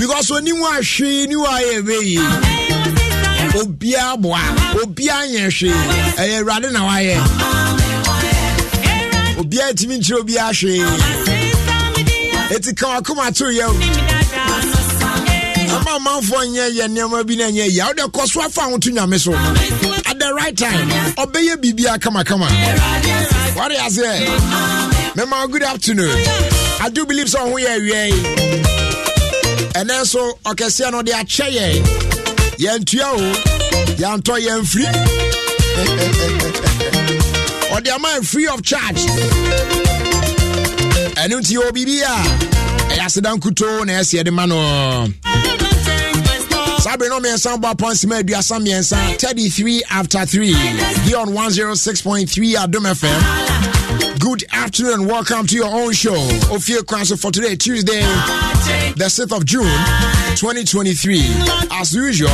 because onim ahwee ni wayɛ ɛbɛyie obiaa boa obiaa nyɛ hwee ɛyɛ eh, awurade na wayɛ obiaa tumi nkyerɛ obiaa hwee ɛti ka wakoma too yɛ ama ɔmanfoɔ nyɛ yɛ nneɛma bi no ɛnyɛ yia wode kɔ so afa woto nyame so at the right time ɔbɛyɛ biribiaa kamakama wade aseɛ mema good afternoon i do believe sɛ ɔho yɛ awiai ɛnɛ nso ɔkɛseɛ no de akyɛ yɛn yɛntua o yɛantɔ yɛn firi ɔde ama free of charge ɛno nti yɛwɔ biribi a ɛyɛ e aseda nkutoo na ɛsɛ de ma no saa bere no mmiɛnsa bɔ apɔnsima aduasa mmiɛnsa 33 after 3 here on 106.3 adom fm good afternoon. Welcome to your own show, Ophir Council, for today, Tuesday, the 6th of June, 2023. As usual,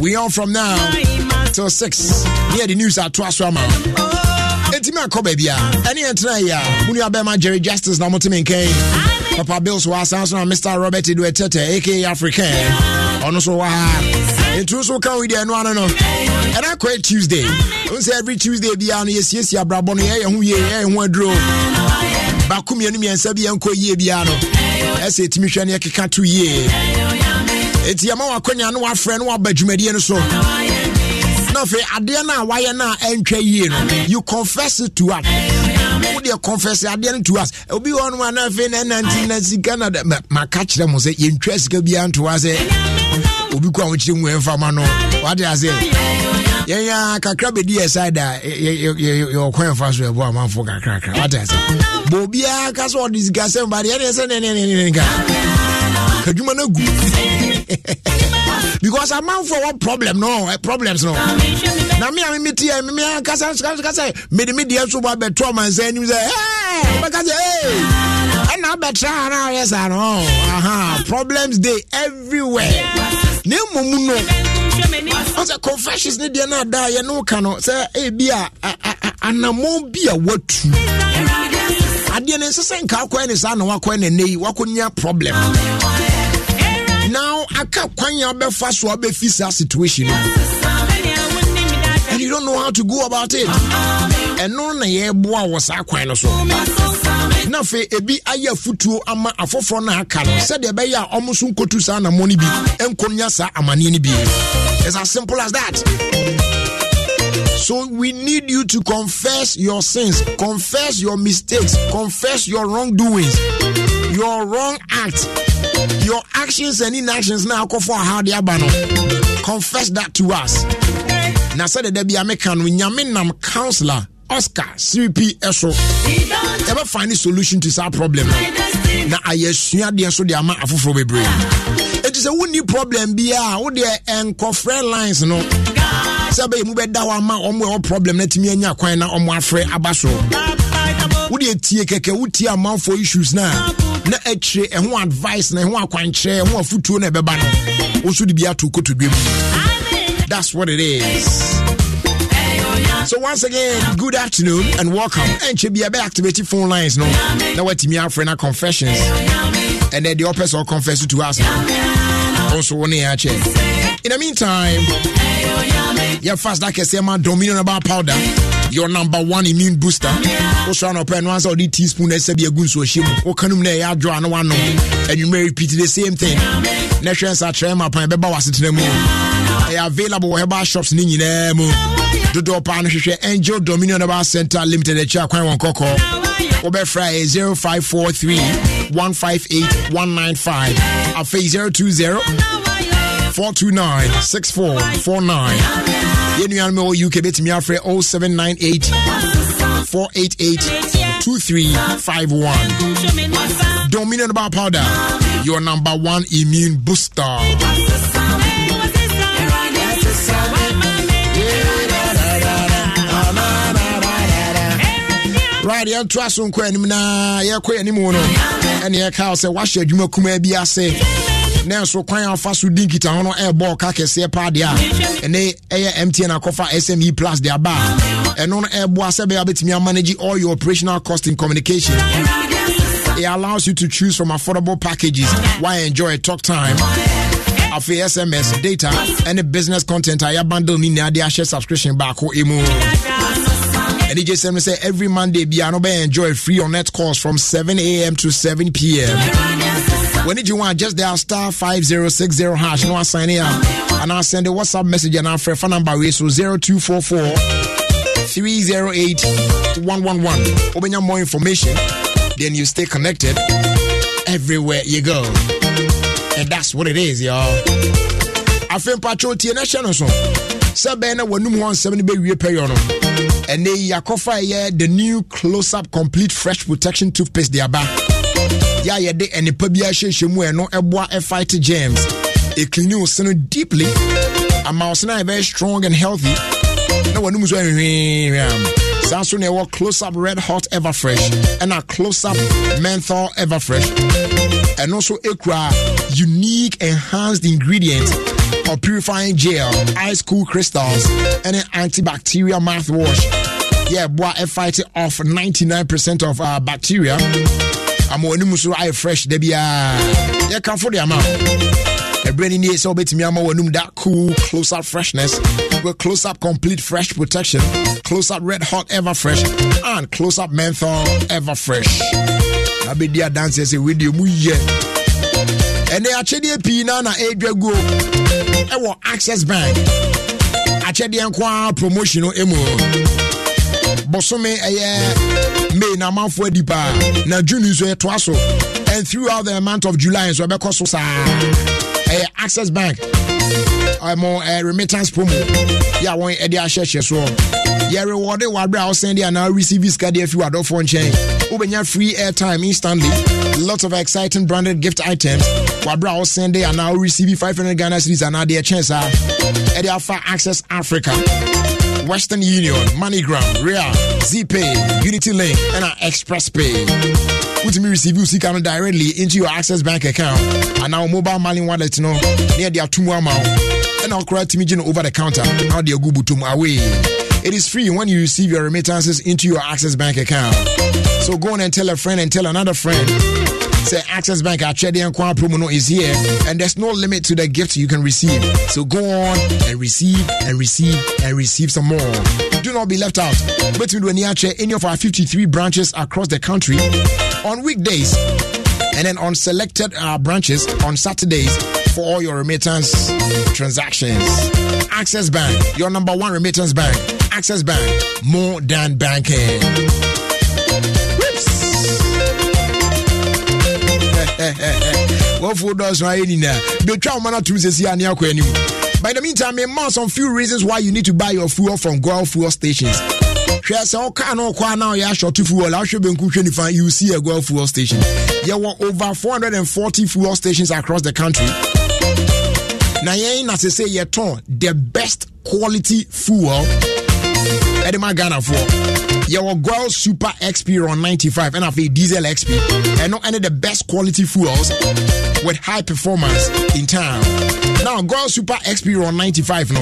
we on from now till 6. Here, the news at Twaswama. Etime akɔ baabi a ɛne ɛntena Jerry Justice na moteme Papa Bills wɔ and Mr Robert Edward Tete aka African Onusuwa so ha ntu nso ka wo deɛ ɛno ano no ɛna kɔɛ tuesday ɛhu sɛ every tuesday biara no yɛsiesie abrabɔ no yɛyɛ ho yie yɛyɛ ho aduro baako mmienu mmiɛnsa bi yɛnkɔ yie biara no ɛsɛ ɛtumi hwɛ no yɛkeka to yie wa ɛma wakɔnya ne wafrɛ no waba dwumadie no so na afei adeɛ no a wayɛ no a ɛntwa yie no you confess it to us wodeɛ confess adeɛ no to us obi hɔ nom ana afei na ɛnanti na sika na maka kyerɛ mo sɛ yɛntwa sika biara ntoa sɛ obi kɔ a wɔkyerɛ mu ɛmfama no wade ase yɛnya kakra bɛdi yɛ side a yɛwɔkɔ ɛmfa so ɛbɔ amanfoɔ kakrakra wade ase bɛ obiaa ka sɛ ɔde sikasɛm bade ɛneɛ sɛ nɛnɛnɛnɛnka akadwuma no agu because amanfoɔ wɔ problem no problems no na me a memeteɛ meme akasaka sɛ mede me deɛ so bɔ abɛtɔ ma nsa anim sɛ wobɛka sɛ ɛna wobɛtra ana woyɛ saa no aha problems dey everywhere na mmom no ɔsɛ confessions ne deɛ no ada yɛ no woka no sɛ ebi a anammɔn bi a watu adeɛ no nsɛ sɛ nka wakɔɛ ne saa na wakɔɛ ne nɛ yi wakɔnya problem now can't kwan ya wobɛfa so a fix saa situation and you don't know how to go about it ɛno na yɛboa wɔ saa kwan no so na afei ebi ayɛ futu ama afoforɔ no aka no sɛdeɛ ɛbɛyɛ a ɔmo so nkotu saa anammɔ no bi ɛnkonya saa amanneɛ no bi it's as simple as that So we need you to confess your sins, confess your mistakes, confess your wrongdoings. your wrong act your actions and inactions na akɔfo aha de aba no confess that to us na sɛde da bi a meka no nam counselor oscar cp Ever find ne solution to saa problem no na ayɛ suadeɛ nso de ama afoforɔ bebree ɛti sɛ wonni problem biaa wodeɛ ɛnkɔfrɛ lines no sɛ bɛyɛ mu bɛda hɔ ama ɔmo ɛwɔ problem no atumi anya kwan na ɔmo afrɛ aba so tie kɛkɛ issues na akyire ɛho advice na eh, ɛho akwankyerɛ eh, ɛho afotuo ɛbɛba no wo so de bi ato that's what it is So once again, good afternoon and welcome. And eh, should be a activate phone lines, no. Now what me our friend confessions. And then the opposite confess to us. so wo ne yɛ in the meantime yɛ fast da kɛseɛ my dominion about powder your number one immune booster wosora na ɔpɛ no ansa wode teaspoon na ɛsɛ bi agu nsuo hyɛ mu woka nom no. ɛyɛ adwoa ne woanom anwuma repeat the same thing na hwɛ nsa kyerɛ ma pan ɛbɛba w'asetena mu ɛyɛ available wɔ herbal shops ne nyinaa mu dodoɔ paa no hwehwɛ angel dominion about center limited akyi akwan wɔn kɔkɔɔ wobɛfrɛ ɛyɛ 0543 158 195 afei 020 429 6449 yɛn nuanom ɛwɔ uk bɛtumi afrɛ 0798 488 2351 Dominion Bar Powder, your number one immune booster. na deɛ ɛtoa so nkɔ anim na yɛkɔ anim no ɛne yɛka sɛ woahyɛ adwuma kumaa bi ase nanso kwan a ɔfa so di nkita ho no ɛrebɔ ɔka kɛseɛ paa deɛ a ɛne ɛyɛ mtn akɔfa sme plus de aba a ɛno no eh, ɛreboa sɛ bɛyɛ wobɛtumi amanage all your operational cost in communication it allows you to choose from affordable packages while enjoy talk time afei sms data ɛne business content a yɛabundle ne nyinaa de ahyɛ subscription baako oh, mu DJ gye sɛm every monday biara no bɛyɛ enjoy free on net course from 7 a.m to 7 p.m When did you want? just dial star 5060 hash no asign and I send a whatsapp message anaa frɛ phone number so 0244 308 111 wobɛnya more information then you stay connected everywhere you go and that's what it is y'all afei mpatwo tie na hyɛ no so sɛ when na w'anum hɔ baby, no pay pɛyɔ no And they akɔfa yɛ the new close up complete fresh protection toothpaste de aba Yeah, a yɛde nipa bi ahyehyɛ mu ɛno ɛboa ɛfight germs ɛklini wo you no deeply ama wo se no eh, very strong and healthy na wɔnom so ahwehwee am saa nso close up red hot ever fresh and a close up menthol ever fresh And also ekura unique enhanced ingredients. or purifying gel, ice cool crystals, and an antibacterial mouthwash. Yeah, boy, it fights off 99% of uh, bacteria. I'm on so I fresh debia. Uh, yeah, come for the amount. A brand new so bit me ama wanum that cool close up freshness. With close up complete fresh protection, close up red hot ever fresh, and close up menthol ever fresh. I be dear dancers with you, yeah. ɛnɛ akyɛdeɛ pii na na ɛredwa guo ɛwɔ access bank akyɛdeɛ nko ara promotion no mu bosome ɛyɛ may na amanfoɔ adi paa na june nso yɛtoa so and throughout the month of July nso ɛbɛkɔ so saa eh, Access Bank ɛmo eh, ɛ eh, remittance promo yɛ a wɔn ɛde as well. yɛ rewarded while a ɔsɛn and now receive this card. If you sika de afi wadɔfoɔ nkyɛn wobɛnya free airtime instantly lots of exciting branded gift items while a ɔsɛn and now receive five hundred Ghana cedis anaa deɛ kyɛn saa ɛde afa Access Africa. Western Union, MoneyGram, Ria, ZPay, Unity Link, and our Express Pay. Which me receive you Sikano directly into your Access Bank account and our mobile money wallet know, near the Tumu amount. And I'll to me over the counter. Now the go tum away. It is free when you receive your remittances into your Access Bank account. So go on and tell a friend and tell another friend Say Access Bank at Chedi and Kwan promo no is here, and there's no limit to the gift you can receive. So go on and receive and receive and receive some more. Do not be left out. Between Duaniache, any of our 53 branches across the country on weekdays, and then on selected uh, branches on Saturdays for all your remittance transactions. Access Bank, your number one remittance bank. Access Bank, more than banking. wɔfoɔ dɔɔso ayɛ nyinaa bɛtwa woma no atom sɛsi a ne akɔ anim by the meantime mema some few reasons why you need to buy your fuel from goil fuel stations hwɛ sɛ wokaa no wokɔ a na ɔyɛ ahyɛto fuel a wohwɛ bɛnku hwɛ nifa you see a goil fuel station yɛwɔ over 440 fuel stations across the country na yɛn na sɛ sɛ yɛtɔn the best quality fuel ɛde ma ghanafoɔ your Gual Super XP on 95 and afei Diesel XP any of the best quality fuels with high performance in town. Now Gual Super XP on 95 no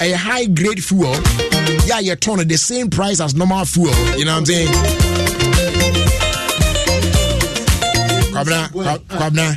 A high grade fuel Yeah, you are no the same price as normal fuel you know what I'm saying. Kwabena, kwabena.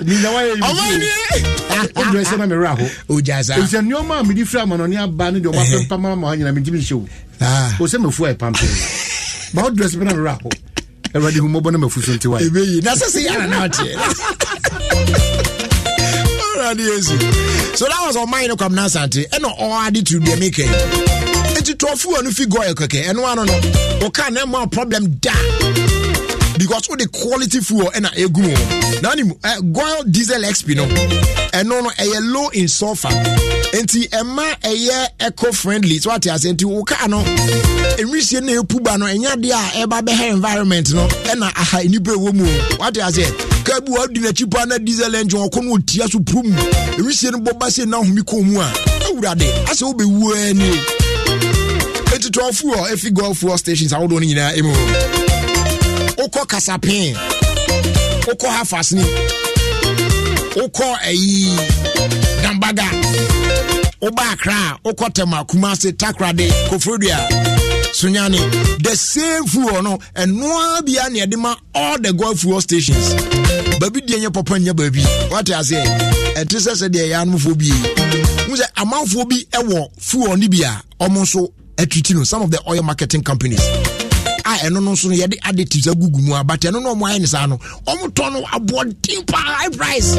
so that was on mine come now, Santi. And all attitude they make it. It's a tough one if you go, okay, and one on. Okay, no problem. Da because all the quality fuel and a gumo. Nanim goil diesel XP no and eh, no a eh, low in sulfur. Enti Emma eh, a year eco friendly. So what I say to Okano and reach your new pubano and yadia eba behair environment no and a high new woman. What I say. Kabu adi na chipa na diesel engine ɔkɔ no tia so pum ɛwisie no bɔba se na ahome kɔn mu a awurade asɛ wobɛwu ani ɛtitɔfoɔ ɛfi golfoɔ stations ahodoɔ no nyinaa ɛmu wokɔ kasapee wokɔ hafasne wokɔ ayi dambaga woba akra a wokɔ tɛma kumase takrade kofrodua sonyane the same fuel no ɛnoa bia ne ɛde ma all the gold fuel stations baabi deɛ nyɛ papa nyɛ baabi wate aseɛ ɛnte sɛ sɛdeɛ yɛanomfoɔ bie hu sɛ amanfoɔ bi ɛwɔ fuel no bi a ɔmo nso atwiti no some of the oil marketing companies a ɛno no nso no yɛde additives agugu mu a but ɛno no ɔmo ayɛ ne saa no ɔmo tɔ no aboɔden paa high price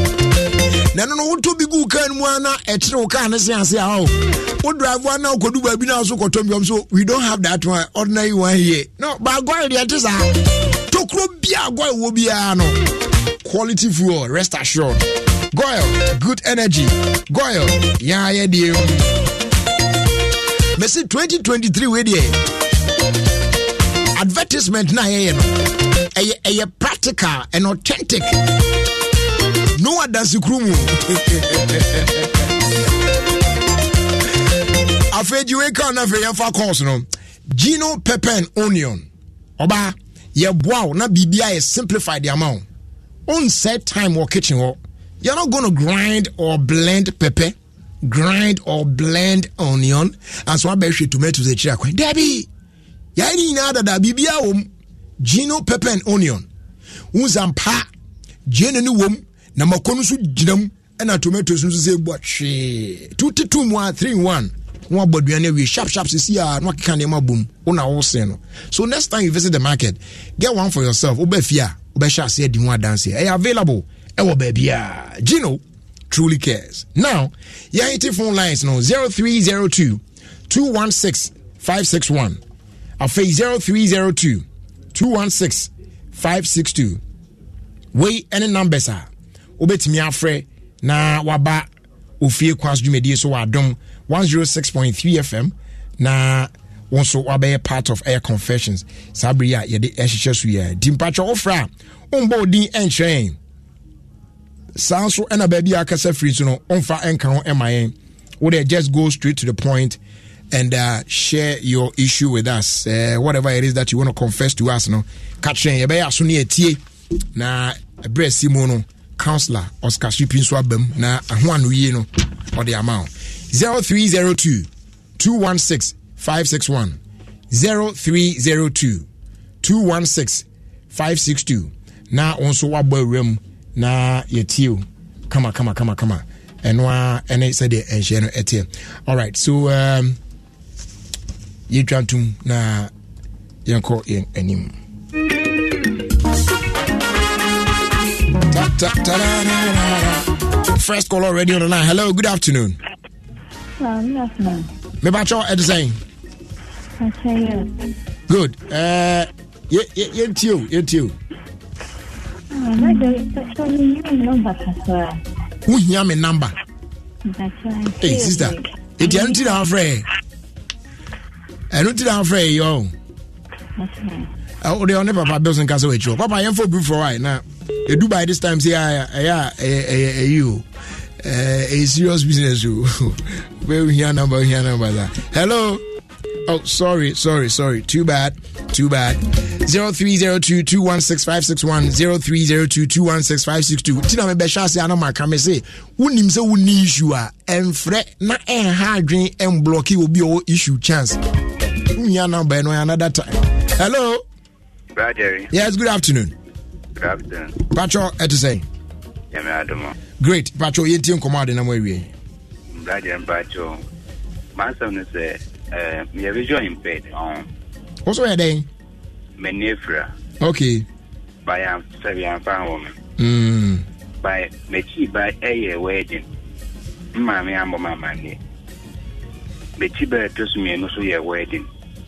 na ɛno no wotɔ bi gu kaa no mu a na ɛkyerɛ wo kaa ne se ase a o wo drive a na wokɔdu baabi na so kɔtɔ bi so we don't have that one ordinary one here no baagɔre deɛ ɛte saa tokuro bia gɔe wɔ biara no quality fuel rest assured goil good energy goil yɛayɛ deɛ mɛsi 2023 wei deɛ advertisement na yɛyɛ no ɛyɛ ɛyɛ practical and authentic no adansekuru mu afei gyi wei kaa no afei yɛmfa cons no gino pepen onion oba yɛboa wo na biribia yɛ simplify de ama wo onsɛ time wɔ kitchen hɔ you're not going to grind or blend pepper grind or blend onion and so to tomatoes akyiri akwan Debbie. yɛn ne nyinaa dada biribiaa wɔ m gino pepper and onion wo zampa gyeene no wɔ na mako no nso gyina mu ɛna tomatoes no nso sɛ bua twee tutetu mu a 3 1 wọn abọ aduane awie sharp sharp sisi a wọn akeka nneɛma bom wọn na wɔsɛn no so next time you visit the market get one for yourself wọbɛ fi a wọbɛhyɛ ase adi ho adanse ɛyɛ e available ɛwɔ e baabi a gino truly cares now yɛn ti phone lines no zero three zero two two one six five six one. afei 0302 216 562 wei ɛne numbers a wobɛtumi afrɛ na waba ofie kwas dwumadie so wadom 106.3 fm na wo nso wabɛyɛ part of air confessions saa bere a yɛde ɛhyehyɛ so yɛ di mpatwɛ wofrɛ a wombɔ odin ɛnkyerɛn saa nso ɛna baabi a akasa firi so no ho yɛn wode just go straight to the point and uh, share your issue with us. Uh, whatever it is that you want to confess to us, no. Katrin, yɛbɛyɛ aso ne yɛtie na ɛberɛ si mu no counselor oscar shipping so aba mu na ahoa no yie no ɔde ama wo 0302 216 561 0302 216 562 na wo na woabɔ awura mu na yɛtie o kama kama kama kama ɛno a ɛne sɛdeɛ ɛnhyɛ no etie. all right so um, yɛtwa na yɛnkɔ yɛn anim first call already on the line hello good afternoon mebakyɛ ɛde sɛn good yɛntio yɛntio wohia me number hey sister ɛtia no nti na wafrɛ ɛno ti na afrɛ yɛ o wode ɔne papa bills nka sɛ wakyirɛ papa yɛmfa obi frɔ ai na ɛdu by this time sɛ ɛyɛ a ɛyi o ɛyɛ serious business o wohia number wohia number sa hello Oh, sorry, sorry, sorry. Too bad, too bad. Zero zero zero three three two two one one six six five 0302 two 0302 216562. Tina me besha se ana maka me se wonim se woni issue a ah? emfrɛ na ɛnha eh, adwen emblock obi o issue chance wunya number ɛno another time hello Roger. yes good afternoon good afternoon patro ɛte sɛ great patro yɛntie nkɔmmɔ ade na mo awie Roger wo so yɛ dɛn m'ani okay by sɛbiamfa wɔ me by m'akyi by ɛyɛ wedding mmaame ambɔ mamane m'akyi bɛɛ ɛtɔ so mmienu so yɛ wedding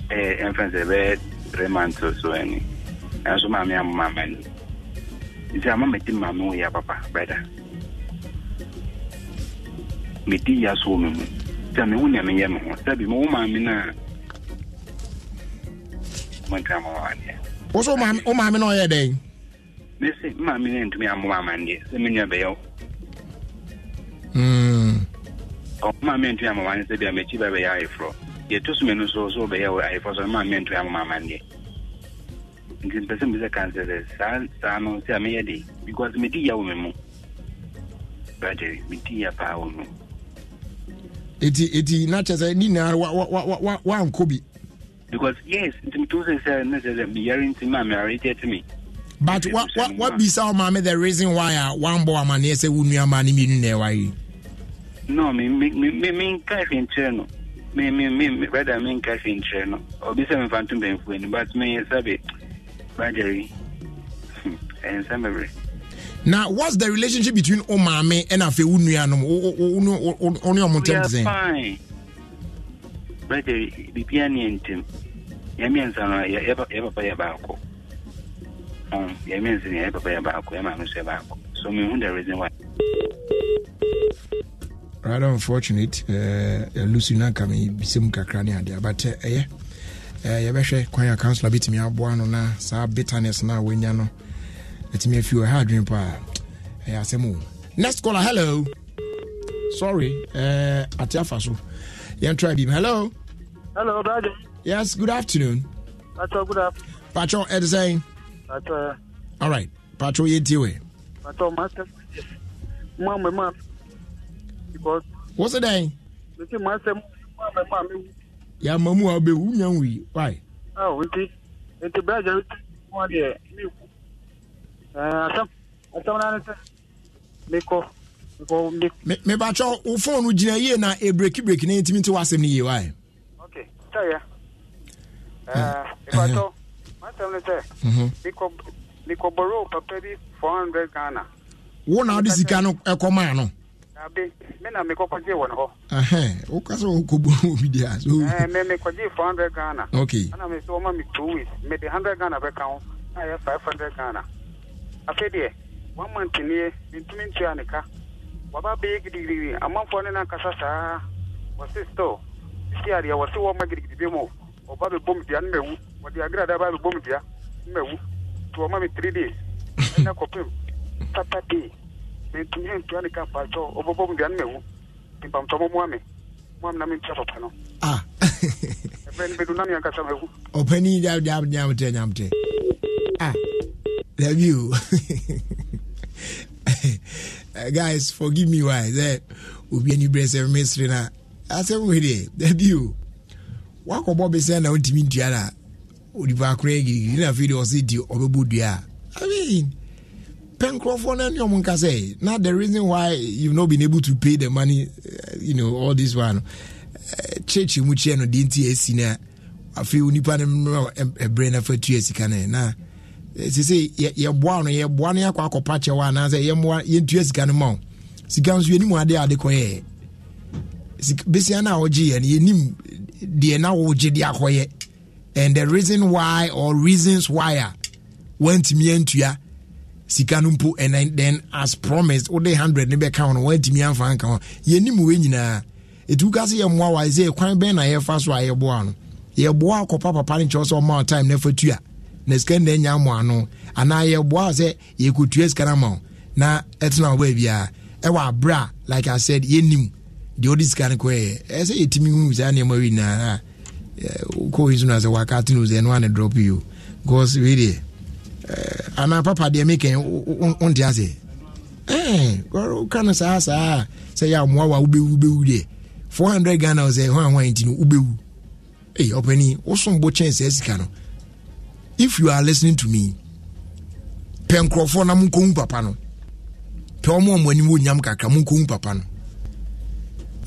ee mfe ebe three months so ɛni ɛnso maame amu maame ni nti ama meti maa wo ya papa bɛda meti ya so mi mu sɛ mi hu nea yɛ mi ho sɛbi mi wo maame na mo nka mo wa na ɔyɛ dɛn. mesi maame na ntumi amu maame deɛ sɛ mi nya hmm. o. ɔ maame ntumi amu maame sɛ bi a bɛ deɛ ɛto so mmienu nso so wobɛyɛ wɔ ayefo so no ma mento ama amanneɛ nti mpɛ sɛ mbisɛ kan sɛ sɛ saa saa no sɛ a meyɛ de because medi ya wɔ me mu brade medi ya paa wɔ mu ɛti ɛti na kyɛ sɛ ne nyinaa woankɔ bi because yes nti meto sɛ sɛ ne sɛ sɛ meyare nti ma meareteɛ te me but wabisa wo maame the reason why a woambɔ amanneɛ sɛ wo nuamaa ne mmienu na ɛwaye no menka hwɛ nkyerɛ no me me me rather me nka si nkyerɛ no obi sɛ mefa nto mbɛnfuo ni but me sɛbe bagyeri ɛnsɛ mɛbrɛ na what's the relationship between wo and ɛna afei wo nuanom wo ne ɔmo ntɛm te sɛ bagyeri biribia neɛ ntɛm yɛmiɛnsa a yɛ papa yɛ baako yɛmiɛnsa no yɛ papa yɛ baako yɛ maame so yɛ baako so mehu the reason why rather unfortunate uh, uh, lucy no anka mebisɛm kakra ne adeɛ but eh, yeah yɛbɛhwɛ eh, yeah, a councilor bɛtumi aboa no na uh, saa bitterness no a wanya no ɛtumi afi ɔ ɛha adwene paa ɛyɛ asɛm next caller hello sorry uh, ate afa hello hello brother. yes good afternoon all good afternoon Pacho, ɛde sɛn all right Pacho, yɛntie wɛ Patro, master. Mama, mama. because. wọ́n sẹ́ dẹ́n. mi ti máa ń sẹ́ mu máa mi máa mi wú. yà á mọ̀ mu àwọn bẹ́ẹ̀ wú yẹn wù yìí wáyé. ẹ ò nti nti bẹ́ẹ̀ jẹ́ nti wọ́n di ẹ̀ mi wú. ẹ̀ asam asam náà ni sẹ́ mi kọ́ mi kọ́ mi. mi bá tọ́ o fóònù jìnnà yìí na e bírèkì bírèkì ní tìmí tí wàá sẹ́mi yìí wáyé. ok sẹ́ yẹ ẹ̀ mi bá tọ́ máa sẹ́ mi kọ́ mi kọ́ bọ̀rọ̀ bí four hundred Ghana. na ọ dị sika no ẹkọ abe me na mekɔkɔ gye wɔ no hɔ woka sɛ wɔkɔbua wɔ bi deɛ mekɔgye 400 ghana okay. ana me sɛ mi me two weeks mede 100 ghana bɛka ho na ɛyɛ 500 ghana afei deɛ one month nie mentumi ntua ne ka waba bɛyɛ gidigidigi amanfoɔ ne nankasa saa wɔse store sisi adeɛ wɔse wɔma gidigidi bi mu ɔba bɛbɔ me dua ne diya wɔde agrada ba bɛbɔ me dua ne mawu nti wɔma me three days ɛnɛ kɔpem saturday ntua eh, ne ka ah. guys forgive me why eh. sɛ obi ani berɛ sɛ mesere no asɛm wei deɛ dabi o woakɔbɔ be sɛ na wontumi ntua no a onipa koraa girigiri na afei deɛ ɔse di ɔbɛbɔ dua a i mean now the reason why you've not been able to pay the money, uh, you know, all this one. Uh, church in which you know the NTS in a few nipa a brain for two years can na. Sisi eh, yɛboa no yɛboa no yɛakɔ akɔpa kyɛ wɔ anaasɛ yɛmmoa yɛntua sika no ma wo sika nso yɛnim adeɛ ade kɔyɛɛ besia no a wɔgyeeɛ no yɛnim deɛ na wɔgye de akɔyɛ and the reason why or reasons why a wantumi antua sika no mpo ɛnan then as promised wode hundred ne bɛka ho no woantumi amfa nka ho yɛnim wei nyinaa ɛti woka sɛ yɛmmoa wa sɛ kwan bɛn na yɛfa so a yɛboa no yɛboa akɔpa papa no nkyɛw sɛ ɔma time na afa tu a na sika nnɛ nya mmoa no anaa yɛboa sɛ yɛkɔtua sika no ama wo na ɛtena wo baa biara ɛwɔ aberɛ a like i said yɛnim deɛ wode sika no kɔɛ ɛɛ sɛ yɛtumi hu saa nneɛma wei nyinaa wokɔ yi so no a sɛ waka tene sɛ ɛno ane drop you because really. Eh, ana papa deɛ mekɛ wonte ase eh, woka no saa saa sɛ yɛ amoa wa wobɛwu deɛ 400 ghana sɛ ho ahoa nti no wobɛwu ei eh, ɔpani wosombo kyɛn saa sika no if you are listening to me pɛ nkurɔfoɔ na monkɔhu papa no pɛ ɔmo ɔmo anim wɔnyam kakra monkɔhu papa no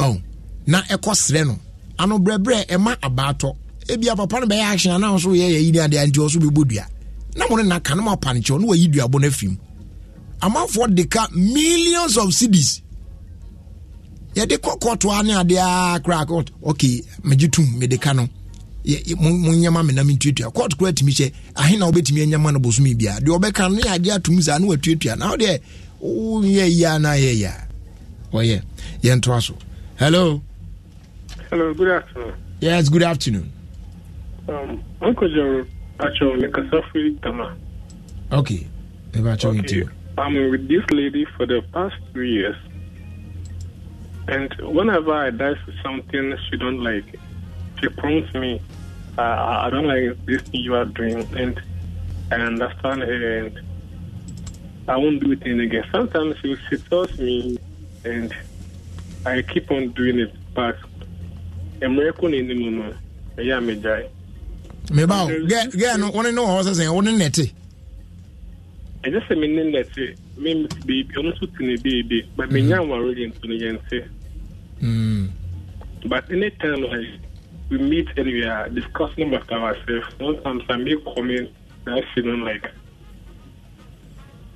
ɔn na ɛkɔ serɛ no ano brɛbrɛ ɛma abaatɔ ebi papa no bɛyɛ ahyɛn anan so yɛ yɛ yi ni adeɛ nti ɔso bɛbɔ dua na mo ne naka na mo apankyɛw na wayi duabɔ no afim amanfoɔ de ka millions of cities yɛde kɔ kɔɔtoa ne adeɛ a kora ok megye tum mede ka no mo nyɛma me nam ntuatua kɔɔt kora tumi hyɛ ahe na wobɛtumi anyama no bosomi biaa deɛ ɔbɛka no ne adeɛ atom saa ne watuatua na wodeɛ woyɛ yi a na yɛ yi a ɔyɛ yɛntoa so hello hello good afternoon yes good afternoon um, uncle Jerome Actually, tama. Okay. okay. I'm with this lady for the past three years. And whenever I do something she don't like, she prompts me, uh, I don't like this thing you are doing. And I understand her and I won't do it again. Sometimes she, she tells me and I keep on doing it. But a miracle in the moment, yeah, a die. Me meba o gɛɛ no wone ne wɔ hɔ sɛ sɛn wone nɛte ɛnyɛ sɛ mene nɛte me biribi ɔno nso tene beebe but menya mm. nwareyɛ nto no yɛnte mm. but anytime like we meet and we are discussing about ourselves sometimes i make comment that feeling like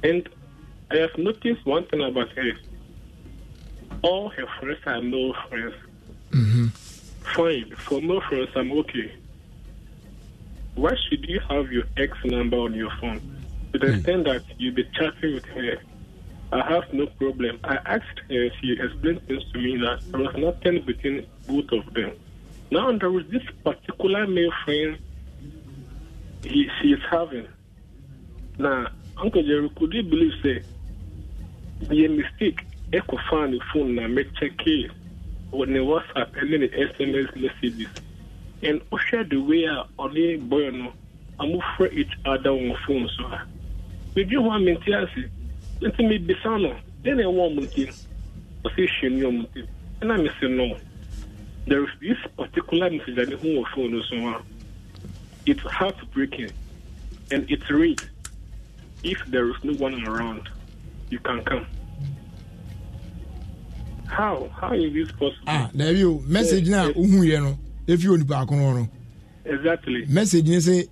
and i have noticed one thing about her all her friends are no friends mm-hmm. fine for no friends i'm okay why should you have your ex number on your phone to the hmm. extent that you be chatting with her? I have no problem. I asked her, she explained things to me that there was nothing between both of them. Now there was this particular male friend he, she is having. Now, Uncle Jerry, could you believe say the mistake echo found the phone and make check it when the was and the SMS messages and ɔhwɛ the way a ɔde boy no amofra each other wɔn phone so a bebi hɔ a mente ase nti mebisa no deɛ na ɛwɔ ɔmo ntam ɔsɛ ehyia ne ɔmo ntam ɛna mese no there is this particular message a ne ho wɔ phone no so a it's heartbreaking and it reads if there is no one around you can come. How? How is this possible? Ah, there you message now. Uh, efi onipa akono no. exactly. message ni say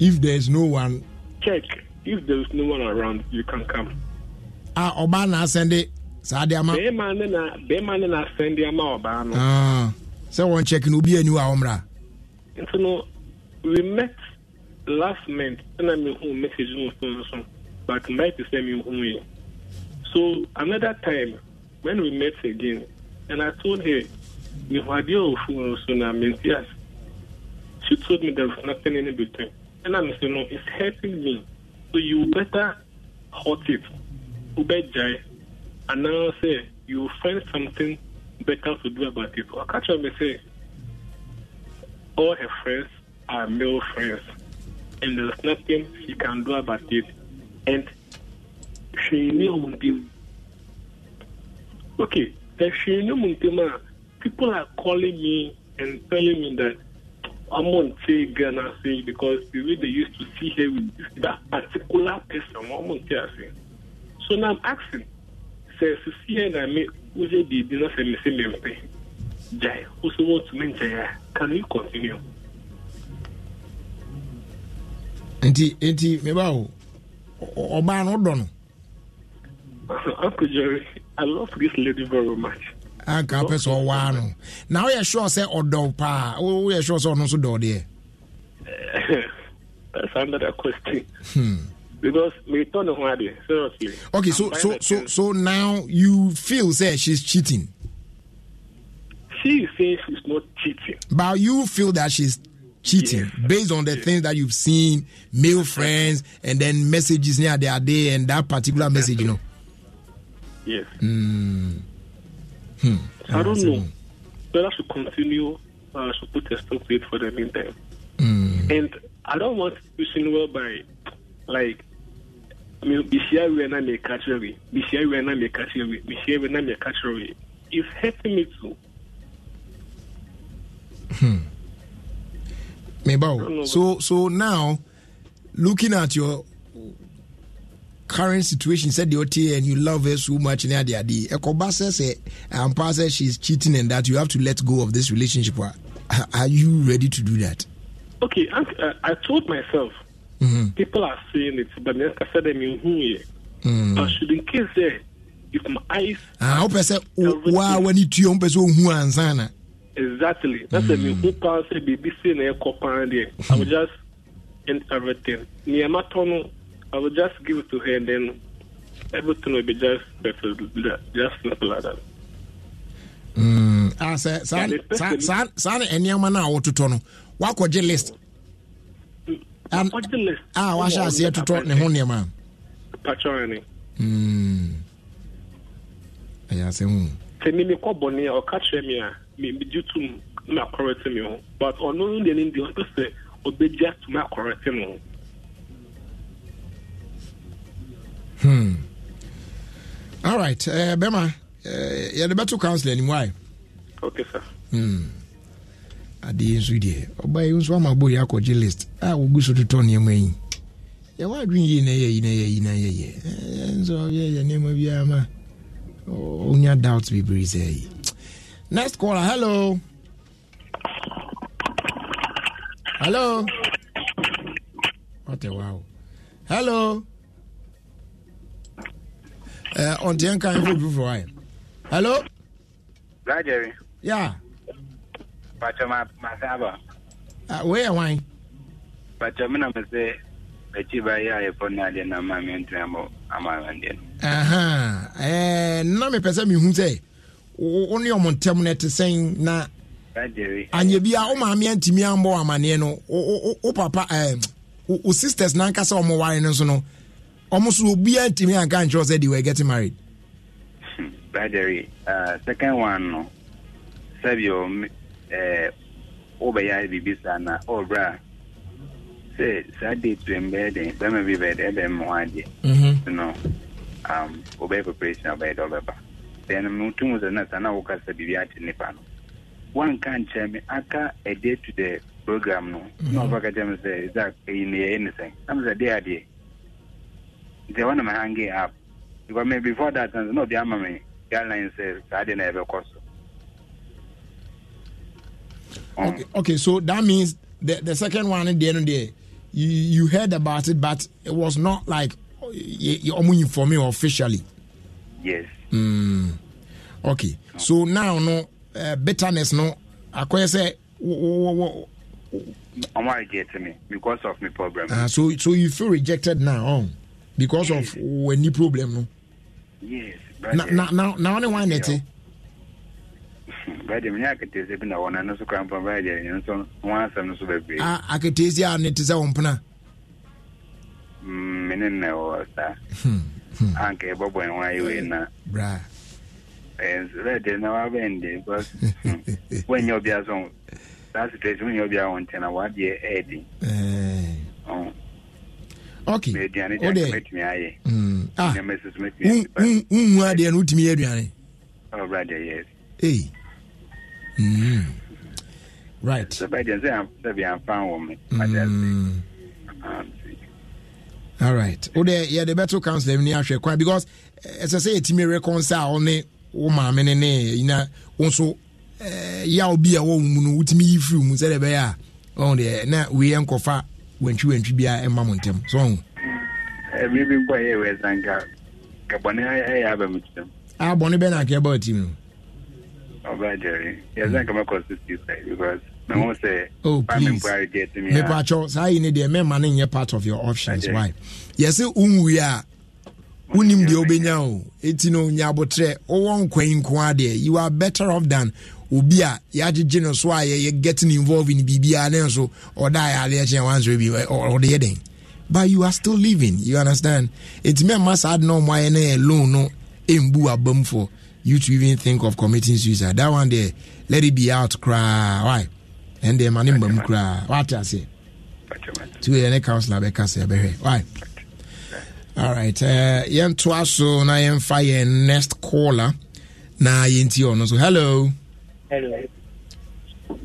if there is no one. check if there is no one around you can come. a ah, ọbaa na asende saa de ama. bẹẹma ne na bẹẹma ne na asende ama ọbaa Ah, sẹ wọn check na obi eni wa ọmra. nti no we met last month ẹna mi hun message mu fun so but night sẹ mi hun yi so another time when we met again and i told her. the radio phone so now yes. She told me there was nothing in between. And I'm saying, no, it's hurting me. So you better halt it. Ubejai. And now say, you find something better to do about it. Or catch what I say, all her friends are male friends. And there's nothing she can do about it. And she knew Okay, the she knew people are calling me and telling me that I'm on say Ghana say because the way they used to see her with that particular person, I'm on thing. So now I'm asking, says to see her and I make who said they did not say me say me Jai, also want to mention Can you continue? Enti, enti, meba o, ọba anọ dọ Uncle Jerry, I love this lady very much anka apɛ sɛ ɔwaa no na woyɛ sure sɛ ɔdɔ paa woyɛ sure sɛ ɔno nso dɔ deɛ eh, that's another question hmm. because me turn ho ade seriously okay so so so so now you feel say she's cheating she is she's not cheating but you feel that she's cheating yes. based on the yes. things that you've seen male friends and then messages near their day and that particular message you know yes mm. Hmm. I don't know mean. Hmm. whether to continue or I should put a stop to it for the meantime. Mm. And I don't want to be seen well by like I mean bisia we na me catch away. Bisia we na me catch away. Bisia we na me a away. It's hurting me too. Hmm. Mebao. So so now looking at your current situation said the OTA and you love her so much and the idea. Ekobasa said and pastor she's cheating and that you have to let go of this relationship. Are you ready to do that? Okay, I, uh, I told myself mm-hmm. people are saying it, but I said I I shouldn't kiss there if my eyes. Ah, hope I said oh, wow when it you person oh, who ansana. Exactly. That's what I mm. mean who pastor baby saying in your company. I will mm-hmm. just end everything. Me and I would just give it to her, and then everything will be just perfect, just like that. Mm, ah, son, son, saa ne nneɛma no a wototɔ no woakɔgye list a wahyɛ aseɛ totɔ ne ho nneɛma ɛyɛ asɛm mu sɛ memekɔ bɔne a ɔka kyerɛ me a megye tom na akɔrɛte me ho but ɔno no deɛ no deɛ ɔpɛ sɛ ɔbɛgya tom akɔrɛte no ho hmm. all right uh, eh, bɛma uh, eh, yɛde bɛto council anim wae okay, sir. hmm. adeɛ nso deɛ ɔba yi nso ama bɔ yɛ akɔgye list a wɔgu so totɔ nneɛma yi yɛwɔ adwene yie na yɛyi na yɛyi na yɛyɛ eh, nso yɛyɛ nneɛma biara ma ɔnya doubt bebree sɛ yi next caller hello hello what a wow hello ɔnteɛ nka ɛfo bi fo ayɛ hello brajɛri ya patɔ mase aba woyɛ me ba na na mepɛ sɛ mehu sɛ wo ne ɔmo no ɛte sɛn na anyɛ bia wo maameɛ ntumi ambɔ amanneɛ no wo papa wo eh, sisters no almost will be a team and can't trust that they were getting married. Brother, uh, second one, Savio, uh, Obaya Bibisana, Obra, oh, say, Saturday to embed in, some of you bed, Ebem Mwadi, you know, um, Obey preparation of bed ba. Then Mutum was another, and I woke up to be at Nipano. One can't tell me, Aka, a day to the program, no, mm-hmm. no, I can't tell me, say, Zach, in the anything. I'm the day, nti ɛhɔ na mahange app because me before that nso na ɔde ama me guideline sɛ saa de na ɛbɛkɔ so okay, um, okay so that means the, the second one deɛ no day you, you heard about it but it was not like only inform you officially yes mm. okay so now no uh, bitterness no akɔyɛ say, wɔwɔwɔ ɔmo reject me because of my problem uh, so so you feel rejected now oh because yes. of wani problem no. yes na na na na wọn wọn nẹti. bàjẹ́ mi ní akatesi bi na wọn nan nso kwan pa bàjẹ́ yẹn nso wọn asẹm nso bebree. a akatesi a ne ti sẹ wọn pina. mi ni nna wọ sa anka ẹ bọ bọ ẹwọn ayi wei na. bra. ẹ ǹsẹ̀rẹ̀dẹ̀ na wà bẹ́ẹ̀ ndé because wọ́n nyẹ obi asọ̀n that situation wọ́n nyẹ obi àwọn ntẹ̀ na wà á di ẹ̀ ẹ̀ di ok o de oh, mm. ah nhu adeɛ no wotumi yɛ aduane ei right mm. mm. all right o de yɛde bɛto council ni ahwɛ kwan because ɛsɛ eh, sɛ yɛtumi reconcile wo ne wo maame ne ne yina wo nso eh, yaw bi a ɛwɔ wo mu no wotumi yi firi mu sɛdeɛ ɛbɛyɛ a ɔn oh, deɛ na wei yɛ nkɔfa wantwiwantwi bia ɛma mo ntɛm so ɛmere bi nkɔ yɛ wɛ sanka ka bɔne ɛyɛ aba mu kyerɛm a ah, bɔne bɛ na akɛ ɛbaa tim no ɔbaa gyere yɛsanka mɛkɔ so suicide because mm. Oh, mepatwɛ saa yi ne deɛ mɛma no nyɛ part of your options why yɛsɛ wonwui a wonim deɛ wobɛnya o ɛti no nya abotrɛ wowɔ nkwa yi nko a you are better off than obi a yɛagyegye no so a yɛyɛ getting involved in biribiaa ne nso ɔda a yɛadeɛ kyɛn wansrɛ bi ɔde yɛ den but you are still living you understand ɛtumi amma saa de no ɔmo ayɛ ne loan no ɛmbu abam for you to even think of committing suicide that one there let it be out koraa why ɛn deɛ ma ne mbam koraa wate aseɛ tu yɛ ne councilor bɛka sɛ ɛbɛhwɛ why All right. Uh, yɛntoa so na yɛmfa yɛn next caller na yɛnti ɔno so hello hello.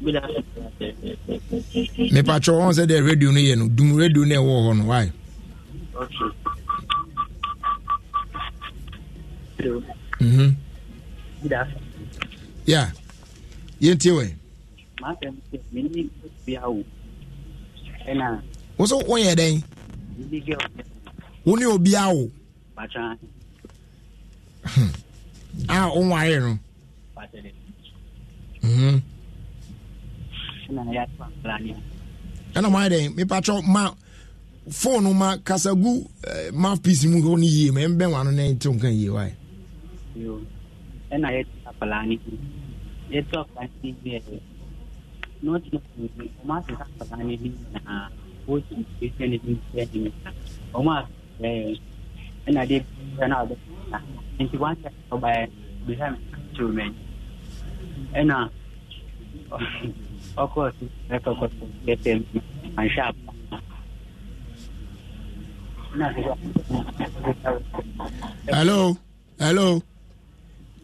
Good afternoon. Me patro on say the no Dum radio na wo ho no. Why? Okay. Hello. Mhm. Good Yeah. Yenti we. Ma tem se mini bia wo. Ena. Wo so wo ye den? Big girl. Wo ni obi a wo? Hmm. Ah, no. Mm-hmm. ɛna maa dɛn mipatwɛ ma fone ma kasagu uh, eh, mouthpiece mu hɔ no yie ma ɛmbɛn wano na ɛntew nka yie wae ɛna yɛto akwalaa no bi yɛto akwalaa no bi ɛ na ɔte no bi ɔmo asesa akwalaa no bi nyinaa wɔtu ehyɛ no bi nhyɛ no bi nsa ɔmo asesa yɛ ɛna deɛ bi yɛ na ɔbɛsa nti wɔn ahyɛ ɔbaa yɛ bi hɛ mi kyerɛ mɛ nyi Ena ɔkɔ ɛfɛ kɔtɔ ɛfɛ manhyɛ apa hello hello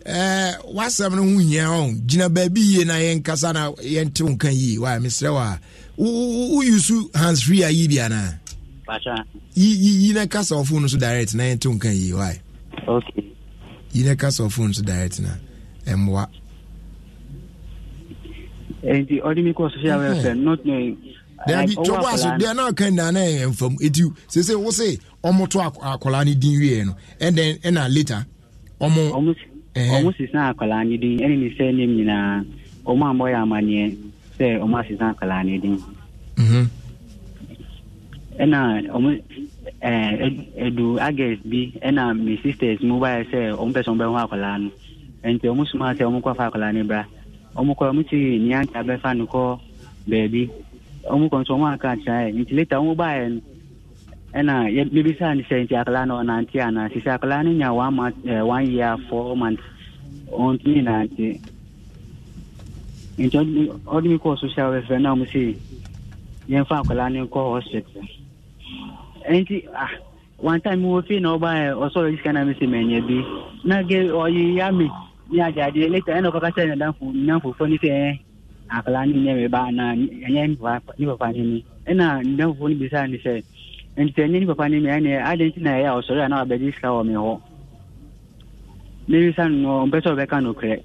ɛɛ eh, wasɛm no ho hia ɔn gyina baabi yie na yɛn kasa na yɛn te nka yie wa mesrɛ wa wo yusu hands free ayi bi ana yi yi yi na kasa ɔfo no so direct na yɛn te nka yie wa yi na kasa ɔfo no so direct na ɛmoa. nti ɔde mi kɔ welfare not knowing. tɔbɔ aso deɛ na eti sese wose akɔla ne din wie no ɛnna ɛnna later ɔmo. ɔmo sisan eh. akɔla ne din ɛne ne sɛ ne nyinaa ɔmo yɛ sɛ ɔmo asisan akɔla ne din. ɛnna ɔmo ɛɛ edu agɛs bi ɛnna e sisters mu sɛ ɔmo pɛ sɛ ɔmo bɛ ho akɔla no nti ɔmo suma sɛ ɔmo kɔ ɔmo kɔ ɔmo ti nia nti abɛfa no kɔ beebi ɔmo kɔ nso ɔmo aka akyerɛ nti later ɔmo baa yɛ no ya one year four months ɔntumi nante nti ɔde mi kɔɔ social welfare na si hospital ah one time na ɔbaa yɛ e, ọsọ ɔyɛ sika na mi bi na ọ ya mi. nyɛ agyadeɛ later ɛna ɔkɔka kyerɛ ne damfo nyamfofoɔ no sɛ akala ne nyɛ ba na ɛnyɛ e e ne papa no ni ɛna ndamfofoɔ no bisaa ne sɛ nti sɛ ɛnyɛ ne papa no ni ɛne adɛn nti na ɛyɛ a ɔsɔre e a na wabɛgye sika wɔ me hɔ mebisa no ɔmpɛ sɛ ɔbɛka nokorɛ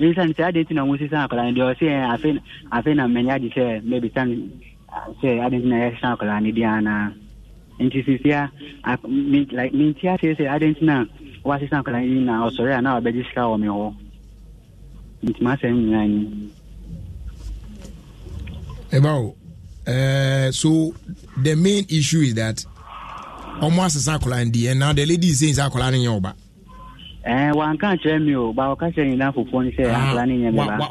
mebisa no sɛ adɛn nti na wosisa akala no deɛ ɔsɛ afei afei na mɛnyɛ ade sɛ mɛbisa no sɛ adɛn nti na yɛsesa akala no deɛ anaa nti sisia mentia sɛ sɛ adɛn nti na wasesa nkwadaa yi na ɔsɔre a na wabɛgye sika wɔ me hɔ nti masɛm nyinaa ni ɛbao so the main issue is that ɔmo asesa akwadaa ndi na the lady is saying sɛ akwadaa no nyɛ eh, wanka kyerɛ o ba kyerɛ sɛ ah,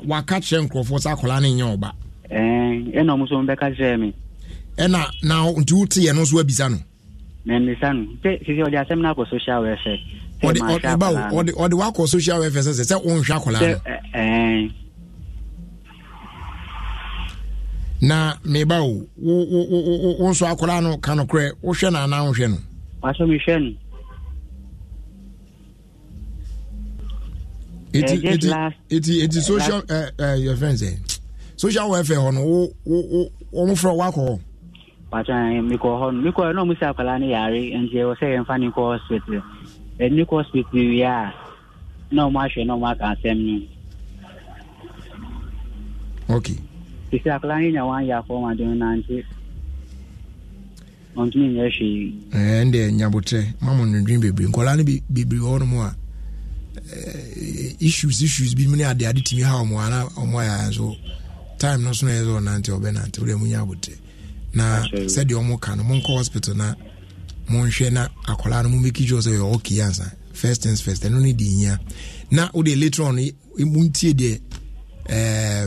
waka kyerɛ nkurɔfoɔ sɛ ɔba ɛna ɔmo so kyerɛ ɛna eh, na nti woteɛ no nso abisa no ɔde wakɔ social welfare sɛ sɛ wonhwɛ akɔlaa no na meba o wo nso akɔlaa no ka nokorɛ wohwɛ no anaa wohwɛ no wasɛ mehwɛ no ɛti social eh, eh, your friend sɛ eh. social welfare hɔ no wɔmo frɛ woakɔ hɔ mekɔ hɔ no mekɔɛ na ɔmu sɛ akɔlaa no yare nti ɛwɔ sɛ yɛmfa ne nkɔ hospital ɛni kɔ hospital wie a na ɔmo ahwɛ na ɔmo aka asɛm no. ok. sisi akwadaa yi nya wan yɛ afɔm adeɛ nante ɔntumi nyɛ hwee. ɛɛ ndɛ nyabotire mamu nundun bebree nkɔla no bebree wɔ hɔnom a issues issues bi mu adi adi ade tumi ha ɔmo ana ɔmo ayɛ so time no so na yɛ sɛ ɔnante ɔbɛ nante ɔbɛ mu nyabotire na sɛdeɛ ɔmo ka no mo nkɔ hospital na monhwɛ na akwaraa no mu make sure sɛ ɔyɛ okay ansa first things first ɛno ne de hia na wode later on muntie deɛ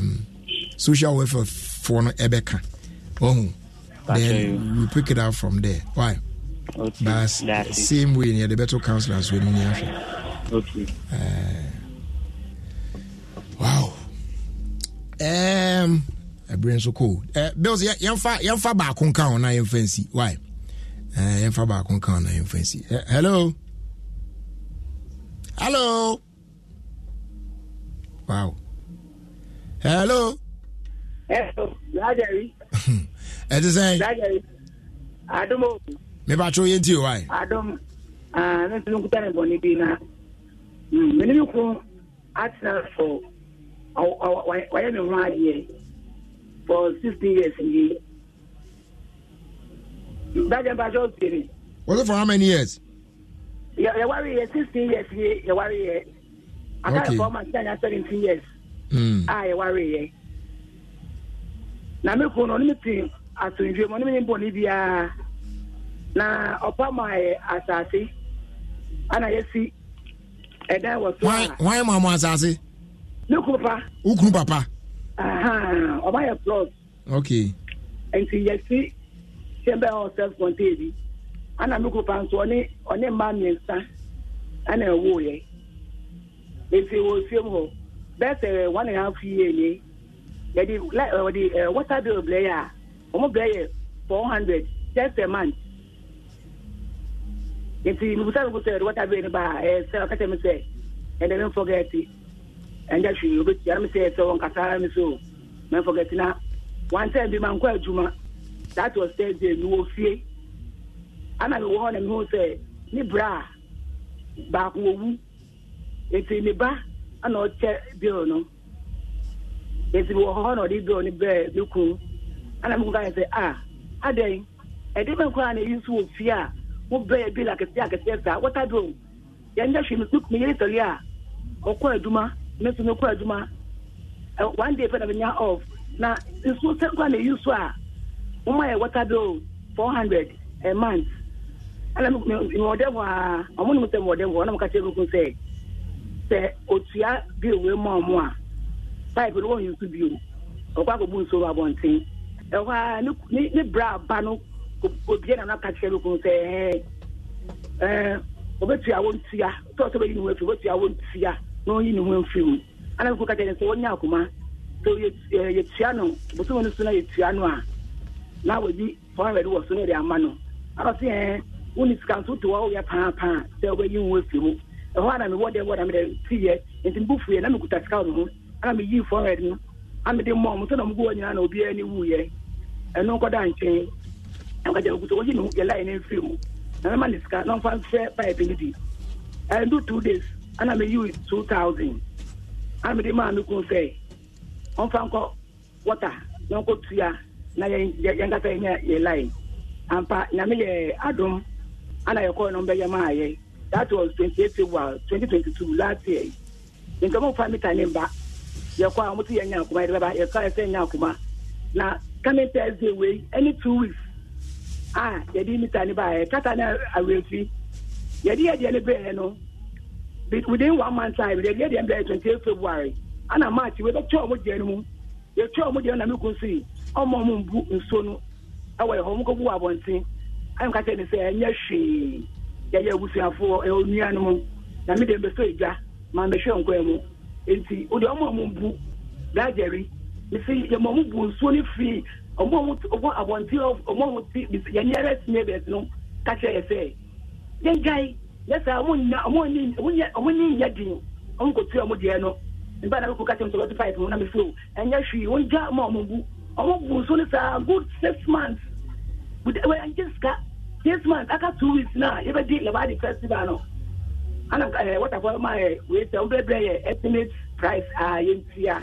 um, social welfare foɔ no ɛbɛka ɔhu then we pick it out from there why okay. but same way ne yɛde bɛto councillor so anim ne ahwɛ okay. uh, wow um, ɛberɛ nso cold uh, bills yɛmfa baako nka ho na yɛmfa nsi why Eh, yɛmfa baako nka na yɛmfa nsi eh, hello hello wow hello ɛte sɛn mebatwo yɛnti o ae menem ko atena fɔ wayɛ me ho adeɛ for sixteen years yi That's Pastor Siri. Was it for how many years? Yeah, you worry, yeah, 16 years, Yeah, worry, yeah. I can't okay. form a 17 years. Mm. I ah, worry, yeah. Now me kunu ɔno me ti asomdwe mu ɔno me ne bɔne biara na ɔpa and yɛ asase ana yɛsi ɛdan wɔ so a wan ma mo asase ne kunu pa wo kunu papa ɔma yɛ plot okay nti yɛsi sɛ bɛɛ ɔ self contain bi ana mi kurupa nso ɔne ɔne mmaa mmiɛnsa ɛna ɛwɔ yɛ efi wɔ fie mu hɔ bɛɛ sɛ one and a half year yɛ yɛde la ɔde ɛ water bill bilɛ yɛ a wɔn bilɛ yɛ four hundred just a month nti mibusa mi ko sɛ water bill ni ba ɛ sɛ ɔkata mi sɛ ɛdɛ mi forget ɛnjɛ hwee obetia mi sɛ ɛsɛ wɔn kasa mi so mi forget na wɔn ansɛn bi ma nkɔ adwuma. that was thursday mewɔ ana hɔ na mehu sɛ ne bra a baako nti ne ba ana ɔkyɛ bill no nti hɔ na ɔde bill bɛɛ ne ana sɛ a adɛn ɛde bɛn koraa na eyi nso wɔ fie a mo bɛyɛ bill akɛseɛ akɛseɛ saa wɔta bill yɛnyɛ hwɛ yɛ a ɔkɔ adwuma nso one day na menya off na nsuo na eyi nso a mo yɛ water bill four hundred a month ɛna mi mi wɔ dɛ hɔ aa ɔmo ni mo sɛ mi wɔ dɛ hɔ ɔna mo ka kyerɛ mi kun sɛ sɛ otua bill wee mu ɔmo a pipe no wɔn yi nsu bio ɔkɔ akɔbu nsuo wɔ abɔnten ɛhɔ aa ne ne ne bra aba no obie na na ka kyerɛ mi kun sɛ ɛɛ ɛɛ obetua wɔn tia tɔɔtɔ bɛ yi ne ho efi obetua wɔn tia na wɔn yi ne ho efi mu ɛna mi kun ka kyerɛ mi sɛ wɔn nyɛ akoma sɛ yɛ yɛ tia no bosomi no so na yɛ tia no a na wɔdi four hundred wɔ so na yɛde ama no ara sɛ ɛn wone sika nso to hɔ a woyɛ paapaa sɛ wobɛyi wo afiri mu ɛhɔ ana mewɔ dɛ wɔda medɛ tiyɛ nti mebu fuiɛ na mekuta sika no ho ana meyii four hundred no amede mmɔ mo sɛ na mogu hɔ nyinaa na obiara ne wuyɛ ɛno nkɔda nkyɛn ɛnkagya mekuta wɔyi ne ho yɛlae ne mfiri mu na mɛma ne sika na mfa mfɛ pipe no bi ɛndo two days ana meyi two thousand ana mede maa me kun sɛ ɔmfa nkɔ water na nkɔ tua na yɛn kasa yɛn yɛ line ampa nyame yɛ adum ana yɛ kɔɔ no bɛyɛ maa yɛ that was twenty eight february twenty twenty two last year nka mo fa mi ta ne ba yɛ kɔ a mo ti yɛ nya akoma yɛ bɛba yɛ kɔ a yɛ sɛ nya akoma na coming thursday wei any two weeks a yɛde mi ta ne ba yɛ kata ne awefi yɛde yɛ deɛ ne bɛyɛ no within one month time yɛde yɛ deɛ ne bɛyɛ twenty eight february ana march wei bɛ twɛ ɔmo deɛ no mu yɛ twɛ ɔmo deɛ no na mi kun si ọmọ mu bu nsuo no ɛwɔ yɛ hɔ ɔmo kɔbu abɔnten ayɛ nka kyerɛ ne sɛ ɛnyɛ hwee yɛyɛ abusuafoɔ ɛwɔ nua no mu na mi deɛ mbɛsɔ edwa maa mbɛhwɛ nkɔɛ mu nti o deɛ ɔmo ɔmo bu dagyɛri nsi yɛ mo ɔmo bu nsuo no firi ɔmo ɔmo ti ɔmo abɔnten ɔmo ɔmo ti yɛn nyɛrɛ ti nyɛ bɛɛsi no kakyɛ yɛ sɛ yɛn gyae yɛsɛ ɔmo nya ni ɔmo nyɛ ni nyɛ din ɔmo kɔ tu ɔmo deɛ no nipa na mi kɔ kakyɛ mi sɔ ɔmo ti pa na mi fi o ɛnyɛ hwee wɔn gya bu ɔmo bu so no saa good six months wɔyɛnkye sika six months aka two weeks na yɛbɛdi labade festival no ana ɛɛ wɔtafɔ ma ɛ wei sɛ ɔmbrɛbrɛ yɛ estimate price ah, a yɛntua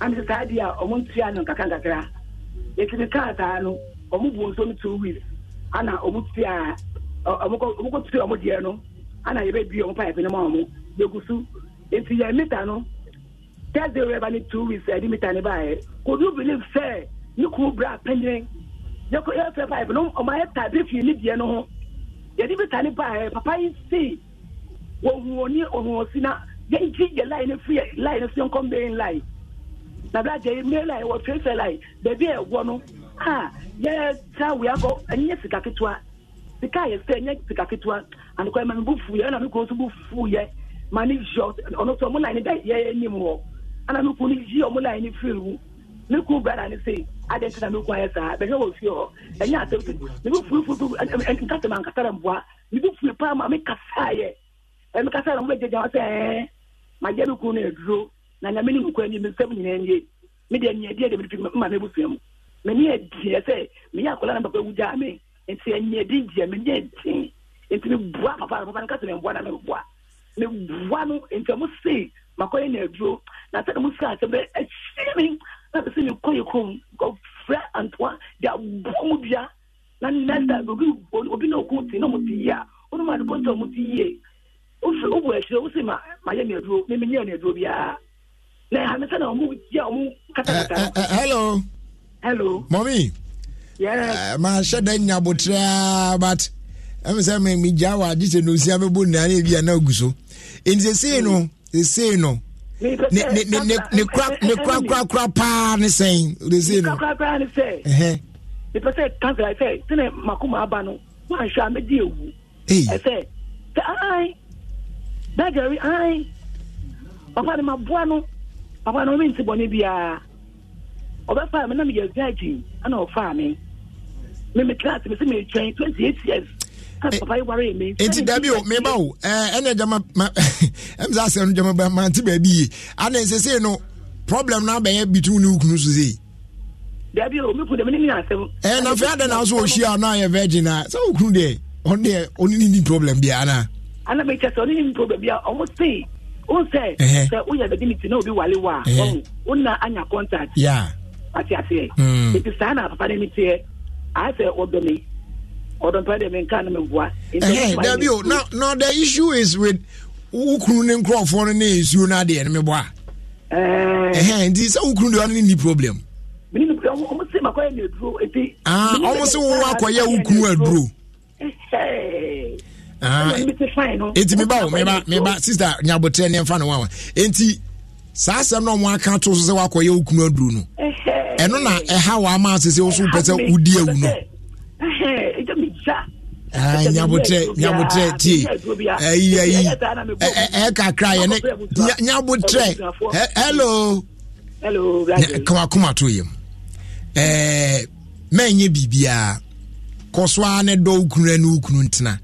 ana sɛ saa deɛ a ɔmo ntua no nkakra nkakra yɛtumi kaa saa no ɔmo bu so no two weeks ana ɔmo tua ɔmo kɔ ɔmo kɔ tua ɔmo deɛ no ana yɛbɛbi ɔmo paapi no ma ɔmo yɛgu so eti yɛn mita no thursday wɛrɛ ba ni two weeks ɛdi uh, mi ta ne ba yɛ ko du believe sɛ uh, ni k'u bila pɛndɛn ne ko e fɛ ba yɛ bɛnɛ o ma yɛ ta bi fi ni diɛ no ho ah, yɛdi mi ta ne ba yɛ papa yi si ohun oni ohun osi na yɛn ti yɛ lai ne fi yɛ lai ne fi yɛn kɔn bɛ yen lai nabila jɛ ye mee lai wɔ fɛn fɛn lai bɛɛbi yɛ wɔ no a yɛ ta wuya kɔ ɛni yɛ sika ketewa sika yɛ sɛ ɛni yɛ sika ketewa anukɔ yɛ ma mi bu fu yɛ ɛna mi kɔn so bu fu yɛ ma ni zɔ ɔno sɔ mo lai ne bɛ yɛ yɛ ni mu wɔ ana no kunu yi ɔmo line ne firi mu brada ne se adi ntina ne kun ayɛ saa bɛhwɛ wɔ fie hɔ ɛnyɛ asɛm ti ne bi furu furu nta tɛmɛ ankasa dɛ mboa ne bi furu paa ma me kasa yɛ ɛmi kasa yɛ mo bɛ gyegya ɔsɛ ɛɛ ma gya mi kun eduro na nyame ne nkɔ ɛni mi nsɛm nyinaa nie mi deɛ nyɛ deɛ de mi fi ma mi busua mu mɛ ne yɛ diɛ sɛ mi yɛ akɔla na papa ewu gya mi nti e ɛnyɛ di diɛ mi yɛ di nti e mi bua papa na papa ne kasa na mboa na mi bua mi bua no nti e ɔmo se ma kɔ na mu sika asɛm bɛ ahyia me na bɛ sɛ mekɔ yɛ kurom antoa de aboa mu dua na next obi obi na ɔko ti na ɔmo ti yie a ɔno mu adebɔ nta ti yie ofi obu akyire wosi ma ma yɛ mi aduro mi nyɛ ne biara na ɛha mi sɛ na ɔmo yɛ katakata. Eh, eh, eh, hello. hello. mɔmi. yes. maa hyɛ dɛ nyabotiraa but ɛmi sɛ mi gya wa agye sɛ na osia bɛ bɔ nnaa na so nti sɛ no sɛ no ne korakorakora paa ne sɛn wodesei nokorakora ne sɛ mepɛ sɛ kansela sɛ sɛne makoma aba no woanhwɛ a mɛgye ɛwu ɛsɛ sɛ ae dagari ae papa no maboa no papa no ɔmenti bɔne biara ɔbɛfaa me na meyɛ viagin ana ɔfaa me me me class me sɛ meretwɛn 28 years Eh, nti dabi o meba o ɛna eh, gyama ma ɛmu sɛ asɛm no gyama ba ma nti baabi yie ana nsese no problem na abɛyɛ bitu ne wukunu so sei. dabi o mi kun dɛm ne ni asɛm. ɛɛ eh, na fɛ na so o si a na virgin na sɛ o deɛ ɔno deɛ ɔno ni ni problem bi ana. ana mi kyɛ sɛ ɔno ni ni problem bia ɔmo se o sɛ sɛ o yɛ bɛdi mi ti na o bi wale wa ɔmo o na anya contact. ya ati ati yɛ. E. Hmm. ebi saa na papa ne mi tiɛ e, a sɛ ɔdɔ mi dabi now now the issue is with wokunu ne nkurɔfoɔ no ne nsuo no adeɛ no meboa nti sɛ wokunu deɛ ɔno ne ni problem ɔmo se ah, wowɔ akɔyɛ wokunu aduro ah, enti meba o meba meba sister nyabotrɛ ne mfa no wawa enti saa asɛm na ɔmo aka to so sɛ woakɔyɛ wokunu aduro no ɛno na ɛha wɔ ama ase sɛ wo so wopɛ sɛ wodi awu no nyabotrɛ nyabotrɛ tie ayi nyabotrɛ hello kama to yɛ mu ɛɛ mɛnyɛ biribiara kɔsoa ne dɔ wo kunu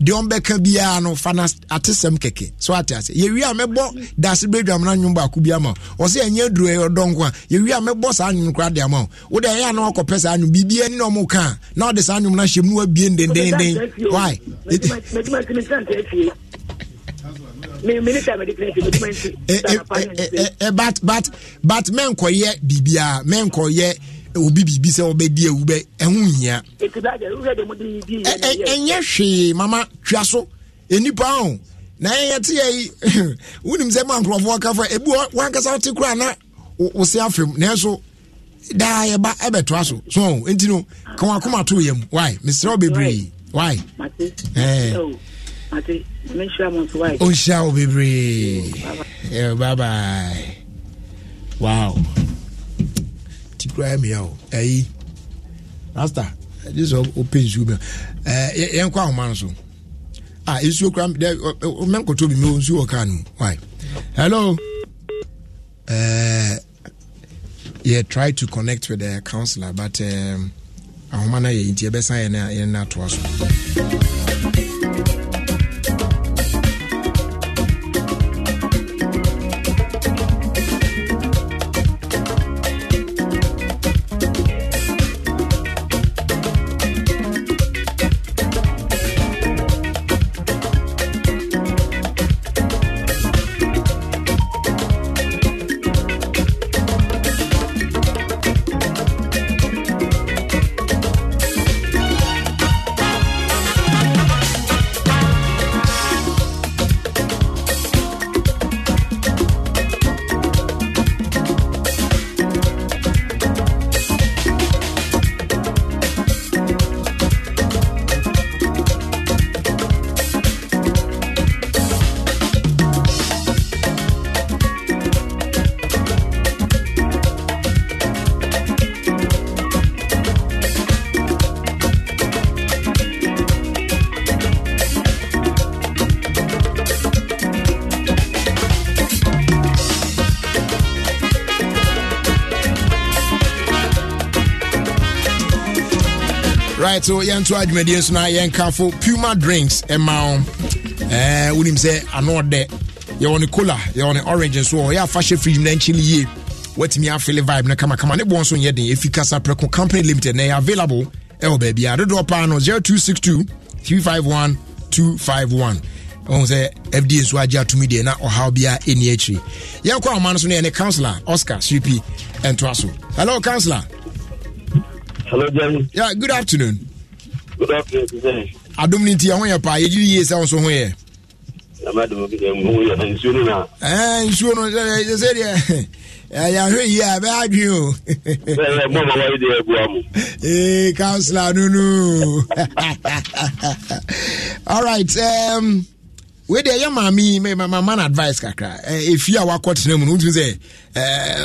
deɛ ɔmbɛka biara no fa na ate sɛm kɛkɛ so ate ase yɛwie a mɛbɔ daase bedwam na nwom baako bi ama wo ɔsɛ ɛnyɛ aduru ɛyɛ ɔdɔnko a yɛwie a mɛbɔ saa nwom koraa de ama wo wode ɛyɛ a na wakɔpɛ saa nwom biribi ani na ɔmo ka a na ɔde saa nwom no ahyɛ mu na wabie ndendenden why eh, eh, eh, but but but mɛnkɔyɛ biribiaa mɛnkɔyɛ obi biribi sɛ wobɛdi awu bɛ ɛho hia ɛnyɛ hwee mama twa so ɛnipa ho na yɛyɛte yɛyi wonim sɛ ma nkurɔfoɔ ka fa ɛbi wankasa wote koraa na wo se afem nanso daa yɛba ɛbɛtoa so so enti no ka wakoma to yam wai mesrɛ wo bebree wai ɔnhyia oh, wo bebree bye bye wow ti kura mi o ẹyi rasta this one o nsuo mi ẹ yẹn kọ ahoma nso a nsuo kura mi dẹ ọ nkoto mi mi o nsuo kaa nu why hello ẹ yẹ try to connect with the councillor but um, ahoma náà yẹ yìí ti ẹ bẹ sàn yẹn náà to aso. nso yɛnto adwumadeɛ nso na yɛnkafo puma drinks ɛma wo wonim sɛ ano yɛwɔ ne cola yɛwɔ ne orange nso ɔyɛ afa hyɛ fridge na nkyene yie watumi afele vibe na kamakama ne boɔ nso nyɛ den ɛfi kasa prɛko company limited na ɛyɛ available ɛwɔ baabiaa dodoɔ paa no zero two six two three five one two five one. 351 251 ɔhu sɛ fda nso agye atumi deɛ na ɔhaw biara ɛni akyiri yɛnkɔ ahoma no so no yɛne councilor oscar sripi ɛntoa so hello councilor hello jerry yeah good afternoon adom no nti ɛho yɛ paa yɛgyiri yie sɛ wo so ho yɛ eh, nsuo no sɛdeɛ eh, yɛahwɛ yie a ɛbɛyɛ adwen o eh, councilor no no alright um, wede ɛyɛ maame mama no advice kakra ɛfie a wakɔtena mu no wotumi sɛ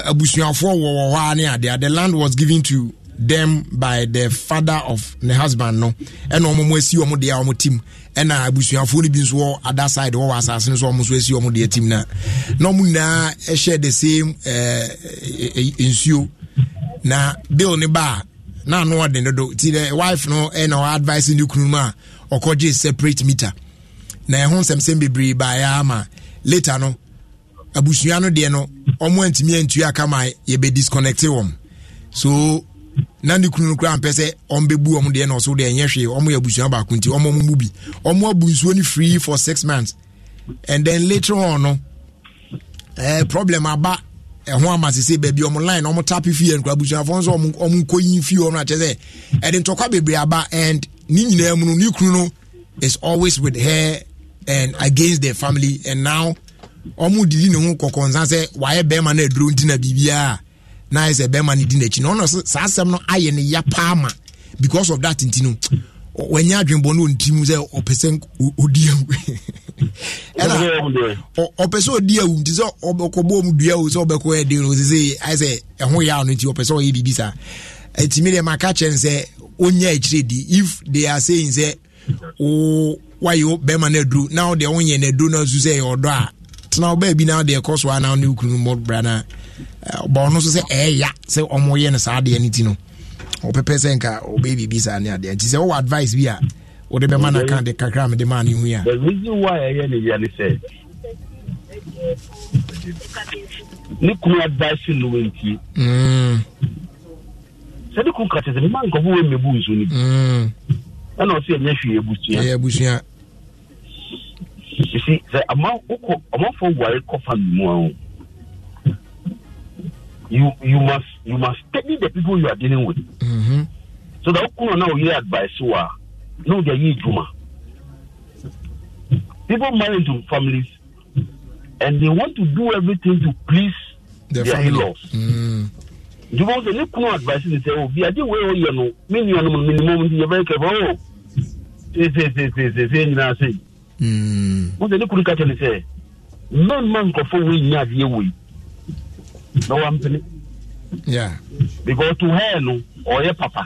abusuafoɔ wɔ hɔ a adeɛ the land was given to them by the father of the husband no ɛna wɔn mo esi wɔn deɛ wɔn tim ɛna abusuafoɔ no bi nso wɔ other side wɔwɔ asase no so wɔn nso esi wɔn deɛ tim na na wɔn nyinaa ɛhyɛ the same ɛɛ eh, nsuo na bill ne ba na ano ɔde ne do ti dɛ wife no ɛna ɔ advice ne kunu mu a ɔkɔgye separate meter na ɛho nsɛmsɛm bebree baayɛ ama later no abusua no deɛ no wɔn antumi antua kama yɛbɛ disconnect wɔn so na ne kunu no koraa mpɛ sɛ ɔmbɛbu ɔm deɛ na ɔso deɛ ɛnyɛ hwee ɔmo yɛ abusua baako nti ɔmo mu bi ɔmo abu nsuo no free for six months and then later on no eh, problem aba ɛho ama sese baabi ɔmo line ɔmo tape fie nkora abusuafoɔ nso ɔmo ɔmo nkɔ yin fie ɔmo akyɛ sɛ ɛde ntɔkwa bebree aba and ne nyinaa mu no ne kunu no is always with her and against the family and now ɔmo didi ne ho kɔkɔ nsa sɛ wayɛ bɛrima na aduro ntina biribiara na ayɛ sɛ bɛrima no di n'akyi na ɔno sɛ saa asɛm no ayɛ ne ya paa ma because of that nti no wanya adwenbɔ no ɔnti mu sɛ ɔpɛ sɛ ɔdi awu ɛna ɔpɛ sɛ ɔdi awu nti sɛ ɔbɛkɔbɔ mu dua o sɛ ɔbɛkɔ ɛde no sɛ ayɛ sɛ ɛho yɛ ano nti ɔpɛ sɛ ɔyɛ biribi saa ɛti mi deɛ maka kyɛn sɛ ɔnya akyire di if they are saying sɛ wo wayɛ bɛrima no aduro na ɔdeɛ wonyɛ no aduro no nso ɔdɔ a tena wo baabi na ɔdeɛ ɛkɔ so a na wo ne wo kunu ɔba ɔno nso sɛ ɛɛya sɛ ɔmoyɛ no saa adeɛ no ti no ɔpɛpɛ sɛ nka ɔbɛyɛ saa ne adeɛ nti sɛ wɔwɔ advice bi a wode bɛma no ka de kakra mede maa ne hu a the reason why ɛyɛ ne yɛ ne sɛ ne kunu advice no wɔntie mm. sɛ ne kunu ka kyɛ sɛ mema nkɔfo wɔ mmɛbu nso ni ɛna mm. ɔsɛ ɛnyɛ hwee abusua ɛyɛ abusua sisi sɛ ama wokɔ ɔmafoɔ ware kɔ fa me mu a o you you must you must study the people you are dealing with. Mm-hmm. so that okun now oyè advice wa no they yi juma people marry into families and they want to do everything to please their, their in-laws. Mm. jùmọ̀ sọ ní kunu advice ni say, "Oh, be adé wo way no you know minimum minimum ni mo ti yẹ bẹ́ẹ̀ kẹfọ́ o ṣe ṣe ṣe ṣe ṣe ṣe nyinaa ṣe. wọ́n sọ ní kunu kàtẹ́ ni sẹ́ mẹ́rin máa ń kọ̀ fún wo yìí ní na wampene yeah. because to her no your papa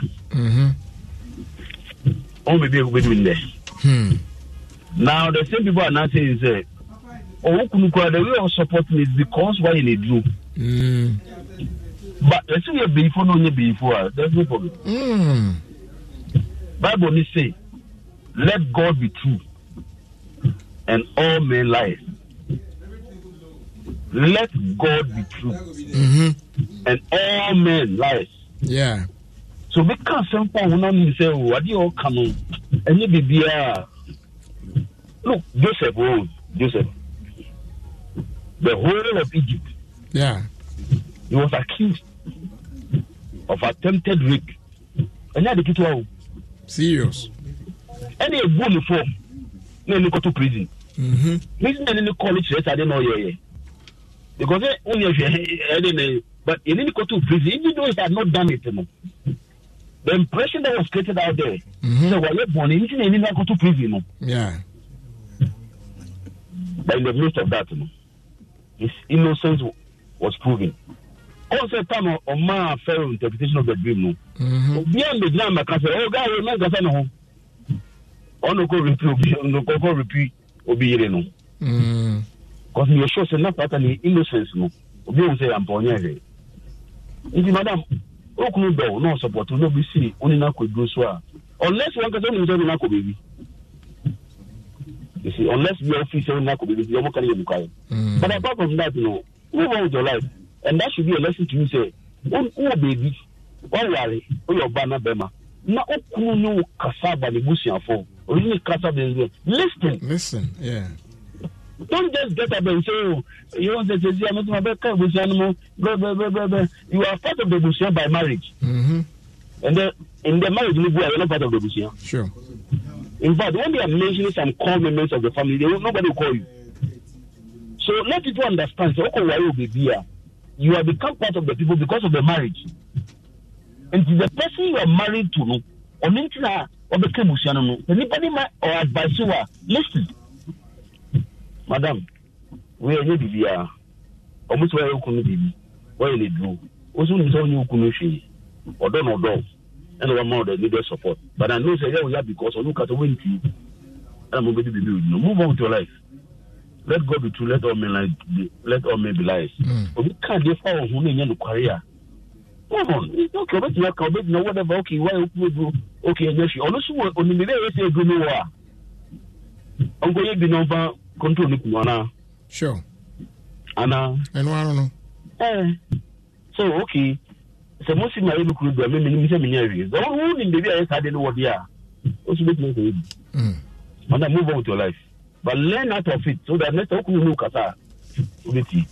ɔn baabi ɛkubɛdum nnɛ Now the same people are not saying sɛ ɔwɔ kunu kura the way ɔ support me is because wayɛ ne duro but ɛsɛ yɛ bɛyifo na ɔnyɛ bɛyifo a there's no problem mm. bible ni say let god be true and all men lie." let God be true mm-hmm. and all men lies. Yeah. So make us simple when I'm say oh, what do you all come on? And you be Look, Joseph, oh, Joseph, the whole of Egypt. Yeah. He was accused of attempted rape. And now the people serious. And they go in the form. No, they go to prison. Mm-hmm. Prison and in the college, that's I didn't know. Yeah, yeah because only if you but you need to go to prison even though it had not done it you know, the impression that was created out there mm-hmm. so while you're born you need to go to prison you know? yeah but in the midst of that you know, his innocence was proven also time on my fair interpretation of the dream no beyond mm-hmm. the dream I can say oh God remember that no ọ̀nà kò repeat obi ọ̀nà kò repeat obi yẹrẹ nù because mi sure sɛ na patali innocence no obi ohun sɛ yampa ɔnyɛ hɛ nti madam okunu dɔw na ɔsɔpɔtɔ na obi si onina kɔ duro so a unless wɔn kasa onimisa onina kɔ beebi you see unless bi ɔfi sɛ onina kɔ beebi bi ɔmo kan yɛ mu hmm. but apart from that no move on with your life and that should be a lesson to you sɛ wɔ beebi wɔware oyɛ ɔbaa na bɛrima na okunu ne wo kasa aba ne busuafo oyi ne kasa bɛn lis ten. lis ten yeah don't just get up and say oh you want to say see amadu ma bẹ ká ìbùsùn ẹni you are part of the ìbùsùn by marriage mm-hmm. and then in the marriage you are not part of the ìbùsùn. Sure. in fact when they are mentioning some core members of the family they will, nobody will call you so let people understand say okay you be ah you have become part of the people because of the marriage and the person you are married to no ọ̀nìntìlá ọbẹ̀ kébùsùn ẹni mu nípa listen madam wei ɛnyɛ biribiara ɔmo sɛ wɔyɛ okunu biribi wɔyɛ ne duro osu nim sɛ ɔnyɛ okunu hwee ɔdɔ na ɔdɔ ɛna wɔma ɔdɔ needed support but i know sɛ ɛyɛ ɔya because ɔno kata wɔn ti ɛna mo bɛdi biribi ogyina move on with your life let god be true let all men like let all men be lies obi kaa deɛ fa ɔho na ɛnyɛ nokware a move on okay ɔbɛtumi aka ɔbɛtumi whatever okay wɔyɛ okunu duro okay ɛnyɛ hwee ɔno so wɔ onimire a ɛsɛ eduro mi wɔ a ɔnkɔ yɛ bi na ɔmfa control ne kumu anaa. sure. anaa. ɛnu ano no. ɛɛ so okay sɛ mo si ma ebi kuru do a mi mi sɛ mi nya awie sɛ wɔn wɔn nim beebi a yɛ saa de no wɔ de a o so bɛtumi nkɔ ebi. madam move on with your life but learn out of it so that next time o kunu n'o kasa o bɛ ti.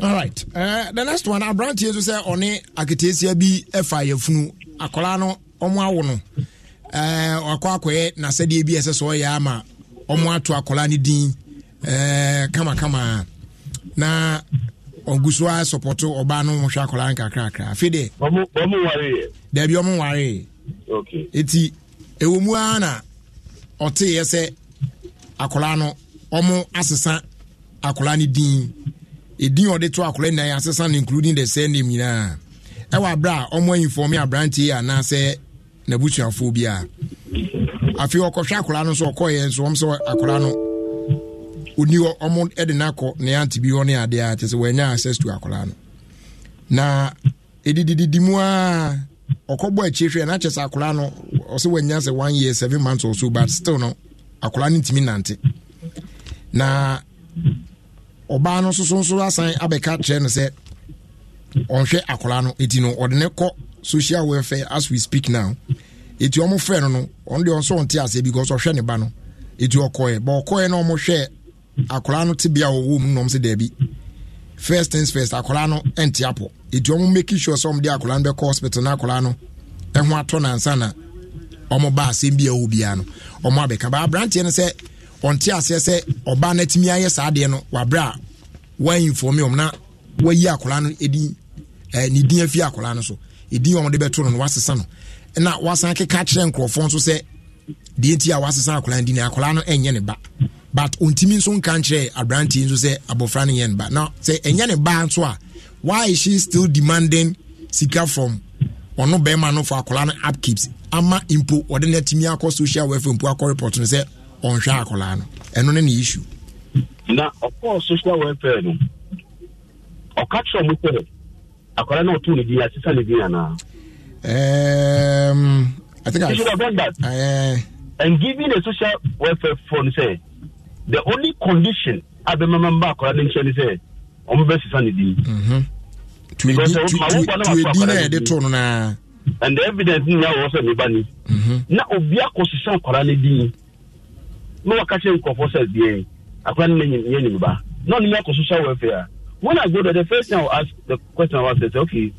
all right uh, the next one aberanteɛ so sɛ ɔne aketeesia bi ɛfa yɛfunu akwaraa no ɔmo awo no ɛɛ uh, wakɔ akɔyɛ n'asɛdeɛ bi ɛsɛ sɛ ɔyɛ ama ɔmo ato akɔla ne din ɛɛ eh, kamakama na ɔgu so a sɔpɔtɔ ɔbaa no hwɛ akɔla no kakrakra afei deɛ ɔmo wareɛ daabi ɔmo wareɛ okay eti ɛwɔ mu ara na ɔteeɛ sɛ akɔla no ɔmo asesa akɔla ne din edin ɔde to akɔla nyinaa asesa no including the surname nyinaa ɛwɔ abira a ɔmo inform aberanteɛ anaasɛ n'abusuafoɔ bi a afei ɔkɔhwɛ akwadaa no nso ɔkɔɔ yɛn nso wɔn sɛ akwadaa no oni ɔmo ɛde n'akɔ ne ante bi hɔ ne adeɛ a kyerɛ sɛ wɔanya access to akwadaa no na edididi mu a ɔkɔbɔ akyi hwɛ na sɛ akwadaa no ɔsɛ wɔanya sɛ one year seven months or so but still no akwadaa no ntumi nante na ɔbaa no nso nso asan abɛka kyerɛ no sɛ ɔnhwɛ akwadaa no eti no ɔde ne kɔ social welfare as we speak now etu ɔmo frɛ no no ɔno deɛ ɔnso ɔnte aseɛ because ɔhwɛ ne ba no etu ɔkɔɛ but ɔkɔɛ na ɔmo hwɛ akwaraa no te bia ɔwɔ mu na ɔmo sɛ dɛbi first things first akwaraa no ɛnte apɔ etu ɔmo make sure sɛ ɔmo de akwaraa no bɛkɔ hospital na akwaraa no ɛho atɔ nansa na ɔmo ba asɛm bi a ɔwɔ biara no ɔmo abɛka ba aberanteɛ no sɛ ɔnte aseɛ sɛ ɔbaa no atumi ayɛ saa adeɛ no wabrɛ a wɔn inform ɔmo na wɔayi akwaraa no edi ɛɛ ne din afi akwaraa no so ɛdin wɔn de bɛto no no wasesa no ɛna wasan keka kyerɛ nkurɔfoɔ nso sɛ deɛ nti a wasesa akwadaa di ne akwadaa no ɛnyɛ ne ba but ontimi nso nka nkyerɛ aberanteɛ nso sɛ abɔfra no yɛ ne ba na sɛ ɛnyɛ ne ba nso a why is she still demanding sika from ɔno bɛrima no for akwadaa no upkeeps ama mpo ɔde ne timi akɔ social welfare mpo akɔ report no sɛ ɔnhwɛ akwadaa no ɛno ne ne issue. na ɔkɔɔ social welfare no ɔka kyerɛ mo sɛ akwara náà tún nìdí asísá nìdí àná. I think I should have done that. Uh, and giving a social welfare fund say the only condition abemama mba akwara ne nkyɛn sɛ ɔmo bɛ sisa Because din. to edi na yɛde to no naa. and the evidence mm-hmm. ni a wɔwɔ sɛ ne ba ni. na obi akɔ sisa akwara ne din na wakakyɛ nkɔfɔ sɛ deɛ akwara ne yɛ ne ba na ɔno yɛ akɔ social welfare when I go there, the first thing I will ask the question I'll ask is, okay,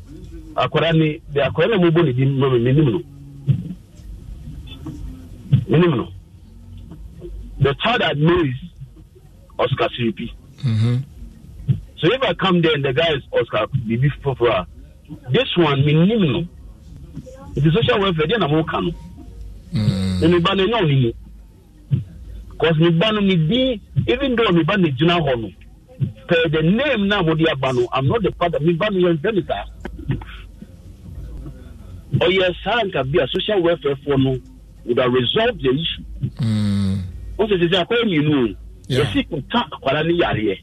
akwara ni the akwara na mo bɔ ne Minimum. mami the child that know Oscar Siripi. Mm-hmm. So if I come there and the guy is Oscar Bibi Fofora, this one minimum. it is social welfare Then na mo ka no. Mm. And mi ba no ɛnyɛ ɔni mu cause even though mi ban no gyina hɔ no per the name na wɔde aba no i'm not the father mi ba no yɛn fɛn mi saa ɔyɛ saa nka bi a social welfare foɔ no would have resolved the issue wọ́n sɛ sɛ akɔyɛ mmienu o yɛsi kɔka akwadaa ne yareɛ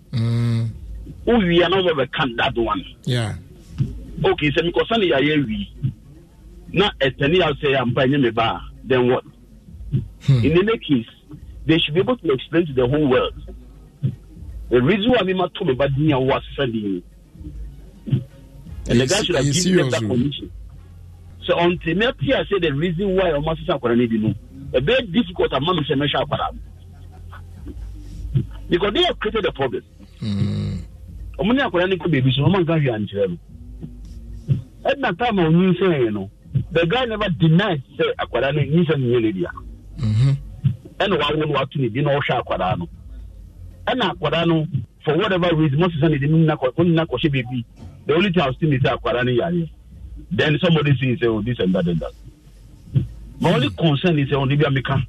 wowie na wɔbɛ bɛka that one yeah. okay sɛ mikɔsa ne yareɛ wie na ɛtɛne a sɛ ampa ɛnyɛ me ba then what hmm. in any case they should be able to explain to the whole world The reason why I'm to me but near was sending and the guy should have given better condition. Oh. So on Temepia, I say the reason why I'm not saying a very difficult amount of measure because they have created a problem. Hmm. Ọmọ ní àkọ́rẹ́ ní kò bèbí sọ, ọmọ nǹkan fi à ń tirẹ̀ lọ. Ẹ̀dínà táàmù ọ̀hún sẹ́yìn yẹn nọ, the guy never denied sẹ́ àkọ́rẹ́ ní yín sẹ́yìn yẹn lè di à. Ẹ̀nà mm-hmm. wàá wọ́n wàá tún ìdí náà ọ̀ṣẹ́ àkọ́rẹ́ náà ɛna akwadaa no for whatever reason mo sisan ne de mu nyina kɔ mo nyina beebi the only thing i was still need say akwadaa no yare then somebody say say oh this and that and that my only concern is say eh, ɔno bi amika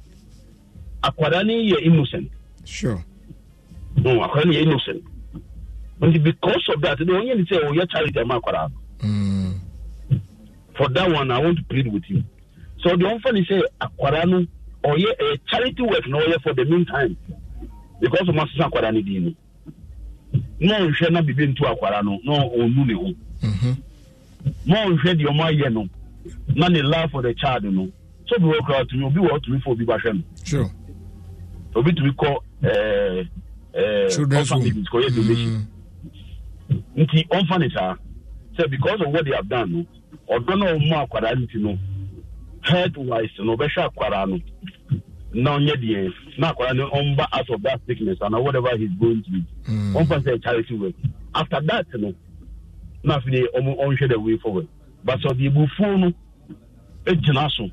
akwadaa no yɛ innocent. sure. no akwadaa no yɛ innocent nti because of that ɛna onye ni say, oh, ɔyɛ charity ama akwadaa mm. for that one i want to plead with you so the one funny say akwadaa no ɔyɛ ɛ eh, charity work na ɔyɛ for the meantime because ɔmo asesa akwara no din no na ɔnhwɛ na biribi ntu akwara no na ɔnu ne ho mhm. na ɔnhwɛ deɛ ɔmo ayɛ no na ne life for the child no so bi wɔ kora tumi obi wɔ tumi fo obi bahwɛ no obi tumi kɔ ɛɛ ɛɛ ɔfa babies kɔ yɛ mm. donation nti ɔnfa ne saa sɛ because of what they have done no ɔdɔ na ɔmo akwara no ti no health wise no ɔbɛhwɛ akwara no. na di deɛ na akwara no ɔmba out of that sickness and whatever he's going through ɔmfa hmm. sɛ charity work after that know na afei ɔmo ɔnhwɛ the way forward but sɛ ɔde ebufuo no egyina so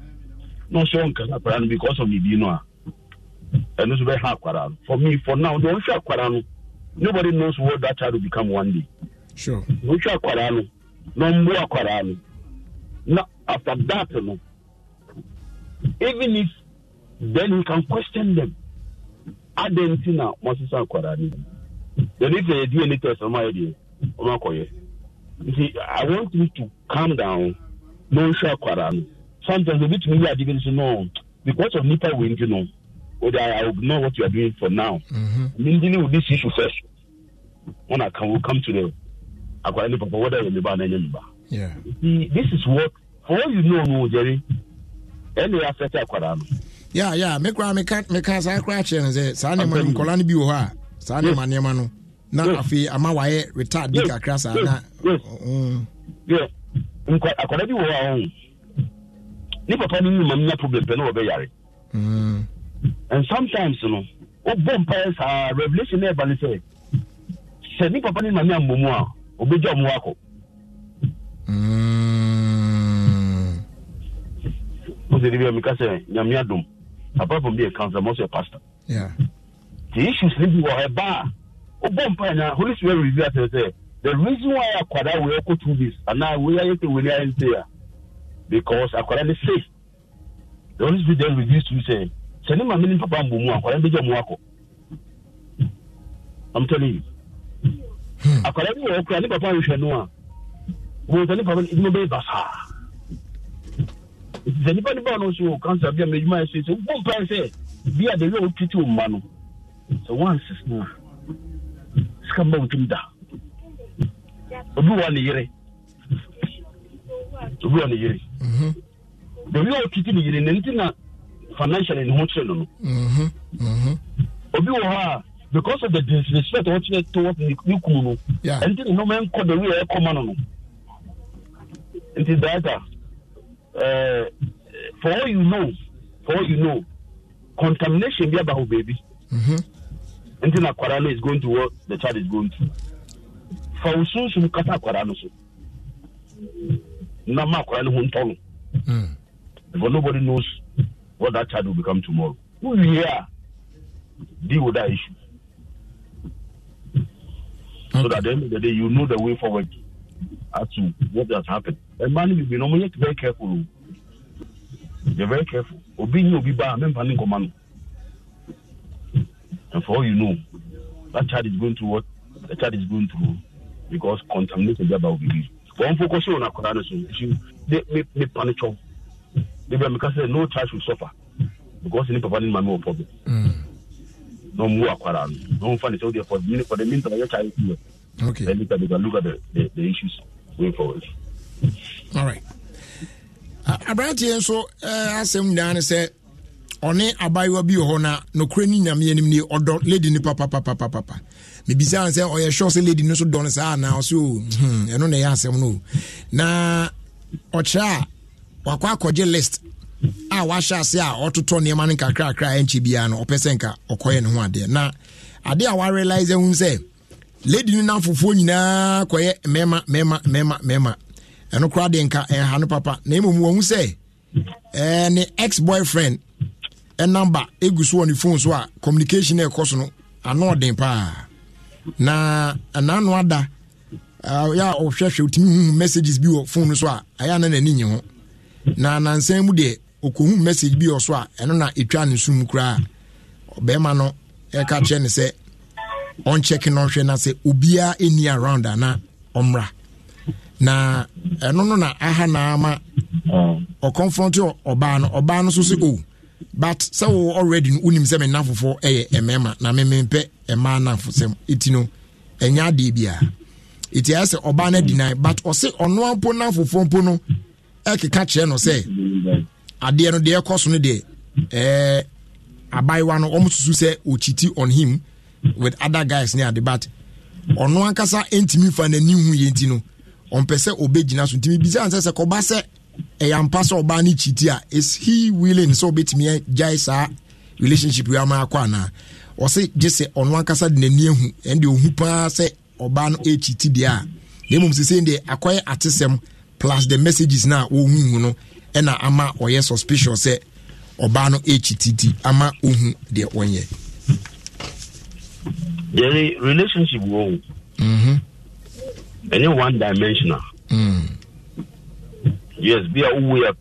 na ɔsɛ akwara because of ibi e no a ɛno nso bɛha akwara for me for now deɛ ɔnhwɛ akwara no nobody knows what that child will become one day sure ɔnhwɛ akwara no na ɔmbo akwara no na after that know even if then you can question them adan ti na wọn sisan akwadaa They yẹni fẹ yẹ dna test ọmọ ayẹ deɛ ọmọ akɔyɛ i want you to calm down na o nhwɛ sometimes obi tumi yɛ adi bi nso no because of nipa wind. You know, o i will know what you are doing for now mi n dili with this issue first when i come we'll come to the akwadaa ni papa whether yɛ mi ba or na yɛ mi this is what for all you know jerry Any yɛ afɛte akwadaa ya ya me kora meka saa kora kyerɛ no sɛ saa nneɛma no nkɔla no bi wɔ hɔ a saa nneɛma nneɛma no na afei ama wayɛ retard bi kakra saa na mm. akwadaa bi wɔ hɔ a oh. ne papa no nyuma nya problem pɛ na wɔbɛyare mm. and sometimes no wobɔ mpaeɛ saa revelation na ɛba ne sɛ sɛ ne papa no nyuma nya mmɔmu a obɛgya ɔmo wakɔ wosɛ mm. de bia meka sɛ nyame adom apart from being a counselor, I'm also a pastor. Yeah. The issues is maybe we a bar. Oh, bomb and Holy Spirit reveal to say eh, the reason why I could I will go to this and now we are to we are there because I could say the Holy Spirit then reveals to say, Send him a minute, Papa, and Bumu, and Bija Muako. I'm telling you. I could have been a papa, you should know. Well, then, Papa, you may be a sɛ nipa nipa ɔno nso wɔ kansa bi a mɛ edwuma ɛsɛ sɛ wɔn mpae sɛ bi a de yɛ ɔtutu wɔn mma no sɛ wɔn asese na sika mba wɔtum da obi o ne yere obi wɔ ne yere obi o ɔtutu ne yere ne nti na financial ne ho kyerɛ no no mhm, mhm. obi wɔ ha because of the disrespect wɔkyerɛ towards ne kunu no ɛnti ne nneɛma nkɔ the way ɛkɔma no no nti daata. Uh, for all you know for all you know contamination bi baby. ho mm-hmm. baabi nti is going to work. the child is going to For us, sunsum kata akwara no so na ma akwara no ho ntɔ mm. nobody knows what that child will become tomorrow who you hear deal with that issue okay. so that at the end of the day you know the way forward. as to what has happened. And man, you be normally very careful. You're very careful. Obi ni obi ba, men panin command. And for all you know, that child is going through what the child is going through because contaminated there will be. One focus on a Quran so they make me punish of. They be because uh, no child should suffer because any papa in my problem. Hmm. No more Quran. No one find it So there for the minute for the minute of your Okay. Then they can, they can look at the, the, the issues going forward. All right. aberanteɛ nso eh, asɛm nyinaa ne sɛ ɔne abayewa bi wɔ hɔ na nokorɛ ne nyame anim nie ɔdɔ lady no papapapapapa mebisaa sɛ ɔyɛ sure sɛ lady no so dɔ no saa anaa ɔsɛ o hmm, ɛno na ɛyɛ asɛm no na ɔkyerɛ a wakɔ akɔgye list a wahyɛ ase a ɔtotɔ nneɛma no nkakrakra a ɛnkyɛ biara no ɔpɛ sɛ nka ɔkɔyɛ ne ho adeɛ na adeɛ a ahu sɛ lady no namfofoɔ nyinaa kɔyɛ mmarima mmarima mmarima mmarima ɛno koraa de nka ɛnha no papa na mmom wɔn sɛ ɛɛ ne ex boyfriend ɛnamba egu so wɔ ne phone so a communication ɛkɔ so no ano ɔden paa na ɛnano ada yɛ a ɔhwɛhwɛ otumi hu messages bi wɔ phone so a ɛyɛ ana n'ani nye ho na nansan mu deɛ okohu message bi wɔ so a ɛno na etwa ne sum koraa bɛrima no ɛka kyerɛ ne sɛ. ɔnkyɛke eh, no ɔhwɛ na sɛ obiaa ɛni around ana ɔmmra na ɛno no na aha naa oh. oh. eh, eh, ma ɔkɔmfrɔnte ɔbaa no ɔbaa no so sɛ o but sɛ wo already no wonim sɛ me ɛyɛ mmarima na memempɛ ɛmaa nafosɛm ɛti no ɛnyɛ adeɛ biara ɛti ayɛ sɛ ɔbaa no but ɔse ɔnoa mpo nafofoɔ mpo no ɛkeka kyerɛ no sɛ adeɛ no deɛ ɛkɔ so no deɛ ɛɛ abaayewa no ɔmo susu sɛ ɔkyiti oh, on him with other guys ne ade but ɔno ankasa ntumi fa n'ani hu yɛ nti no ɔmpɛ sɛ ɔbɛgyina so ntumi bisa ansɛ sɛ kɔba sɛ ɛyɛ ampa sɛ ɔbaa ne kyiti a is he willing sɛ ɔbɛtumi agyae saa relationship yi ama akɔ anaa ɔse gye sɛ ɔno ankasa de n'ani ahu ɛnde ɔhu paa sɛ ɔbaa no ɛkyiti e deɛ a na mmom sesei deɛ akɔyɛ atesɛm plus the messages na wɔhuhu no ɛna ama ɔyɛ suspicious sɛ ɔbaa no ɛkyititi e ama ɔhu deɛ ɔnyɛ yɛre relationship wɔ o ɛnyɛ mm-hmm. one dimensional mm. yes bi a wowu yɛ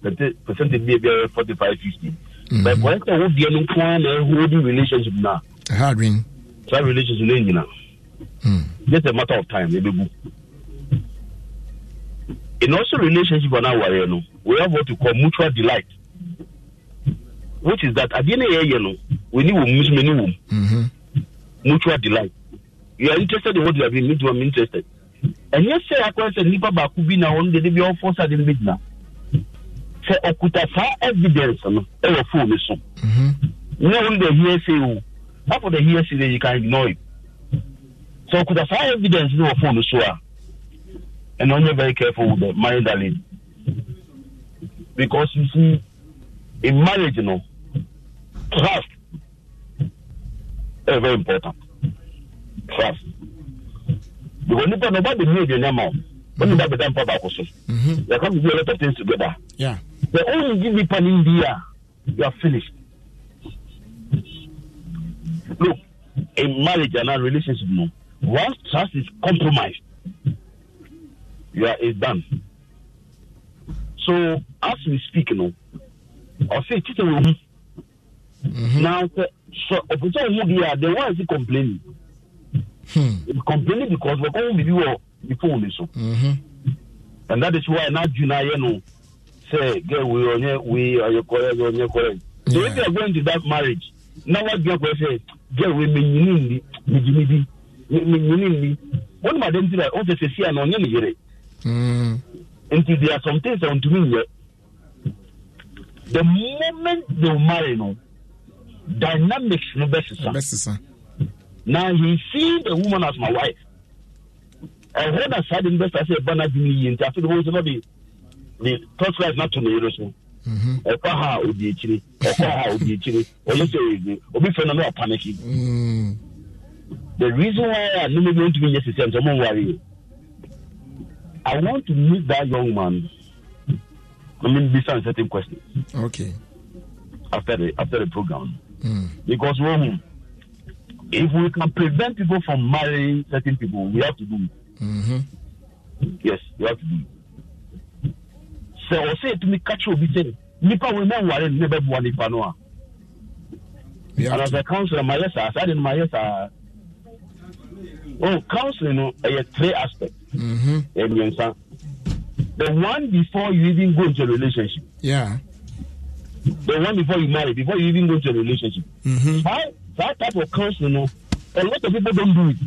percentage bi a bi a yɛ forty five fifty mm-hmm. but wɔyɛ sɛ wo deɛ no nko ara na ɛholding relationship na saa relationship no nyina mm. just a matter of time ɛbɛbu in also relationship a na awareɛ no we have what we call mutual delight which is that adeɛ no yɛyɛ no wɔni wɔ mu nso mani wɔ mu mutual delight you are interested in what you are doing me too i interested and yes sir akwa say nipa baako bi na wɔn dede bi ɔfɔ sa de ne bi gyina sɛ ɔkuta saa evidence eh, mm-hmm. no ɛwɔ phone so ne wɔn the hearsay o oh, afɔ the hearsay de you can ignore it So ɔkuta saa evidence no wɔ phone so a and ɔnyɛ very careful with the married darling because you see in marriage you no know, trust ɛyɛ very important fast because nipa na ɔba de mi odi ɛnyama o wɔn ba bɛda mpa baako so yɛ kɔ bibi ɛlɛtɔ ten together yɛ ɔn yi nipa ni bi a you are finished look a marriage and a relationship no once trust is compromised you are is done so as we speak no ɔsɛ titɛ wɔ mu now sɛ sɛ ɔfisɛ ɔmo deɛ a the one is complaining hmm. complaining because wɔkɔ ho biribi wɔ ne phone ne so mm-hmm. and that is why n'adwi n'ayɛ no sɛ girl wei ɔnyɛ wei ɔyɛ correct ɔnyɛ correct so if you are going to that marriage na wadu akɔ sɛ girl wei menyini nni megyini bi menyini nni wɔn mu adanti na ɔsɛ sɛ si a na ɔnyɛ ne yere nti there are some things a ntumi the moment they marry no dynamics no bɛsesa na he see the woman as my wife ɛhɔ na saa de no bɛsa sɛ ɛba no adwene yie nti afei de wɔn sɛ ɔde de torchlight na to ne yere so mhm. ɛkɔ ha a odi akyire ɛkɔ ha a odi akyire ɔyɛ sɛ ɔyɛ eh, obi fɛ no na ɔpaniki mm. the reason why a no maybe ntumi nyɛ sisi ɛntɛ ɔmo nware i want to meet that young man i mean be some certain question. okay after the after the program. Because if we can prevent people from marrying certain people, we have to do it. Mm-hmm. Yes, we have to do it. So I say to me, catch you, say, nipa we men ware ne be bua nipa And as a counselor, my yes, I didn't my yes, Oh, counseling, know, uh, three aspects. Mm-hmm. The one before you even go into a relationship. Yeah the one before you marry, before you even go to a relationship. Mm-hmm. That, that type of counsel? you know, a lot of people don't do it.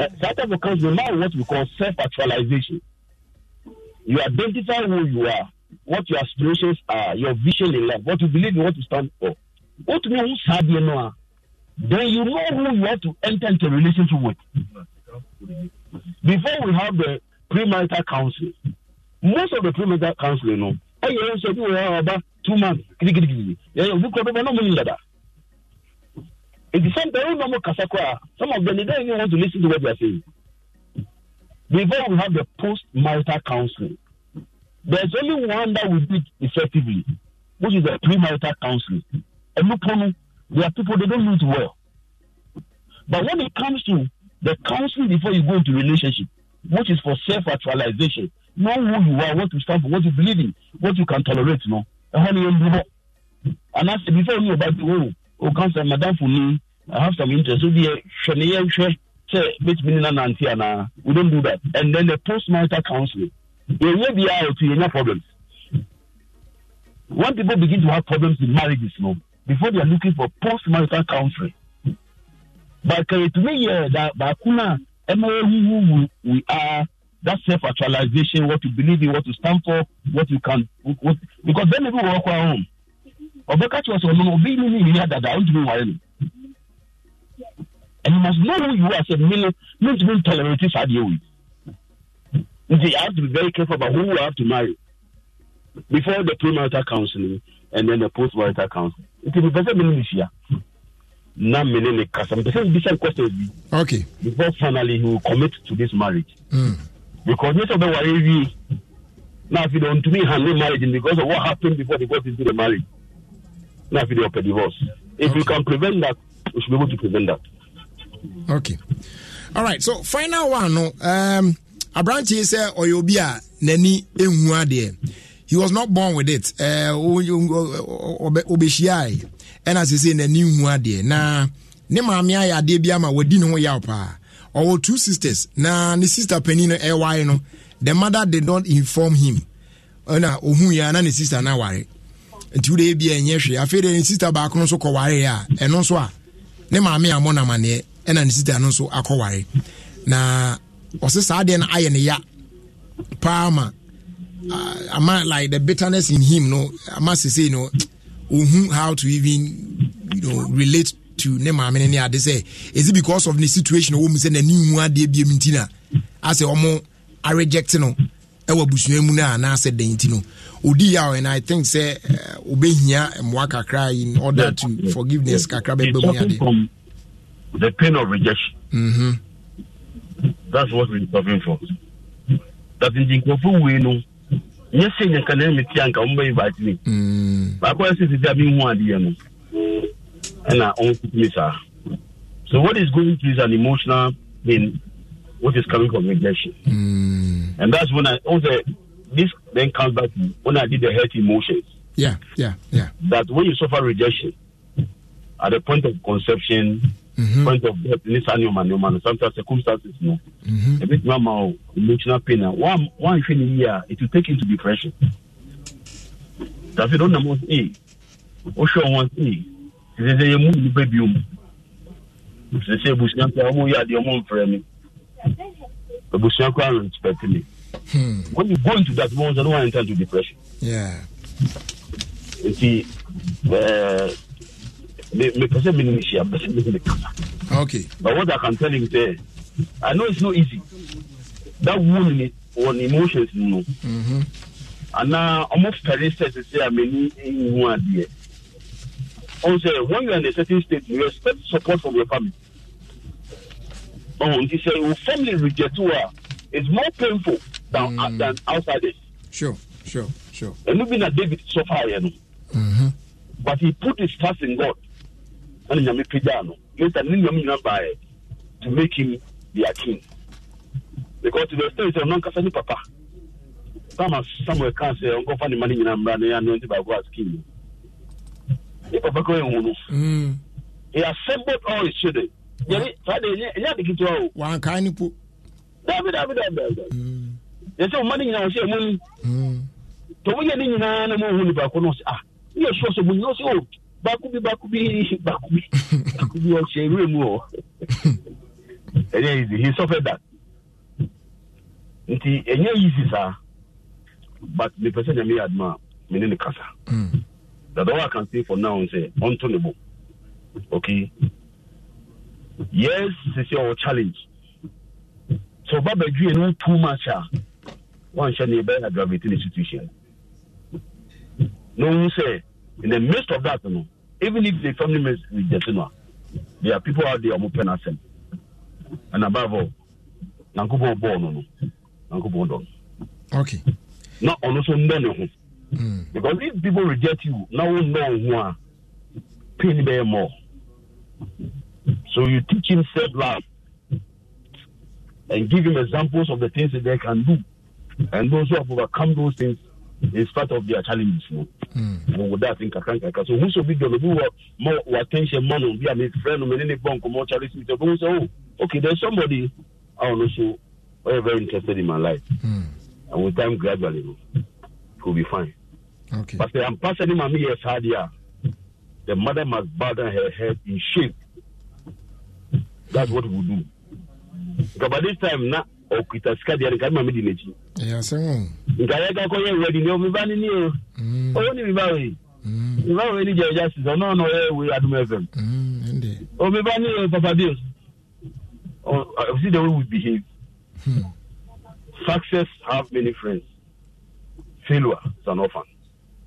Uh, that type of counsel, now what we call self-actualization. You identify who you are, what your aspirations are, your vision in life, what you believe in, what you stand for. What you know who's you know, then you know who you have to enter into a relationship with. Before we have the premarital council, most of the premarital council, you know, ɛyɛ ɛsɛ bi wɔ ɔba two months kirikirikiri yɛyɛ obi kɔ dɔbɔ n'ɔmu yin dada eti sometimes ɛyɛ n'ɔmu kasa kɔ some of them they don't even want to lis ten to what they are saying before we have the post marital counseling there is only one that we did effectively which is the pre marital counseling ɛnupɔnu there are people they don't meet well but when it comes to the counseling before you go into relationship which is for self actualization know who you are, what you stand for, what you believe in, what you can tolerate, no. Ẹ̀họ́ ni yẹn before you about the world, o kan sẹ I have some interest. We don't do that. And then the post-marital counseling, èyẹ will be out to yẹ problems. When people begin to have problems in marriages, no, before they are looking for post-marital counseling. Bàkàrẹ̀ to me, dà bàákú náà we are. that self-actualization, what you believe in, what you stand for, what you can, what, because then people walk home. Obeka was us, no, be me here that I want to be worried. And you must know who you are. So, meaning, not even tolerate this idea with. You have to be very careful about who you have to marry before the premarital counseling and then the postmarital counseling. It is will better than this year. na mene questions okay before finally he will commit to this marriage mm. because most of them were AV. Now, if you don't to me handle marriage because of what happened before they got into the marriage, now if you don't divorce. If okay. we can prevent that, we should be able to prevent that. Okay. All right. So, final one. No, um, Abranchi sɛ Oyobia Neni a he was not born with it Uh, ɛna sɛ sɛ n'ani hu adeɛ na ne maame ayɛ adeɛ bi ama wadi ne ho ɔwɔ two sisters na ne sister panin no ɛware no the mother did not inform him ɛna ohun ya na ne sister na ware nti wo de ebi ɛnyɛ hwɛ afei de ne sister baako no nso kɔ ware yɛ a ɛno nso a ne maame a mɔnam aneɛ ɛna ne sister no nso akɔ ware na ɔsɛ saa deɛ no ayɛ ne ya paa ma ama like the bitterness in him no ama sese no ohun how to even you know relate to ne maame ne ne ade sɛ is it because of ne situation wɔn mu sɛ n'ani nwu adeɛ bi mu ti na asɛ wɔn areject no ɛwɔ abusua mu na anaasɛ dan ti no odi yi and i think sɛ eh, obehia mmoa kakra in order to forgiveness kakra bɛ bɛ mu yade. the pain of rejection. Mm-hmm. that's what we're suffering from. that in nkurɔfo wei no nyɛ sɛ nyɛ kanna mi ti a nka wɔn bɛ yi baaki ne. baako yɛ sɛ sisi a mi hu And our own saa so what is going through is an emotional pain what is coming from rejection mm. and that's when i also this then comes back to when i did the health emotions yeah yeah yeah that when you suffer rejection at the point of conception mm-hmm. point of death in this animal and human sometimes circumstances you know mm-hmm. a bit normal emotional pain one one thing in here it will take into depression that's it on the most e or sure one thing sɛsɛ yɛ mu nipa bi mu sɛsɛ abusua kora ɔmo yɛ adeɛ ɔmo mfrɛ mi abusua kora no respect me hmm. when you go into that moment no one enter into depression Yeah. nti eh, mepɛ sɛ menim hyia pɛ sɛ mehu mekasa okay but what i can tell you, sɛ i know it's no easy that wound in it, on emotions you know. Mm-hmm. And no anaa ɔmo fɛre sɛ sɛsɛ a m'ani nhu adeɛ Also, when you're in a certain state, you expect support from your family. But when you say your family reject you, ah, it's more painful than, mm. than outsiders. Sure, sure, sure. And even a David far, you know. Mm-hmm. But he put his trust in God. And he made Pidano. Later, to make him their king. Because to the extent, he's a non-Catholic papa. Some Samuel can't say, I'm going to find the money in Ambrane and I'm going to buy a king. nípa pẹ́ kọ́ ẹ̀hún nù. he assembled all his children. yẹ́nì sáde ẹ̀yẹ́ àdìgítì wa o. wà á kàn án nípo. dábì dábì dábì dábì. yẹ sẹ́ ọmọdé nyinaa ọ̀sẹ̀ ẹ̀mú ni. tòun yẹ ni nyinaa ni mo hun ni baako náà ọ̀sẹ̀ ah yíyẹ sọ ọ̀sẹ̀ mo ní ọ̀sẹ̀ o oh. baako bi baako bi baako bi baako bi ọ̀sẹ̀ ewúrẹ́ mu ọ̀. ẹ̀yẹ́ yìí he suffered that. nti ẹ̀yẹ́ yìí sì sá but mi pẹ̀sẹ̀ nyàmé yàdùmá mi ní ni kasa. Mm that all I can say for now is untenable. Okay. Yes, this is your challenge. So Baba G know too much. Ah. One shall never aggravate the situation. No one say in the midst of that, you know, even if the family members reject you know, there are people out there who pen asem. And above all, Nankubo born no. Nankubo don. Okay. Not on also none of Mm. Because if people reject you, now we know one pain them more. So you teach him self love and give him examples of the things that they can do. And those who have overcome those things is part of their challenges. No? Mm. With that, in So, who should be going to do more attention, money, be a friend, and any bunk, more challenges? So, oh, okay, there's somebody I don't know, so very, very interested in my life. Mm. And with time, gradually, it will be fine. Okay. But I'm passing my years earlier. The mother must burden her head in shame. That's what we do. Because by this time, now, ɔkuta sika deɛ nka ne maame di n'akyi nka yɛ kakɔ yɛ wura di ne ɔmi ba ne ni o ɔwɔ ne mi ba wei mi ba wei ni jɛ ɛja sisan ɔno ɔno ɔyɛ wei adum fm ɔmi ba ne see the way we behave hmm. success have many friends failure is an orphan.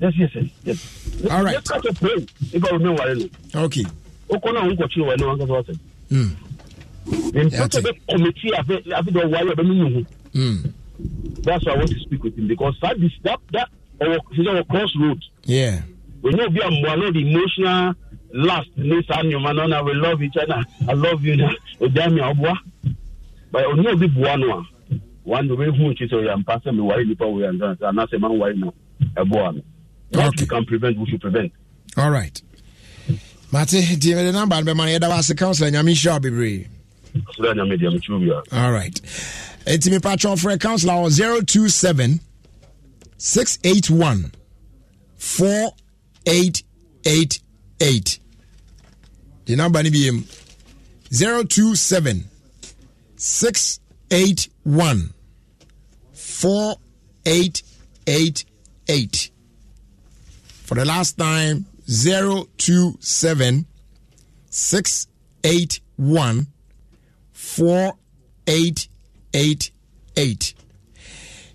yes yes yes all right. okay. that's why i want to speak with him because that is that that our season our cross Yeah. we know bí àmọ́ àná the emotional last ní sanni ọmọ náà we love each other i love you na but òní a wọn ní o bẹ hu òkè sọ yà mpa sẹ mi wáyé nípa wòye àǹtí àná sẹ máa ń wáyé nù what okay. we can prevent we should prevent all right mate deɛ mede namba no bɛma no yɛda w ase councilor nyame nhyira bebree all right ɛnti mepa kyɛw frɛ councilor wɔ 027 681 4888 de namba no biem 027 681 4888 for the last time 027 681 4888.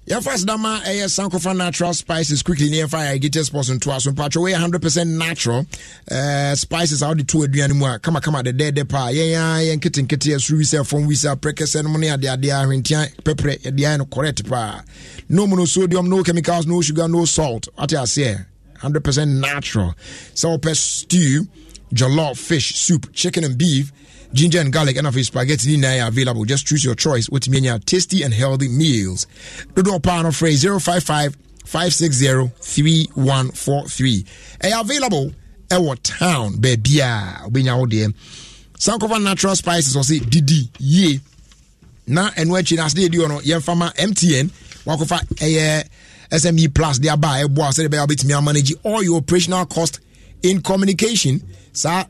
Your first dama is eh, Sankofa natural spices quickly near fire. Get your sports into us. Patch away 100% natural uh, spices How the two anymore? Come on, come on, the dead depa. Yeah, yeah, yeah, kitten kitty, as we sell from we sell precursor ceremony at the idea, rentia, pepper, at the end, correct. pa. No mono sodium. no chemicals, no sugar, no salt. What I say. 100% natural. So, stew, jollof, fish, soup, chicken and beef, ginger and garlic, and of his spaghetti are available. Just choose your choice. With me, tasty and healthy meals. Dodo Pano phrase 055 560 3143. available at what town, baby? Ah, Sankova natural spices, or say Didi, ye. Na and when she has the idea, MTN, Wakofa, eh. SME Plus de aba ɛboa sɛ de me wobɛtumi manage all your operational cost in communication So,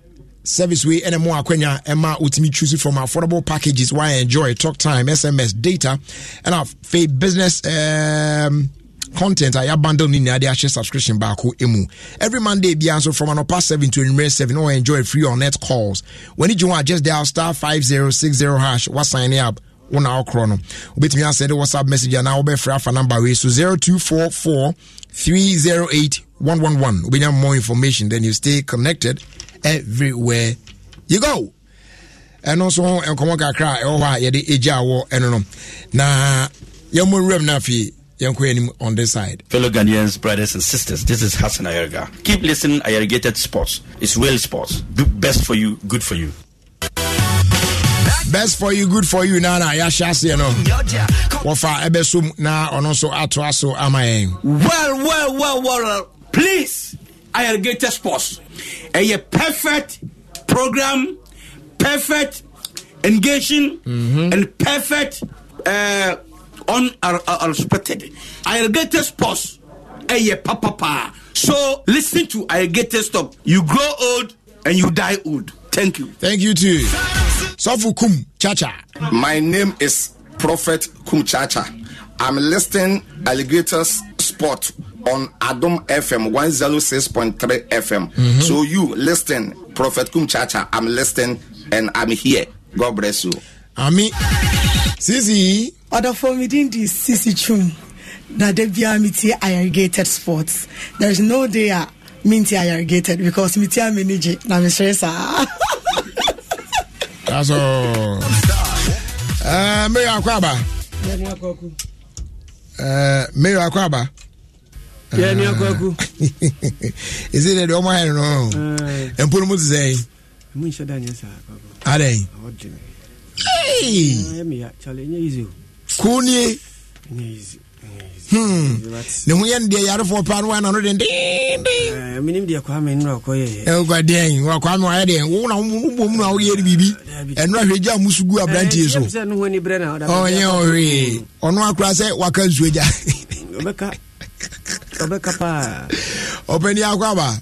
service way ɛne mo akwanya ɛma eh, wotumi choose from affordable packages why enjoy talk time sms data And afei business um, content I abandon in the de subscription baako emu. every monday Be answer from an anɔpa 7 to anwummerɛ 7 Or enjoy free on net calls When you want a just dial star 5060 hash sign up wo na wokorɔ no wobɛtumi asɛde whatsapp message anaa wobɛfrɛ afa number wei so 0244 308 111 more information then you stay connected everywhere you go And nso nkɔmmɔ kakra a ɛwɔ hɔ a yɛde ɛgya awɔ ɛno no na fi nwuram mu afei on this side. Fellow Ghanaians, brothers and sisters, this is Hassan Ayerga. Keep listening Ayergated Sports. It's real sports. Best for you, good for you best for you good for you na na you know. Wofa wɔfa na onoso atwaso atoa well well well well please I a sports A perfect program perfect engaging mm-hmm. and perfect uh, uh, uh get a sports pa papapa so listen to I a stop you grow old and you die old Thank you. Thank you too. Sofu Kum Chacha. My name is Prophet Kum Chacha. I'm listening Alligators Sport on Adam FM 106.3 FM. Mm-hmm. So you listen, Prophet Kum Chacha. I'm listening and I'm here. God bless you. Ami. Sisi. Order for me this Sisi Chum. That they be a sports. There's no day minti are irrigated because minti I'm energy na me stress ah. that's all. Uh, mayor akwaba. mayor uh, akwaba. yẹni akwaku. esi de de ọmọ ayẹyẹ nọ mpọnmu ti sẹyin. mu n ṣe da n yẹ sa akwaku. adẹyin. ọwọ chale n izi o. kúni. izi. ne ho yɛ no deɛ yarefoɔ paa no wana no dendendɛkwadeɛn wakwame wayɛ no a woyɛ biribi ɛno ahwɛ gya mu so gu ɔhwee ɔno akora sɛ waka nsuo gya akɔ aba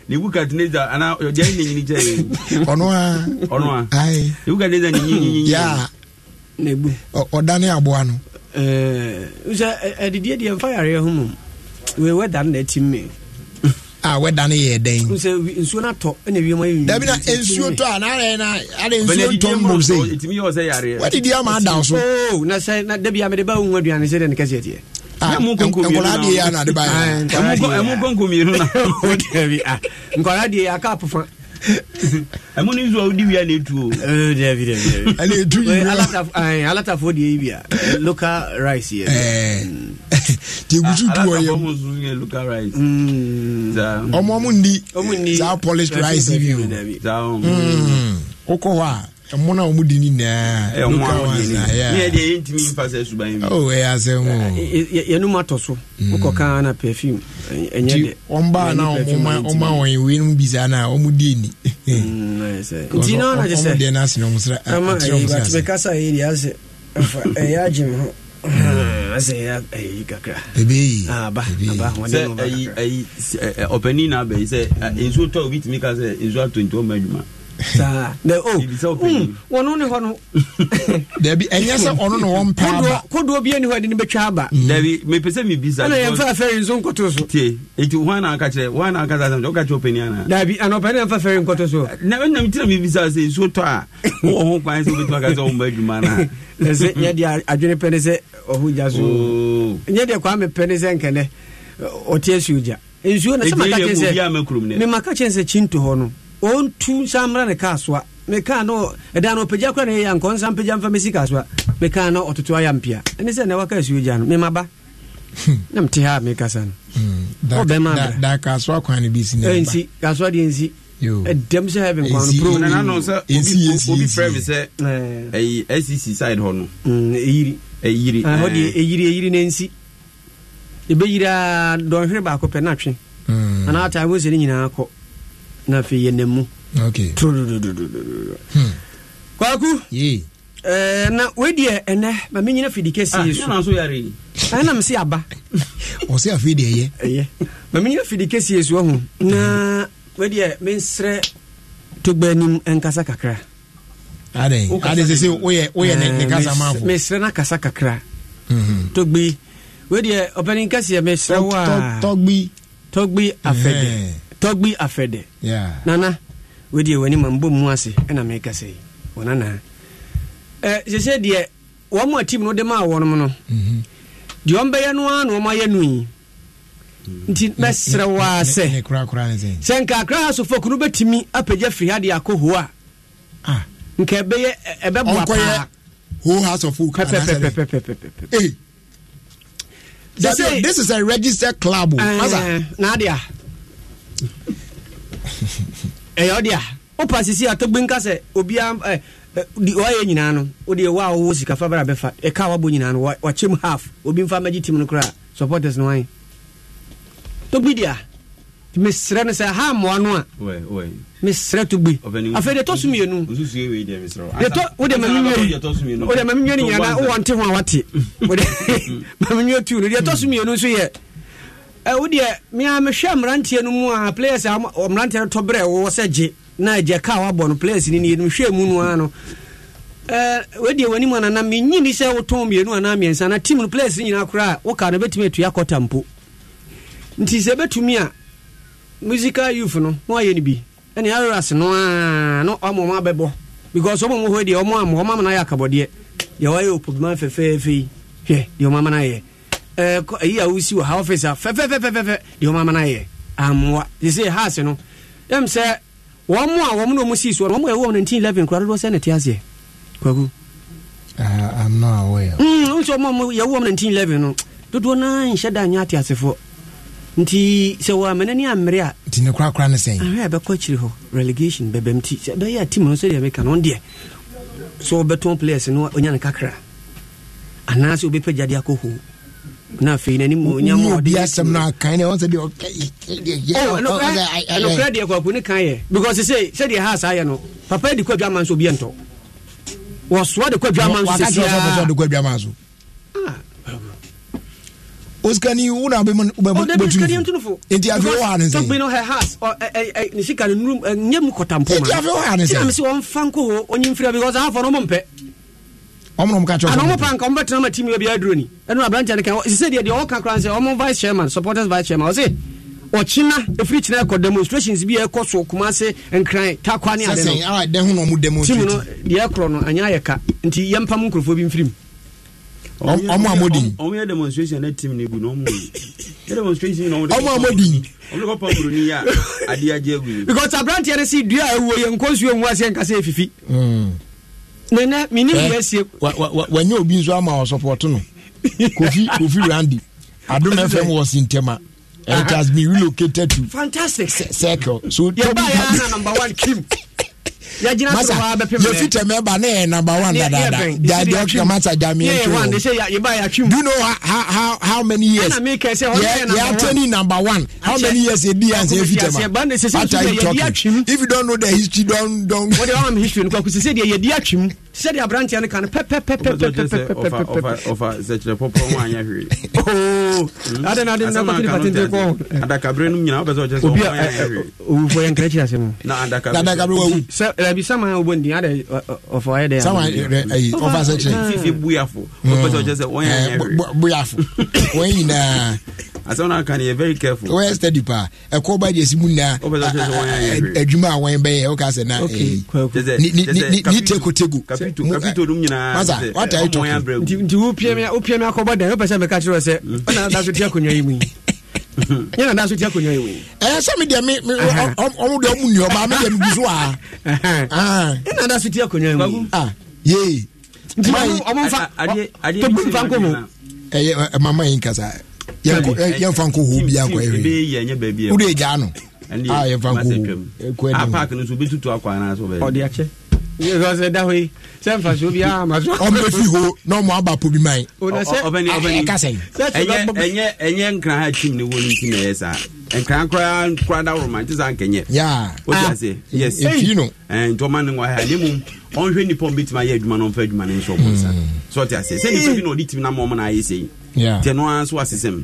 ne nebukadnezar anaa deɛ ne nyini kyerɛ ɔno a ɔno a nebukadnezar ne nyinyinyinyi nebu ɔdane aboa no sɛ adidiɛ deɛ mfa yareɛ ho mom wɛdane na atim me a wɛda no yɛ dɛn nsuo no atɔ ɛna wiem ayɛ dabi na nsuo tɔ a naarɛ na ade nsuo tɔ mmom sɛ wadidi ama adaw so oh, na sɛ na dabi a mede ba wo hu aduane sɛ dɛ ne kɛseɛ teɛ Ah, nkɔnkɔ mmienu na nkɔla deɛ aka apofa ɛmu ni nsuo di wia na etu o. dabi dabi dabi ɛna etu yi na alatafo de yi local rice yɛ. te gusu tu wɔ mm. ndi saa polished rice yi bi o. wokɔ hɔ a ɛmo no a ɔmudi ni Oh, nyinaaɛyɛ asɛm yɛnom atɔ so mm. wokɔka na perfume ɛnyɛde ɔmbaa na ɔma wɔn weinom bisaa no a ɔmudie ni mm, nti na ɔna kyɛ sɛdeɛ no asene ɔmsrabatmɛka sa ɛyɛ deɛ asɛ ɛyɛ agye me ho mm. ɔpani na abɛyi sɛ nsuo tɔ obi tumi ka sɛ nsuo atɔ nti ɔma adwuma saa na o wɔn ne hɔ no. dabi ɛnyɛ sɛ ɔno na wɔn pɛ aba kodoɔ bi ɛni hɔ ɛde ne bɛtwa aba. Hmm. dabi mepɛ sɛ mi bisa. ɛna yɛn fa fɛri nso nkoto so. tie eti wɔn na aka kyerɛ wɔn na aka sasɛm ɔka kyerɛ ɔpɛni ana. dabi anɔpɛ ne yɛn fa fɛri nkoto so. na ɛna mi tira mi bisa sɛ nsuo tɔ a wɔn ho kwan sɛ obetuma ka sɛ wɔn bɛ adwuma na. ɛsɛ nyɛ deɛ adwene pɛ ne sɛ ɔho gya so oh. nyɛ deɛ kwan mi pɛ ne sɛ nkɛnɛ ɔte nsuo gya nsuo na sɛ maka kyɛn sɛ mema ka kyɛn sɛ kyi nto hɔ no ɔntu nsa mmra ne kaa soa mekaa no ɛda hmm. hmm. e no ɔpagya kora eh. eh, hmm, ah, eh. ne ɛyɛ nkɔ nsa mpagya mfa mɛsi kaa soa mekaa no ɔtoto ayɛ mpia ɛne sɛ na waka asuo gya no memaba na mte ha mekasa no ɔbɛma kasoa kwan no bi sinɛnsi kasoa deɛ nsi ɛdɛm sɛ heaven kwan no probi frɛ me sɛ ɛyi acc side hɔ no ɛyiri ɛyiri hɔ deɛ ɛyiri ɛyiri na nsi ɛbɛyiri a dɔnhwere baako pɛ na twe anaa time wɔ sɛ ne nyinaa kɔ na afei yɛ nam mu kwaku na weideɛ ɛnɛ ma menyina fidi kɛsie so ɛna mese aba ɔsɛ afei deɛ ɛyɛ ma menyina fidi kɛsie so ho na weideɛ mensrɛ togba anim ɛnkasa kakra mesrɛ ne kasa na kasa kakra togbi weideɛ ɔpɛne nkɛseɛ mesrɛ wa a tɔgbi afɛde tɔgbi afɛdɛ yeah. nana wedie w'ani ma mbɔ mu ase ɛna meka sɛ wɔnana eh, deɛ wɔn mu no de no mhm. deɛ wɔn bɛyɛ no ara na wɔn ayɛ no yi nti bɛsrɛ mm-hmm. waa sɛ sɛ nkakra ha sofo kunu bɛtumi apagya firi ha de akɔ hoo a ah. nka ɛbɛyɛ ɛbɛboa paa hoo ha sofo pɛpɛpɛpɛpɛpɛ this is a registered club o. Oh. ɛyɛ ɔde a wopa sisi atɔgbenka sɛ obia eh, di wayɛ nyinaa no wode wo a wowɔ sika fa bra bɛfa ɛka wabɔ nyinaa no wakyɛm half obi mfa magye tim no koraa supporters no wae togbi dea mesrɛ no sɛ ha mmoa no a mesrɛ togbi afei deɛ ɛtɔ so mmienu wode mamenwa no nyinaa na wowɔ nte ho a wate wode mamenwa tu no deɛ ɛtɔ so mmienu nso yɛ wodeɛ mea mehwɛ mmeranteɛ no mu a players a mmeranteɛ no tɔ berɛ wɔwɔ sɛ gye na agya ka wabɔ no players no nie mehwɛ mu no a no wedeɛ w'anim anana menyini sɛ wotɔn mmienu anaa mmiɛnsa na team no players no nyinaa koraa woka no bɛtumi atua kɔta mpo nti sɛ bɛtumi a musical youth no na wayɛ no bi ɛne areras no a na ama ɔma bɛbɔ because ɔmɔ mu hɔ deɛ ɔmɔ ama ɔma ama no ayɛ akabɔdeɛ deɛ wayɛ opobima fɛfɛɛfɛ yi hwɛ deɛ ɔma ma no ayɛ ɛyi eh, eh, ah, a wosi wɔ ha ɔfice a fɛfɛfɛfɛfɛ deɛ ɔma ama no amoa te sɛ no yɛm sɛ wɔn mu a wɔn mu na wɔn sii so wɔn mu a ɛwɔ 1911 kura dodoɔ sɛ ne te aseɛ kwaku ah, I'm not aware. Mm, nso mo mo yawo mo 1911 no. Dodo na nhyɛ da nya ate asefo. Nti sɛ wɔ amene ne amere a nti ne kura kura ne sɛn. Ahwe abɛkɔ akyiri hɔ relegation bɛbɛm ti. Sɛ bɛyɛ a team no sɛ deɛ meka no deɛ. So wɔbɛtɔn players no onya kakra. Anaasɛ wɔbɛpagya de akɔ na afei n'anim onyam asɛm no akan ne ɔsɛ deɛnokra deɛ kwapo ne kan yɛ because sɛ sɛdeɛ ha saa yɛ no papa de kɔ adwama nso obiɛ ntɔ wɔsoa de kɔ adwama nso sɛsiaa osikani wona bɛmubɛtunfo nti afei wɔ ha ne sɛ ne sika no nyɛ mu kɔtampomamesɛ ɔmfa nkɔ hɔ ɔnyimfira because ahafɔ no ɔmɔmpɛ ɔmo nom ka kyerɛ ɔmo pa ɔmo bɛ tena ma tiimi bi aduro ni ɛnu aberanteɛ ne kan sise deɛ deɛ ɔka kora sɛ ɔmo vice chairman supporters vice chairman ɔsi ɔkyina efiri kyina ɛkɔ demonstrations bi ɛkɔ so kumase nkran takwa ne ade no sɛsɛn awa na ɔmo demonstrate tiimi no deɛ ɛkorɔ no anya yɛ ka nti yɛn mpam nkurɔfoɔ bi mfirim ɔmo amodin ɔmo yɛ demonstration ne tiimi ne gu na ɔmo yɛ demonstration na ɔmo amodin ɔmo kɔ pam buroni yɛ a adeɛ agye agu because aberanteɛ no si dua a yɛ nkɔnsuo mu ase nkasa efifi. Mm nana mini mu eh, ɛsie. wanyɛ obi nso ama ɔsɔpɔtɔ no kofi kofi randi adum fm wɔ sintɛma. It has been relocated to fantastic circle. So, yeah, number one, Kim masa yɛfi tɛmɛ ba ne yɛ number one dadaada deɛ ɔkeka masa gyame ɛntu do you know how, how, how many years yɛ attorney number one how many years yɛdi yɛ ansɛ yɛfi tɛma what are you talking if you don't know the history don't don't sɛde aberanteɛ no ka no pɛpɛpɛpɛpɛpɛpɛsɛkyerɛ pɔpɔ kapito dum nyinaanti wopia me akɔbɔ dan wopɛ sɛ meka kyerɛ sɛ ɔnada so te akonnwa yi mu nyɛ nada so te akonnwa yi mu ɛyɛ sɛ medeɛ ɔmo deɛ ɔmu nnuɔba medeɛ megu so a ɛnada so te akonnwa yi mu yee nti ɔmo mfa tɔbu mfa nkɔ ho ɛyɛ mama yi nkasa yɛmfa nkɔ ho bia nkɔ ɛhwɛ wode gyaa no yɛmfa nkɔ ho ɛkɔ ɛdɛm sɛ da hɔ yi sɛ mfasoɔ biara ma so ɔmbɛfi ho na ɔmo aba po bi man ɛnyɛ nkra ha tim ne wɔ no nti na ɛyɛ saa nkran koraa koraa da woroma nti saa nkɛnyɛ wode ase ah. yes nti ɔma ne wɔ ha ne mum ɔnhwɛ nnipa ɔmbɛtumi ayɛ adwuma no ɔmfa adwuma no nso ɔbɔ nsa mm. so ɔte ase sɛ nnipa bi na ɔde timi na ma ɔmo na ayɛ sɛ yi tɛ no ara nso asesɛm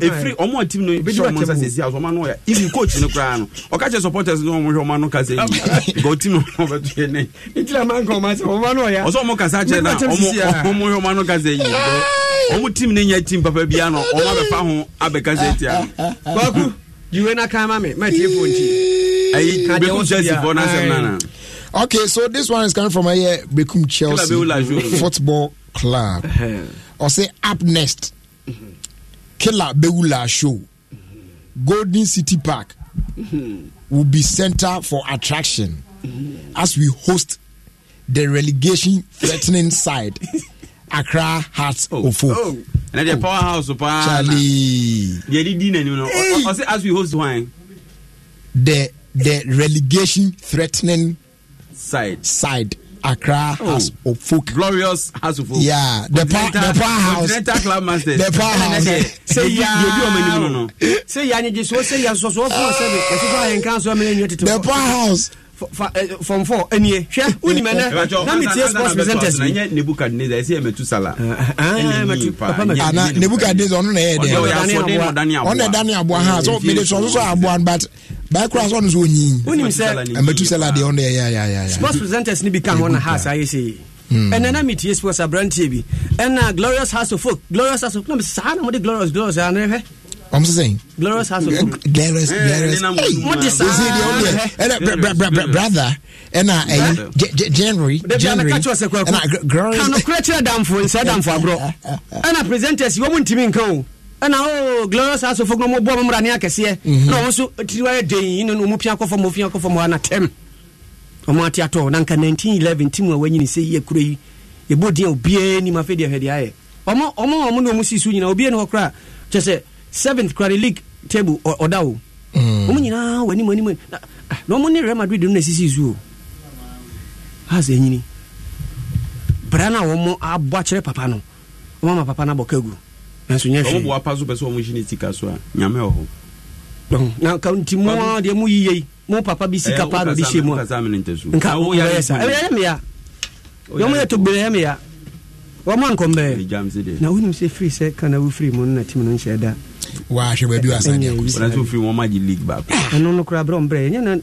ɛfiri ɔmo atim no hyɛ ɔmo nsa sɛsi a so ɔma no ɔyɛ even coach no koraa no ɔka kyɛ supporters no ɔmo hwɛ ɔma no kasa yi because tim no ɔbɛtoyɛ ne ɔsɛ ɔmo kasa kyerɛ na ɔmo hwɛ ɔma no kasa yi ɔmo tim ne nyɛ tim papa bia no ɔmo abɛfa ho abɛkasa tia no yiwe na kan ma mi mɛ tie fo nti ayi bɛkum chelsea fɔ n'asɛm nana Okay, so this one is coming from a uh, Bekum Chelsea Football Club. Uh-huh. or say up next, mm-hmm. Killer Beula Show, mm-hmm. Golden City Park mm-hmm. will be center for attraction as we host the relegation threatening side. Accra Hearts oh. of Oak. Oh. And the oh. powerhouse of uh, Charlie. Yeah, the dinner, you know. Hey. Oh, oh, as we host wine. The the relegation threatening side side. Accra oh, has Ofuk. Glorious has Ofuk. Yeah, the power the powerhouse. the Club Masters. The powerhouse. Say ya. You do say many no? Say ya ni jiso. Say ya so so for seven. Eso so I can so many nyoti to. The powerhouse. Eh, from four, any share. Uni mena. Na mi tiye sports presenters. Na nye Nebuchadnezzar. Esi emetu so Ah, emetu. Ana Nebuchadnezzar onu na yeye. Onu na Daniel Abua. Onu na Daniel Abua. So mi de so so Abua but. bɛɛ kora sɛ ɔno sɛ ɔnyi wonim sɛ ɛmatu sɛ ladeɛ ɔno yɛyɛyɛyɛ sports presenters no bi ka ho na ha saa yɛ sɛ ɛnɛ na metie sports aberanteɛ bi ɛna glorious house of folk glorious house of folk na saa na mode glorious glorious ano hwɛ ɔm sɛ sɛn glorious house of eh, folk glorious eh, glorious mo mode saa brother ɛna uh, ɛyi january january ɛna uh, glorious kanokora kyerɛ damfo nsɛ damfo agorɔ ɛna presenters wɔmu ntimi nka o ɛna o glorious asofo no ɔmo bɔ ɔmo mmara ne akɛseɛ na ɔmo mhm. so tiri wa yɛ den ne ɔmo pia akɔfɔ ɔmo fia akɔfɔ ɔmo ana tɛm ɔmo ate atɔ na nka nineteen eleven ti mu a wɔnyini sɛ yie kuro yi ebo diɛ obiara anim afɛ deɛ hwɛ deɛ ayɛ ɔmo ɔmo ɔmo ne ɔmo si so nyina obiara ne hɔ kora kyɛ sɛ seventh kora de league table ɔda o mm. ɔmo nyinaa wɔ anim anim ah, na ɔmo ne real madrid no na esisi so o has enyini bra na ɔmo abɔ akyerɛ papa no ɔmo ama papa no abɔ kagu. nanso nyɛ hwee ɔmo apa so pɛ sɛ ɔmo hyɛ ne sika so a nyame wɔ hɔ. na nka nti mu a deɛ mu yiye mu papa bi sika paa na ɔde hyɛ mu a nka ɔyɛ sa ɛyɛ mi ya ɔmo yɛ togbere ɛyɛ mi ya ɔmo ankɔmbɛɛ na wonim sɛ firi sɛ kana wofiri mu no na tim no nhyɛ da wahwɛ baabi wasadeɛfiri league baako ah, ɛno no kora berɛ mbrɛ ɛnyɛ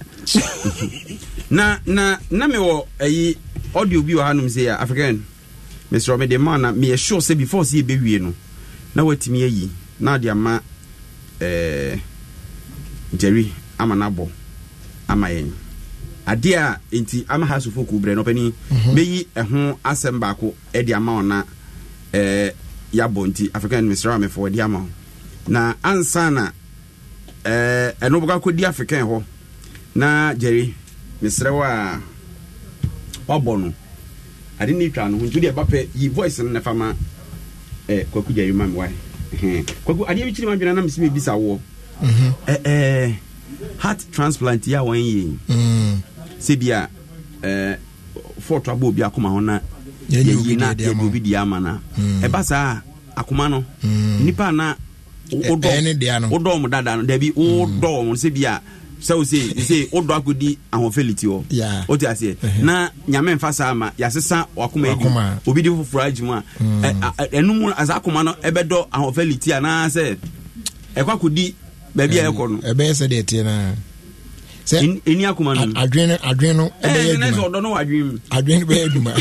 na na na mewɔ ayi audio bi wɔ hanom sɛ african mesrɛ mede ma na meyɛ sure sɛ before sɛ yɛbɛwie no na watumi ayi na ade ama eh, jerry ama nabɔ ama yɛn adeɛ a nti ama ha sofo kuu berɛ no mhm. meyi bɛyi ɛho asɛm baako de ama ɔna na eh, yɛabɔ nti african administration a mefoɔ de ama wo na ansa na eh, ɛno eh, bɛkɔ akɔdi african hɔ na jerry mesrɛ wo a wabɔ no ade ne twa no ho nti ɛba pɛ yi voice no fa ma. eh, kwaku gya yoma mewa eh, kwaku adeɛ bi kyiri ma adwena na mesi mebisa woɔ eh, eh, heart transplant yi mm. a eh, wɔnyɛ mm. sɛ bia eh, fɔɔto abɔ obi akoma ho na yɛyi eh, na yɛde obi di ama no ɛba saa akoma no nnipa na wodɔ wodɔ mo dada no dabi wodɔ mm. mo sɛ bia sɛ wo se se wodɔ akɔdi ahɔfeliti hɔ wote aseɛ na nyame mfa saa ma yɛasesa wakoma adi obi de foforɔ agye mu a mm. ɛnom asa akoma no ɛbɛdɔ ahɔfeliti anaasɛ ɛkɔ akɔdi baabi a ɛkɔ no ɛbɛyɛ sɛ deɛ teɛ noa sɛ ɛni akoma no adwene adwene no ɛbɛyɛ adwuma sɛ ɔdɔ no wɔ adwene adwene no bɛyɛ adwuma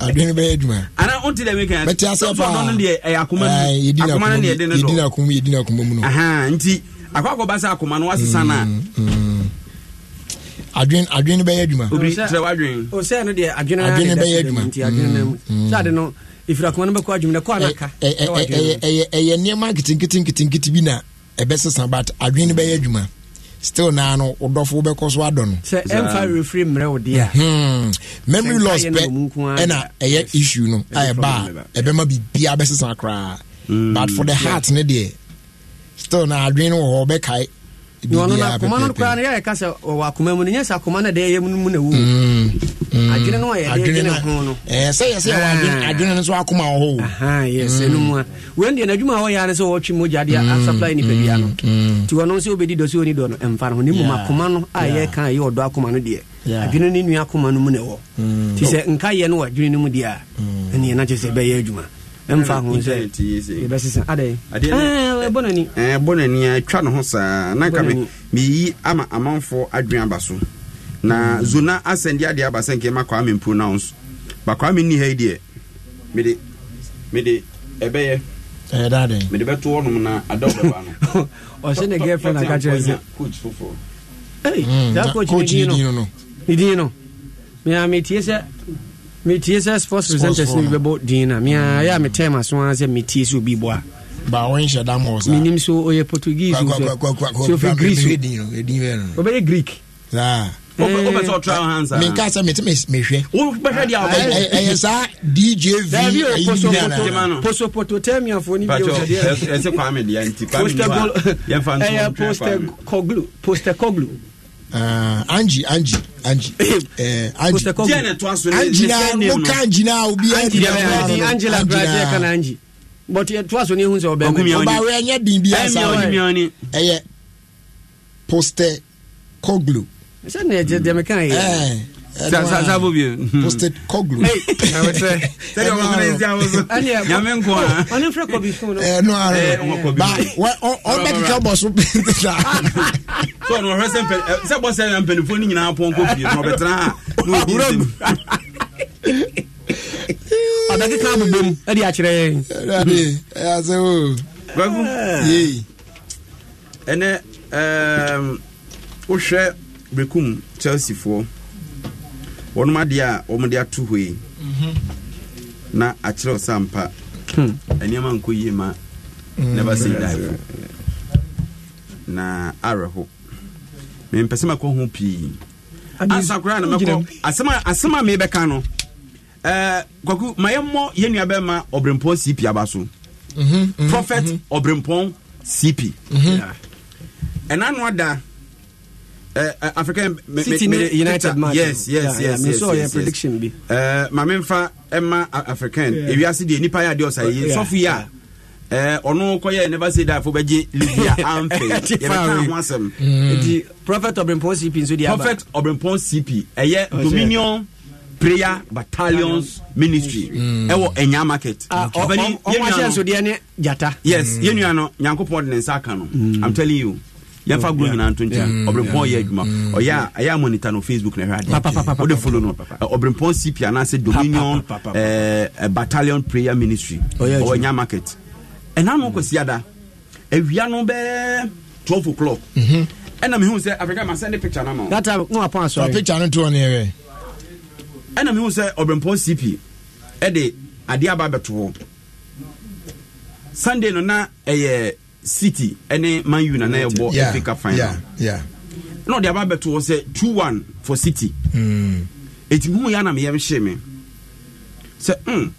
adwene bɛyɛ adwuma ana wonte dɛ meka mɛte asɛ paa ɔdɔ no deɛ ɛyɛ akoma mu akoma no deɛ ɛde ne dɔ yɛdi na akoma mu yɛdi na akoma mu no nti akɔ akɔba sɛ akoma no wasesa mm, mm. no a adwene adwene bɛyɛ adwuma obi kyerɛ wadwene o sɛ no deɛ adwene adwene bɛyɛ adwuma nti adwene nam mm, sɛ ade no ɛfiri akoma no bɛkɔ adwuma ne kɔ anaka ɛyɛ nneɛma nketenketenketenkete bi na ɛbɛsesa but adwene bɛyɛ adwuma still naa no wodɔfo wobɛkɔ so adɔ no sɛ ɛmfa refri mmerɛ wo deɛ hmm. memory loss pɛ ɛna ɛyɛ issue no a ɛba a ɛbɛma biribia bɛsesa koraa but for the hmm. heart ne deɛ still na adwene wɔ hɔ bɛkae ɔno no akoma no koraa no na wo mm, mm. adwene no ɔyɛdene ho no sɛ yɛ sɛ yɛwɔ ah. adwene no so wɔ hɔ yes ɛno mu a mm. wɔn deɛ n'adwuma a wɔyɛ ne sɛ wɔtwe mogya de asaplae nipadua no nti ɔno nso wobɛdi dɔ sɛ ɔni dɔ no ɛmfa no ho ne mmom akoma no nka yɛ no wɔ adwene no mu deɛ a ɛmfa ho sɛbɔnani atwa ne eh, eh, eh, ho saa na nka meyi ama amanfoɔ adwen aba so na hmm. zona asɛnde adeɛ aba sɛ nke ma kwaa me mpronounce bakwaa me nni ha yi deɛ mede mede ɛbɛyɛ mede bɛto nom na no ɔhyɛ ne aka kyerɛ sɛ coach foforɔ hmm, saa coach ne no ne din no metie sɛ metie sɛ sports presenters no bi bɛbɔ din na mea yɛ a metɛɛ maso a sɛ metie sɛ obi bɔ menim so ɔyɛ portuguese sofi greek menka sɛ mete mehwɛɛyɛ saa djvposopototamiafoɔ uh, angie angie angie eh, eh, angie angie a moka angie na obi angela grazie kana angie but yɛtoa so ne hu sɛ ɔbɛɔbawerɛ nyɛ den bia sa ɛyɛ poster coglo sɛne deɛ meka yɛ sasabu bio posted coglu nyame nkoaɔbɛkeka bɔ so sɛ bɔ sɛ mpanimfoɔ no nyinaa pɔnkɔ fie na ɔbɛtena a ɔbɛkeka bobom ade akyerɛ yɛn kwaku ɛnɛ wohwɛ bekum chelseafoɔ wɔnom adeɛ a wɔmde ato hɔ yi na akyerɛw ampa nneɛma hmm. nkɔ yie ma never say die mm. na awerɛho mempɛ sɛ makɔ ho pii ansa na mɛkɔ asɛm a mebɛka no eh, kwaku ma yɛmmɔ yɛ ma ɔbrempɔn cp aba so mhm, mhm, prophet mhm. ɔbrempɔn cp ɛna ada Uh, African City me, me, United match. Yes, yes, yeah, yes. Yeah, yes, so yes, yes, prediction yes. bi. Uh, Mamemfa Emma African. Yeah. Ewiase de nipa ya de osa ye. Yeah. Sofu ya. Eh ɔno kɔyɛ never say that fo bɛgye Libya amfɛ. Yɛbɛka ho asɛm. Nti Prophet Obrempɔn CP nso di aba. Prophet Obrempɔn CP ɛyɛ Dominion prayer battalions ministry ɛwɔ ɛnya market. Ɔmo ahyɛ nsodeɛ ne jata. Yes, yɛn nua no Nyankopɔn de ne nsa aka no. I'm telling you yɛmfa goro nyinaa nto nkyɛn mm, ɔberempɔn yɛ adwuma mm, ɔyɛ a ɛyɛ a monitor no facebook na ɛhwɛ adeɛ wode follow no ɔberempɔn cp anaasɛ dominion battalion prayer ministry ɔwɔ nya market ɛna no kɔsi ada awia no bɛɛ 12 o'clock mhm. ɛna mehu sɛ africa ma sɛnde picture no ma picture no toɔ neɛ ɛna mehu sɛ ɔberempɔn cp ɛde adeɛ aba bɛto hɔ sunday no na ɛyɛ city ɛne man u na na yɛbɔ fa cup final na ɔde aba bɛto hɔ sɛ two-one for city ɛti hmm. mu yɛ anam yɛm hye me sɛ mm,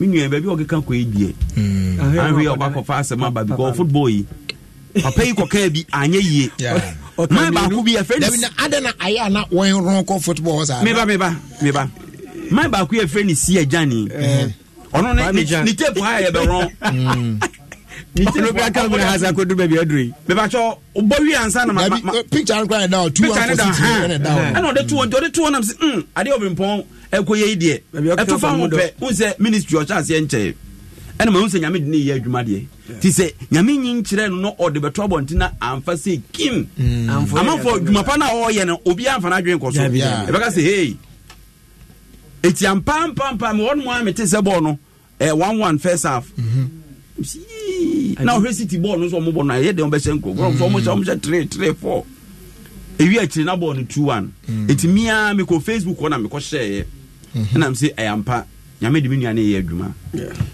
me nua baabi ɔkeka kɔ ɛdiɛ anhwɛ ɔba asɛm aba because football yi papa yi kɔkaa bi anyɛ yie man baako bi ɛfrɛ meba meba meba man baako yɛfrɛ no si agyane eh. ɔno ne tape ha yɛbɛrɔn hmm olóbíà kan eh, picture nkura ah. eh, two one four six three yẹn da two one ọdẹ two one nam si hmm ade omi pọn ẹkọ yẹ yìí diẹ ẹtú fáwọn pẹ n sẹ ministry ọ̀ṣà àṣẹ nkyẹn ɛna ma n sɛ nyame de ne yɛ adwuma deɛ ti sɛ nyame nyi nkyerɛ no no ɔde bɛtɔ abɔnten na amfa sɛ kim mm. amanfo adwuma pa no a ɔreyɛ no obiaa mete sɛ bɔɔ no 11 eh, first half mm-hmm pii na ɔhwɛ city ball, no nso ɔmo bɔ no ɛyɛ deɛ ɔbɛhyɛ nkurɔfoɔ ɔmo hyɛ ɔmo hyɛ three three four ewi akyire na bɔɔl no two one eti mia mekɔ facebook hɔ na mekɔ hyɛɛ ɛnam sɛ ɛyampa nyame de ah, me nua ne yɛ adwuma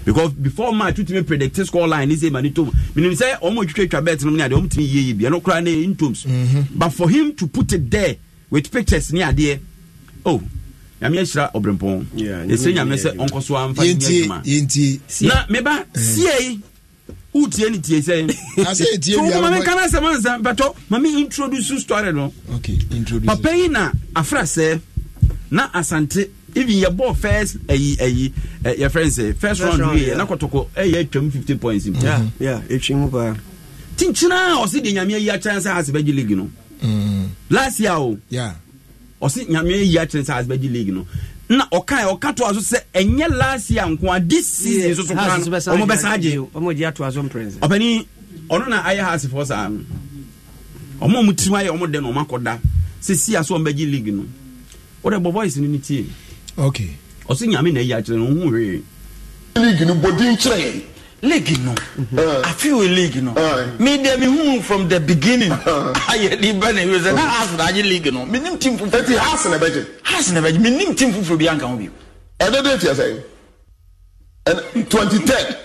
because before match wotumi predict score line ne sɛ ma ne tom menim sɛ ɔmo twitwatwa bet nom ne adeɛ ɔmotumi yie yie bia no koraa ne ntoms but for him to put it there with pictures ne adeɛ oh nyame ahyira ɔberempɔn yɛsɛ nyame sɛ ɔnkɔ so amfa ne adwuma na meba mm. siei wotie ne tie sɛmameka no asɛm ansa bɛtɔ ma me introduce story no papa yi na afra sɛ na asante even yɛbɔ first ayi ayi yɛfrɛ sɛ first round wiyɛ na kɔtɔkɔ ɛyɛ atwam 50 points mm-hmm. e mu ɛtwi mu paa tinkyinaa ɔse deɛ nyame ayi akyɛn sɛ ase bɛgye league no mm. last year o oh? ɔse nyame ayi akyɛn sɛ ase bɛgye league no na ɔka ɔka to aso sɛ ɛnyɛ last year nko a this season so so kora no ɔmo bɛsa agye ɔpani ɔno na ayɛ haasefoɔ saa ɔmo a ɔmo tirim ayɛ ɔmo dɛ na ɔmo akɔda sɛsi aso ɔmo bɛgye league no wɔde bɔ voice no ne tie okay ɔsɛ nyame na ayi akyerɛ no ɔmo hwee league no bɔdin kyerɛ league no uh-huh. I feel afiwe uh-huh. uh-huh. ah, league no Me de mi hu from the beginning ayɛ di ba na ewe sɛ na house na league no mi nim team fufuo eti house na bɛgye house na bɛgye mi nim team fufuo bi anka ho bi. ɛdɛ de tia sɛ ɛn twenty ten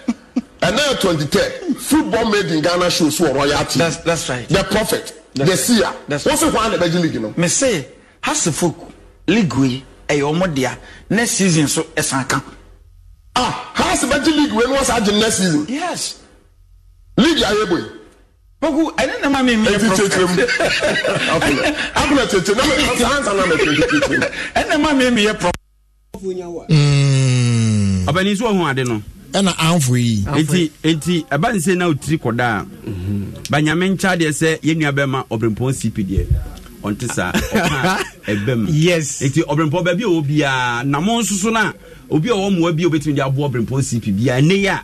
ɛnɛ twenty ten football made in ghana show so ɔrɔ ya ti that's that's right the prophet that's the seer wọ́n sọ kwan na bɛgye league no. mɛ sɛ house folk league yi ɛyɛ ɔmo dea next season so ɛsan eh, kan ah house bɛgye league when was wɔ saa next season yes league are bɔ yi boku ɛne na ma mi mi yɛ prɔfɛsɛ akuna tete na mi ansa na mi tete tete ɛne ma mi mi yɛ prɔfɛsɛ ɔbɛni hmm. nso ɔhun ade no ɛna anfo yi eti eti ɛba nse na otiri kɔda a mhm. banyame nkyɛn adeɛ sɛ yɛn nua bɛɛ ma ɔbɛnpɔn cp deɛ ɔnte ɔka ɛbɛ yes eti ɔbɛnpɔ baabi a wɔ biara na mo na obi a ɔwɔ mmoa bi a obetumi de aboɔ ɔbɛnpɔ cp biara ne yɛ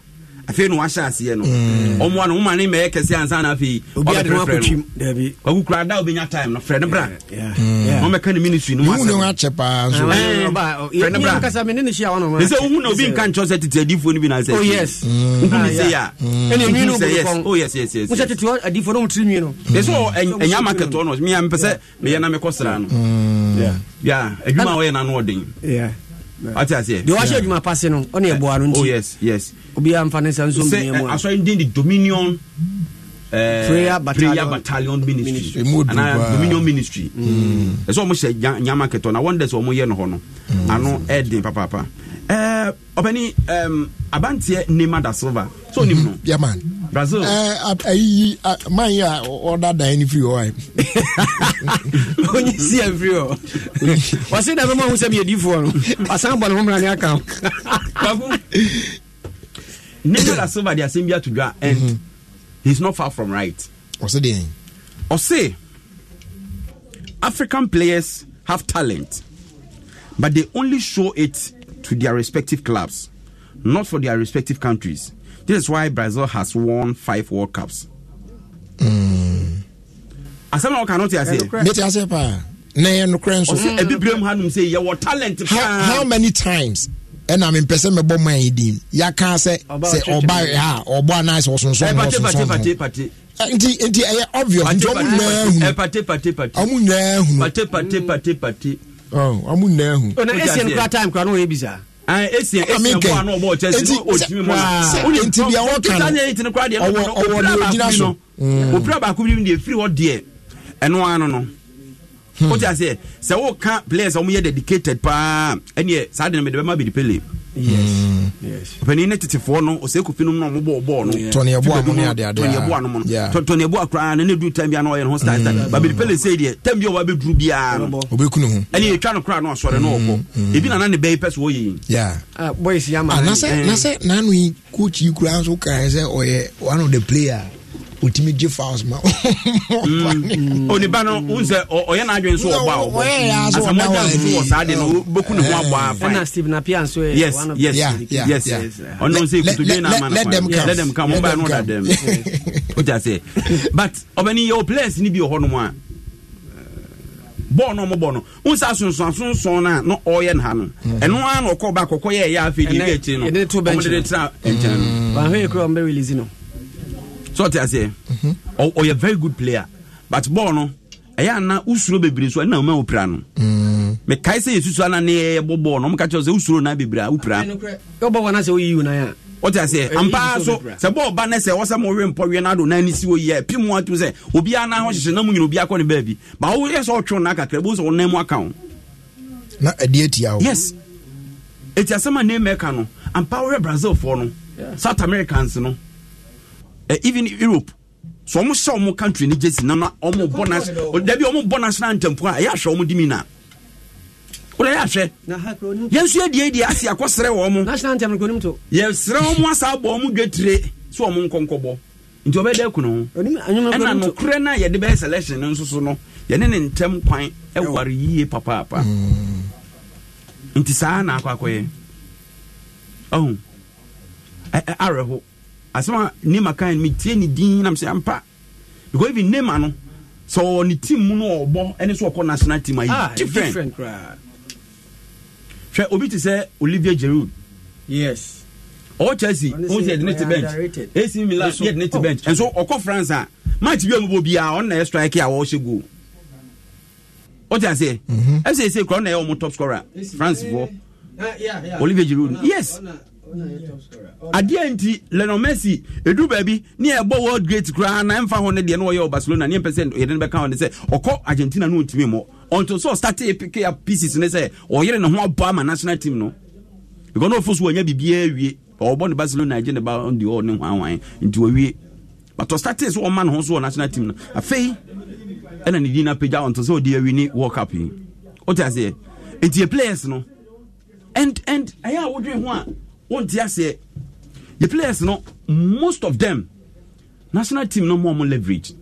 afei na wahyɛ aseɛ no mm. ɔmoa no woma ne mɛyɛ kɛseɛ ansa na afei ɔbɛfrɛ no wakukura da wobɛnya time no frɛ no bra ɔmɛka no ministry no akyɛ paa eh, eh, sɛ wohu na obi nka nkyɛw sɛ tete adifoɔ no bi na sɛ oh, mm. wohu ne ah, sei ɛnya makɛtoɔ no mea sɛ meyɛ na mekɔ sra no mm. adwuma a wɔyɛ na no ɔden ati ase. de wahyɛ adwuma pase no ɔne eh, ɛboa no nti. oh yes yes. obiara nfa ne nsa nso mbɛnyɛ mu eh, a. sɛ asɔre den de dominion. Uh, prayer battalion, prayer battalion ministry, ministry. ana dominion ministry ɛsɛ ɔmo hyɛ nyama kɛtɔ na wɔn dɛsɛ ɔmo yɛ no hɔ no ano ɛden papaapa ɛɛ ɔpɛni ɛɛm abanteɛ nema da silva so onim no brazil. Eh, ayi man yi a ɔda dan ni firi hɔ ayi. onye si ya firi hɔ wasi na bɛ ma ahosuo mi yɛ di fo ɔno wasan bɔ ne ho mìíràn ni aka o. nicola silva de asem bi ato dwa and mhm. he is not far from right. ɔsi de yɛn. ɔsi african players have talent but they only show it to their respective clubs not for their respective countries. This is why Brazil has won five World Cups. Hmm. Asɛm na wɔka no te aseɛ. Mete aseɛ paa. Na yɛ nokorɛ nso. Ɔsɛ ebi biam hanom sɛ yɛwɔ talent paa. How many times? ɛna mepɛ sɛ mɛbɔ ma yi din yɛaka sɛ sɛ ɔba ha ɔbɔ anaasɛ ɔsonsɔn nti nti ɛyɛ obvious nti ɔmo nyinaa hunu ɔmo nyinaa hunu ɔmo nyinaa hunu. ɔno esi nkura time kura no bi saa ɛsia ɛsia bɔ anu ɔbɔ ɔkyɛ si ɔtumi mu na ɔyɛ nti bi awɔ kan ɔwɔ ɔwɔ ni ogyina so mm. opira baako bi mu deɛ efiri hɔ deɛ ɛno ano no wote aseɛ sɛ woka players a wɔyɛ dedicated paa ɛneɛ saa de hmm. no mede bɛma bidi pele ɔpani ne tetefoɔ no ɔsɛ kofi nom na ɔmobɔɔbɔɔ notɔneɛboa nom no tɔneɛboa koraa no ne du tam bia na ɔyɛ no ho stastar hmm. ba bidi pele sei deɛ tam bia ɔwa bɛduru biaa no ɛne yɛtwa no koraa na ɔsɔre no ɔkɔ hmm. ebi nana ne bɛyi pɛ so wɔyɛyi anasɛ nano yi coach yi koraa nso kaɛ sɛ ɔyɛ one of the player otumi gye fouls ma. Mm. onipa no n sɛ no eh, boku eh, eh, let them come asonson asonson no a na ɔyɛ no ha no ɛno ara na ɔkɔ ba kɔkɔ yɛ ɛyɛ afei deɛ bi akyiri no ɔmode de tena nkyɛn no so ɔte aseɛ ɔyɛ very good player but bɔɔl no ɛyɛ ana usuro bebree so ɛna ɔma opira no mm. mekae sɛ yɛsusu ana ne yɛbɔ bɔɔl no ɔmka kyerɛ sɛ usuro na bebree a wopira wote aseɛ ampaa so sɛ bɔɔl ba ne sɛ wɔ sɛ mowe mpɔ wiɛ nado ado na ani si wɔ yi a pi mu atom sɛ obiaa na ho hyehyɛ na mu nyina obiaa kɔ ne baabi ba woyɛ sɛ ɔtwe no akakra bohu sɛ wonam mu aka wo na ɛdeɛ tia wo yes ɛti asɛm a ne mɛka no ampa wohwɛ brazilfoɔ no south americans no Eh, even europe so ɔmo hyɛ ɔmo country n'i jersey na na ɔmo bɔ oh. na dabi ɔmo bɔ national anthem a ɛyɛ ahwɛ ɔmo di mi na wọ́n yà ahwɛ yẹn nso edie die asi akɔsrɛ wɔn mo yɛsrɛ wɔn mo asa abɔ wɔn mo dwetire so wɔn nkɔnkɔ bɔ nti ɔbɛ dɛ kunu ɛna nukurɛ na yɛde bɛyɛ selection no nso no yɛne ne ntɛm kwan ɛware e yie papaapa nti saa na akɔ akɔyɛ ɔhun ɛɛ awerɛho. asɛm a nema kan metie ne din na sɛ ampa because even nema no sɛ ɔwɔ ne team mu no ɔbɔ ɛne so ɔkɔ national team ayi ah, ah, different hwɛ obi te sɛ olivier gerard yes ɔwɔ chelsea ɔwɔ sɛ yɛde ne bench ac milan yɛde ne te bench ɛnso ɔkɔ ah, mm-hmm. france a match bi a ɔmobɔ biara ɔno na yɛ strike a wɔhyɛ goal ɔte aseɛ ɛsɛ ɛsɛ kora ɔno na yɛ ɔmo top scorer france foɔ olivier gerard yes. yes adeɛ nti lenon messi Edu baabi ne ɛbɔ world great koraa na ɛmfa ho no deɛ na ɔyɛ wɔ barcelona ne ɛmpɛ sɛ yɛde no bɛka ho ne sɛ ɔkɔ argentina no ɔntumi mmɔ ɔnto sɛ ɔstate pike a pieces ne sɛ ɔyere ne ho abɔ ama national team no because na ɔfo so wanya biribiaa wie ɔwɔbɔ ne barcelona agye ne ba de ɔ ne hwanwan nti wawie but ɔstate so ɔma ne ho so wɔ national team no afei ɛna ne din no apagya ɔnto sɛ ɔde awi ne world cup yi wote aseɛ enti yɛ players no and and ɛyɛ a wodwen ho a wonte aseɛ the players no most of them national team no more leverage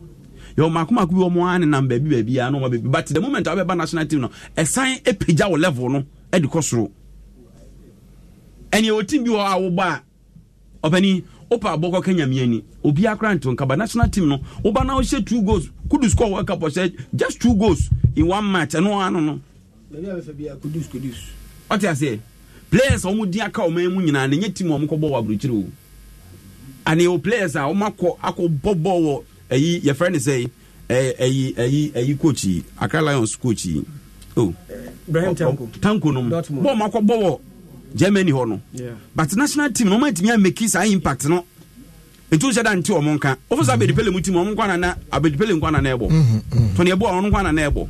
yɛwɔ maakomaako bi wɔm a ne nam baabi baabiaa no baabi but the moment a wobɛba national team no ɛsan apagya wo level no de kɔ soro ɛneɛ wɔ team bi wɔ a wobɔ a ɔpani wopɛ abɔ kɔka nyameani obiaa kora nto ba national team no woba na wohyɛ two goals kudu score world cup ɔhyɛ just two goals in one match ɛno ano no ɔte aseɛ players wɔn di aka wɔn mu nyinaa na nye team wɔn kɔ bɔ wɔ aburukyiri o ani o players a wɔn akɔ akɔ bɔ bɔ wɔ ɛyi yɛfrɛ ne sɛ ɛyi ɛyi ɛyi coach yi Accra Lions coach yi o oh. Ibrahim Tanko Tanko nom bɔn wɔn akɔ bɔ wɔ Germany hɔ no but national team na wɔn atumi ameki saa impact no nti o sɛ da nti wɔn nka o fɔ sɛ abedipele mu team wɔn nko anana abedipele nko anana ɛbɔ mhm, mhm. tɔni ɛbɔ wɔn nko anana ɛbɔ.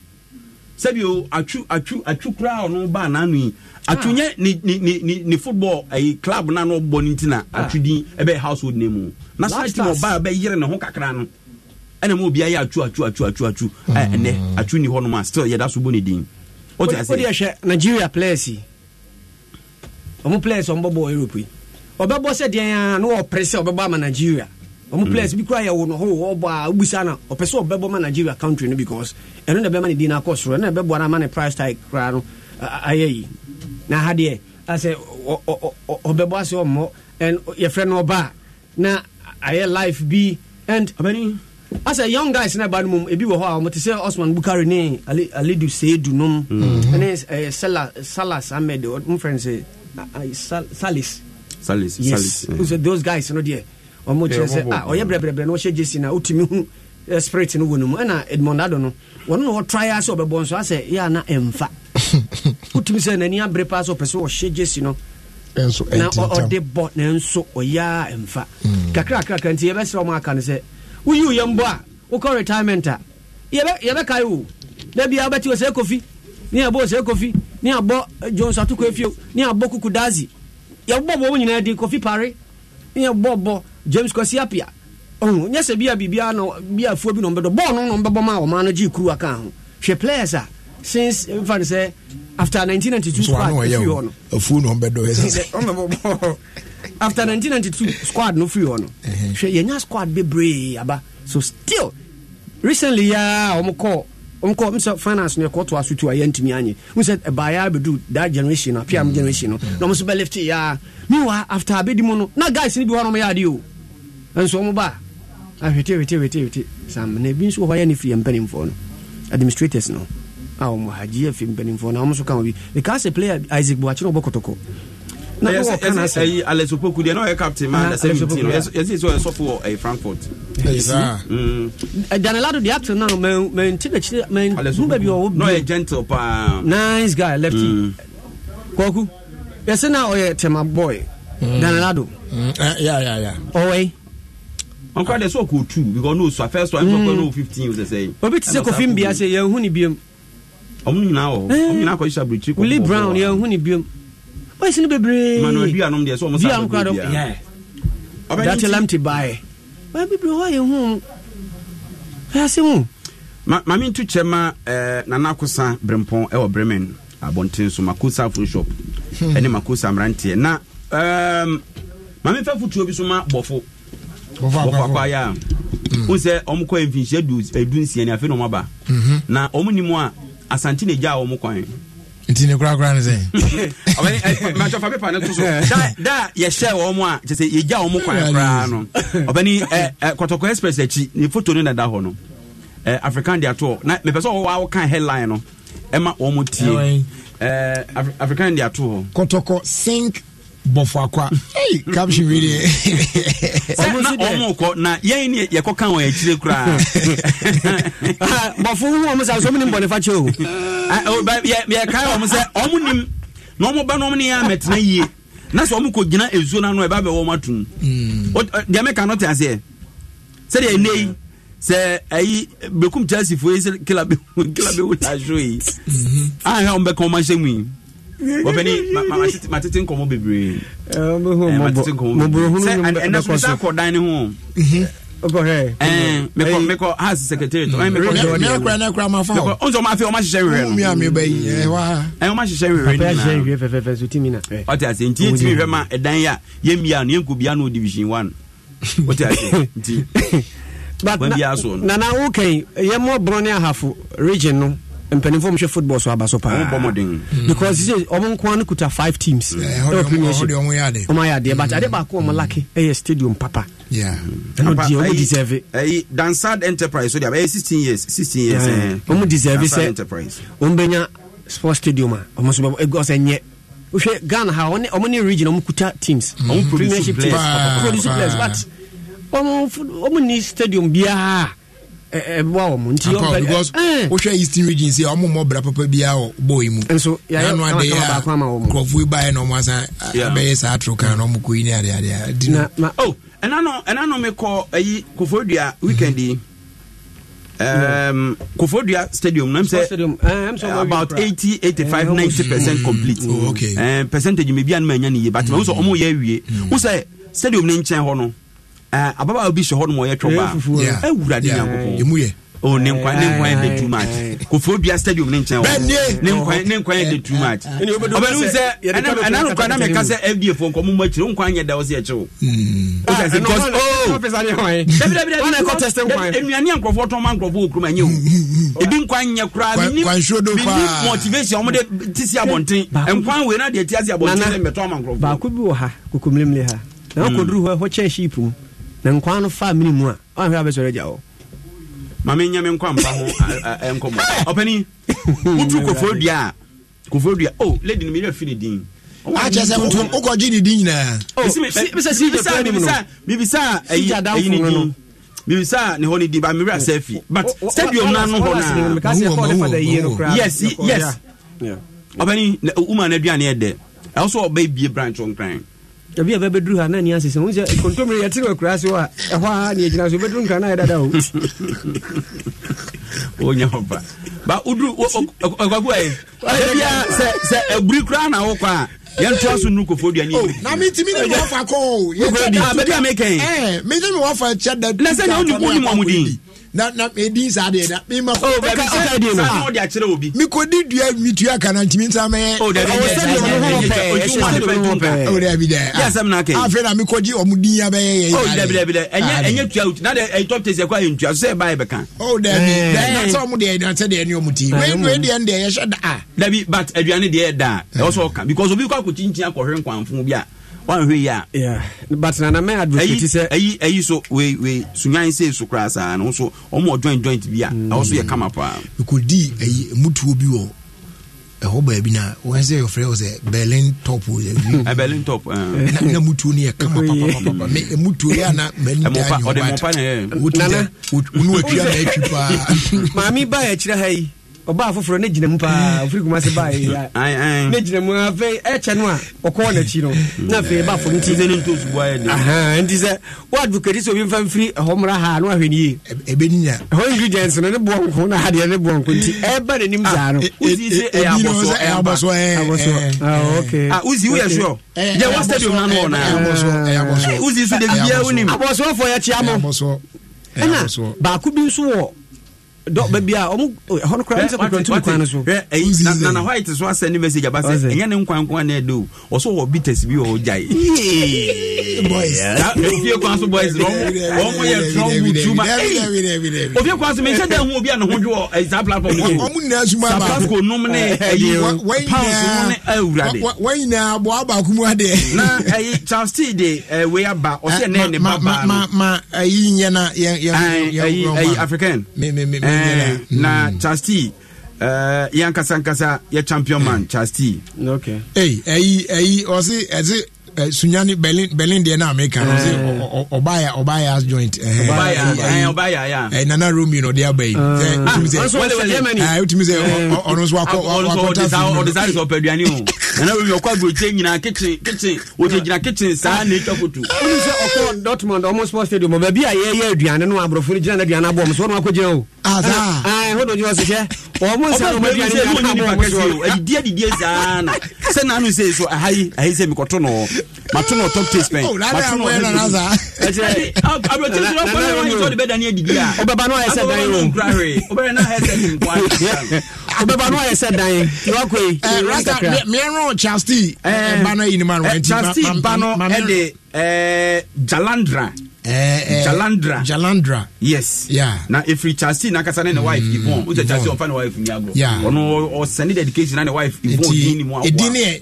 sɛbi atu atu atu atwu kura ɔno baa n'ano yi atwu ah. ni ni ni ne ne football ɛyi club n'ano bɔ ne ti na ah. atwu din household name o na saa ti na ɔbaa bɛyere ne ho kakra no ɛna mo obiara yɛ atu atu atu atu atwu ɛɛ hmm. ɛnɛ atwu ni hɔnom a still yɛda so bɔ ne din o ti ase. o de ɛhwɛ nigeria players yi ɔmo players ɔmo bɔ bɔ europe yi ɔbɛbɔ sɛ deɛ yɛn a no wɔ pere sɛ ɔbɛbɔ ama nigeria. ɔmo mm. players bi kura yɛ wo no ho ɔbɔ a obusa na ɔpɛ sɛ ɔbɛbɔ ma nigeria country no because ɛno na ɛbɛma ne din na akɔ soro ɛno na ɛbɛbɔ na ama ne price tag kura no ayɛ yi na ha deɛ asɛ ɔbɛbɔ ase ɔmmɔ and yɛfrɛ no ɔba na ayɛ life bi and ɔbɛni asɛ young guys na ɛba no mu ebi wɔ hɔ a wɔn te sɛ osman bukari ne ali alidu seidu nom mm. ɛne ɛɛ salas salas ahmed ɔmo fɛn sɛ salis salis yes those guys no deɛ. ɔmo kyerɛ sɛ a ɔyɛ brɛbrɛbrɛ na ɔhyɛ gyesi na wotumi hu eh, spirit no wɔ eh, no mu ɛna edmondado no wɔno na ɔtra yɛ sɛ ɔbɛbɔ nso asɛ yɛ ana ɛmfa wotumi sɛ n'ani abere paa sɛ ɔpɛ sɛ ɔhyɛ gyesi no na ɔde eh, bɔ nanso ɔyɛ a ɛmfa hmm. kakrakrakra nti yɛbɛsrɛ ɔmo aka no sɛ woyi wo yɛmbɔ a wokɔ retirement a yɛbɛkae wo na bia wobɛte ɔsɛ kofi ne yɛbɔ ɔsɛ kofi ne yɛbɔ jones atoko efio ne yɛbɔ kukudazi yɛbɔ bɔ wɔn nyinaa di kofi pare nyɛ bɔbɔ james kwasiapia ɔhu nyɛ sɛ bia biribia na bia afuo bi na ɔmbɛdɔ bɔɔl no na ɔmbɛbɔ ma a ɔma no gyee kuruwa ka ho hwɛ players a since mfa no sɛ after 1992 squad no afuo after 1992 squad no firi hɔ no hwɛ yɛnya squad bebree aba so still recently yɛa ɔmo nkɔ nsɛ finance no yɛkɔ to aso tu a yɛntumi anye wo sɛ ɛbaeɛ eh, bɛdu daa generation a PM generation no mm. na ɔmo so bɛlift yɛa ah, mewa after abɛdi mu no na guys no bi hɔ no ɔmo yɛade o nso ɔmo ba ahwete ah, wete wete wete sam na ebi nso wɔ hɔ yɛ ne firi mpanimfoɔ no administrators no a ɔmo hagye afi mpanimfoɔ no a ɔmo so ka wɔ bi because player isaac buakye no ɔbɔ kɔtɔkɔ ɛyi eh, alex opoku deɛ na ɔyɛ captain ma under seventeen yɛsi sɛ ɔyɛ sɔfo wɔ ɛyi frankfurt. danilado de ato na mɛ mɛ n ti na kyerɛ mɛ n bɛ bi ɔwɔ bi. n'oyɛ gentle um, nice guy lefty. Mm. kɔku yɛsi na ɔyɛ eh, tema boy. danilado. ɔwɛ. ɔnkɔ de sɛ ɔkɔ two because n'o sɔ first one ɔkɔ mm. n'o fifteen o sɛ sɛ. obi ti se kofi n bi ase yɛn hu ni biem. ɔmu nyinaa wɔ ɔmu nyinaa kɔ sisa birikyi kɔ bɔ willie brown yɛn hu ni biem wɔyɛ sini bebree manuaduanom deɛ sɛ ɔmo sa bebree bia dati lamte baeɛ wɔyɛ bebree hɔ yɛ hu wɔyɛ ase hu. maame ntu kyɛ ma ɛɛ eh, nana akosa brempɔn ɛwɔ bremen abɔnten so makosa food shop hmm. ɛne makosa mmeranteɛ na ɛɛm ehm, maame fɛ futuo bi so ma bɔfo bɔfo akwaya hmm. o sɛ ɔmo kɔ mfinhyia du edu eh, nsia ni afei na ɔmo aba mhm. na ɔmo nimu a asante na egya a ɔmo kwan nti ne korakora ne sɛmatwɔfa pepa no to so da yɛhyɛ wɔ mu a kyɛ sɛ yɛgya wɔ mu kwan koraa no ɔbɛni kɔtɔkɔ express akyi ne foto no na da hɔ no african de atoɔ na mepɛ sɛ ɔwɔ woka headline no ɛma wɔ mu tie african de atoɔ kɔtɔkɔ sink bɔfo akwa caption bi deɛ na ɔmo kɔ na yɛn ni yɛkɔ kan wɔn akyire koraa ah, bɔfo hu ɔmo sɛ asɔmu ni bɔnne fakyɛ o ah, yɛ kaa ɔmo sɛ ɔmo nim na ba na ni yɛ amɛtena yie na sɛ ɔmo kɔ gyina nsuo n'ano ɛba bɛ wɔn atum hmm. deɛ mɛka no te aseɛ sɛdeɛ ɛnɛ yi sɛ ayi bekum chelsea fo sɛ kila bɛ wula aso yi hmm. ahɛ ɔmo bɛka ɔmo ahyɛ mu yi wɔpɛni matete nkɔmmɔ bebree eh, eh, ɛnɛ so mesa kɔ dan ne ho eh, mekɔ as secretary tɔmekɔ afei ɔmahyehyɛ werɛ no ɔmahyehyɛ werɛ ɔte ase nti yɛtumi hwɛ ma ɛdan a yɛmmia no yɛnkɔ bia no division 1 wote ase nti nana wokai yɛmmɔ borɔ ne ahafo region no mpanimfoɔ mhwɛ football so aba so paa mm. because sɛ ɔmo nko no kuta five teams ɛwɔ mm. eh, premiership ɔmo ayɛ adeɛ but mm. adeɛ baako ɔmo lake ɛyɛ stadium papa ɛno deɛ ɔmo deserve dansad enterprise so deɛ ɛyɛ 16 years sixteen years eh, eh. ɔmo deserve sɛ ɔmo bɛnya sports stadium a ɔmo so bɛbɔ ɛgɔ sɛ nyɛ wohwɛ ghana ha ɔmo ne region ɔmo kuta teams ɔmo premiership teams ɔmo produce players but ɔmo ɔmo ni stadium biara mmoa wɔn nti yɔn pɛrɛ because wohwɛ eastern region si ɔmo mɔ bra papa bi a bɔ mu nso yɛayɛ ɔmo ade yɛ nkurɔfoɔ ba yɛ na ɔmo asan abɛyɛ saa atoro kan na ɔmo kɔ yi ne ade ade a di no. na o oh, ɛna no mi kɔ ayi kofodua weekend yi mm-hmm. um, kofodua stadium na sɛ eh, about eighty five, eh, ninety percent mm-hmm. complete mm. percentage mi bi a no ma nya ne yie but ɔmo ɔmo yɛ awie wosɛ stadium ni nkyɛn hɔ no. Eh, ababaawa bi hyɛ hɔ nom ɔyɛ twɔbaa eh, eh, awurade nyankopɔn oh ne nkwan ne nkwan yɛ de too much kofor bia stadium ne nkyɛn wɔ ne nkwan ne nkwan yɛ de too much ɔbɛnum sɛ ɛnam ɛnam nkwan nam ɛka sɛ fda fo nkɔmu mu akyire nkwan yɛ da ɛkyɛw o sɛ sɛ hmm. ah, because oh dabi dabi dabi nnuane a tɔn ma nkurɔfoɔ wɔ kurom o hmm. ebi nkwan nyɛ koraa mi ni motivation ɔmo de ti si abɔnten nkwan wei na deɛ ti asi abɔnten sɛ mbɛtɔn ma nkurɔfoɔ baako bi wɔ ha kokomlemle ha na ɔkɔ hmm. duru hɔ ɛhɔ kyɛn sheep mu na nkwa no fa mene mu a ɔhwɛ abɛsɔre agya hɔ mame nyɛ me nkwa mpa ho nkɔmmɔ ɔpani wotu kofoɔ dua a kofoɔ dua o lady no meyɛ fi ne din akyɛ sɛ ntom wokɔgye ne din nyinaa mebisa ayi ne din mebisa ne hɔ ne din ba mewerɛ selfie but stadium no ano hɔ no yes yes ɔpani woma no aduane ɛdɛ ɛwo so ɔbɛ bie branch ɔnkran ebi ɛbɛ bɛduru ha na ni asese ho sɛ kontomire yɛte no akura ase hɔ a ɛhɔ a ne ɛgyina so bɛduru nkra na ɛdada o wonya hɔ pa ba woduru akwaku ɛ ɛbia sɛ sɛ aburi koraa na wokɔ a yɛntoa so nu kɔfo duane na mentimi ne mewɔfa kɔ bɛbi a mekɛ megyene mewɔfa kyɛ da na ni na wonim wonyim amudin na na medi saa deɛ na mi ma kɔ baabi sɛ ɛdi no saa de akyerɛ obi mi ko di dua mi tua kana ntumi nsa mɛ ɔwɔ sɛbi ɔmo ho pɛɛ ɛsɛ sɛbi ɔmo ho pɛɛ ɔwɔ dɛbi dɛ yasɛm na kɛ afei na mi kɔ di ɔmo din ya bɛyɛ yɛ yɛ dɛbi dɛbi dɛ ɛnyɛ ɛnyɛ tua na de ɛyitɔ tɛ sɛ kɔ ayɛ ntua so sɛ ɛba yɛ bɛ kan ɔwɔ dɛbi dɛ na sɛ ɔmo deɛ na sɛ deɛ ni ɔmo ti wɛ nu deɛ n deɛ yɛ hyɛ da dabi but aduane deɛ yɛ da ɛwɔ sɔ kan because obi kɔ akɔ kyinkyin akɔhwɛ nkwanfo bi a wanhwɛ yi a but nana mɛ advocate sɛ ayi ayi so wei wei sunyan se so koraa saa no so ɔmo joint joint bi a ɛwɔ mm. so yɛ kama paa kɔdi ayi mutuo bi wɔ ɛhɔ baabi na wɔn sɛ yɛfrɛ wɔ sɛ berlin top ɛ berlin top uh. na mutuo no yɛ kama papapapa mɛ mutuo yɛ ana mɛni da nyɔnba ta nana wotwi a mɛ twi paa maame ba yɛ kyerɛ ha yi ɔbaa foforɔ ne gyina mu paa mm. ofiri kuma se baa yi ya ne gyina mu afei ɛkyɛ no a ɔkɔɔ n'akyi no mm. na afei ɛbaa fam ti nti sɛ wo advocate sɛ obi mfa mfiri ɛhɔ mmara ha no ahwɛ nie ya ɛhɔ ingredients no ne boɔ nko na hadeɛ ne boɔ nko nti mm. ɛba n'anim saa no ah, wosi e, e, sɛ ɛyɛ abɔsoɔ ɛyɛ abɔsoɔ ɛyɛ ah, ah, wosi woyɛ sure eh, yɛ eh, wɔ stadium na no eh, wɔ naa wosi so dabi biara wonim abɔsoɔfoɔ yɛkyea bi dɔ baabi a ɔmo ɛhɔ koraa sɛ kɔkɔntu kwan no so ɛyi nana white so asɛn ne message aba sɛ ɛnyɛ ne nkwan kwan na ɛdo o ɔso wɔ bitters bi wɔ gyae boys ofie kwan so boys no ɔmo yɛ trɔmbu tuma ɛyi ofie kwan so mehyɛ dan ho obi a ne ho dwo wɔ eh, saa platform no ɔmo nyinaa suma baako sapasco nom ne eh, eh, ɛyi pounds nom ne awurade wɔn nyinaa aboa baako mu adeɛ na ɛyi charles t de ɛwɛ aba ɔsɛ ne ne ba baa no ma ma ma ɛyi nyɛ na yɛn yɛn yɛn african na chasti uh, eh, yɛnkasankasa yɛ champion man hmm. chasti okay. hey, ɛyi ɛyi ɔse ɛdze Eh, sunyani berlin berlin deɛ na america no sɛ ɔbaya ɔbaya as joint nana romeo na ɔde aba yi wotumi sɛ ɔno nso wakɔtasɔpɛduane o nana romeo ɔkɔ aburokye nyinaa kitchen kitchen wɔte gyina kitchen saa na ɛtwa koto wone sɛ ɔkɔ dortmund ɔmo sport stadium baabi a yɛyɛ aduane no aborɔfo no gyina no aduane aboɔ m so wɔne wakɔgyina o ah, hodo nyɛ ɔsi hyɛ ɔmo nsa no ɔmo adi ɔmo adi ɔmo adi ɔmo adidi adidi saa na sɛ nanu sɛ so aha yi aha yi sɛ mi kɔtɔ no mato no top taste pɛn mato no ɔmo adi ɛkyɛ aburokye sɔrɔ kɔnɔ yɛ wɔn sɔrɔ bɛ dani adidi a ɔbɛba no ayɛ sɛ dan o ɔbɛba no ayɛ sɛ nkwa ɔbɛba no ayɛ sɛ dan yɔkɔ yi rasa mìíràn chasti ba no yi ni ma no ɛnti ma ma ma mi. chasti ba no ɛde jalandra. Eh, eh, Jalandra. Jalandra. Yes. Yeah. Now Na efiri Chasi na kasa ne ne wife mm. Yvonne. Uche Chasi ɔnfa ne wife ni agro. Yeah. Or ɔsɛni dedication na ne wife Yvonne di ni mu awa. Edi ne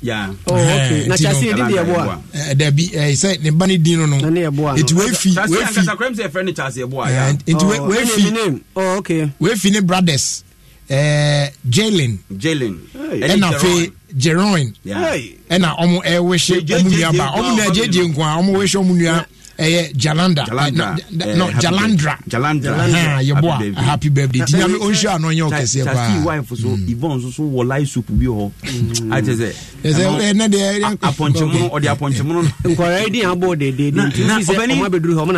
Yeah. Oh okay. Eh, na Chasi edi di yɛboa. Ɛɛ dɛbi ɛɛ sɛ ne ba no no. Na ne yɛboa. Eti wefi wefi. Chasi ankasa kura mi sɛ efirɛ ne Chasi yɛboa. Eh, eti oh, wefi. Oh okay. Wefi brothers ɛɛ eh, Jalen. Jalen. Ɛna fɛ. jeroin ɛna ɔmo ɛwɛhyɛ ɔmo nua ba ɔmo nua gyegye nko a ɔmo wɛhyɛ ɔmo nua ɛyɛ jalanda no jalandra jalandra yɛboa happy birthday ti nyame ɔnhyɛ ano ɔnyɛ ɔkɛseɛ paa wife so yvon so so wɔ live soup bi sɛ ɛsɛ ɛnɛ di na ɔbɛni ɔbɛni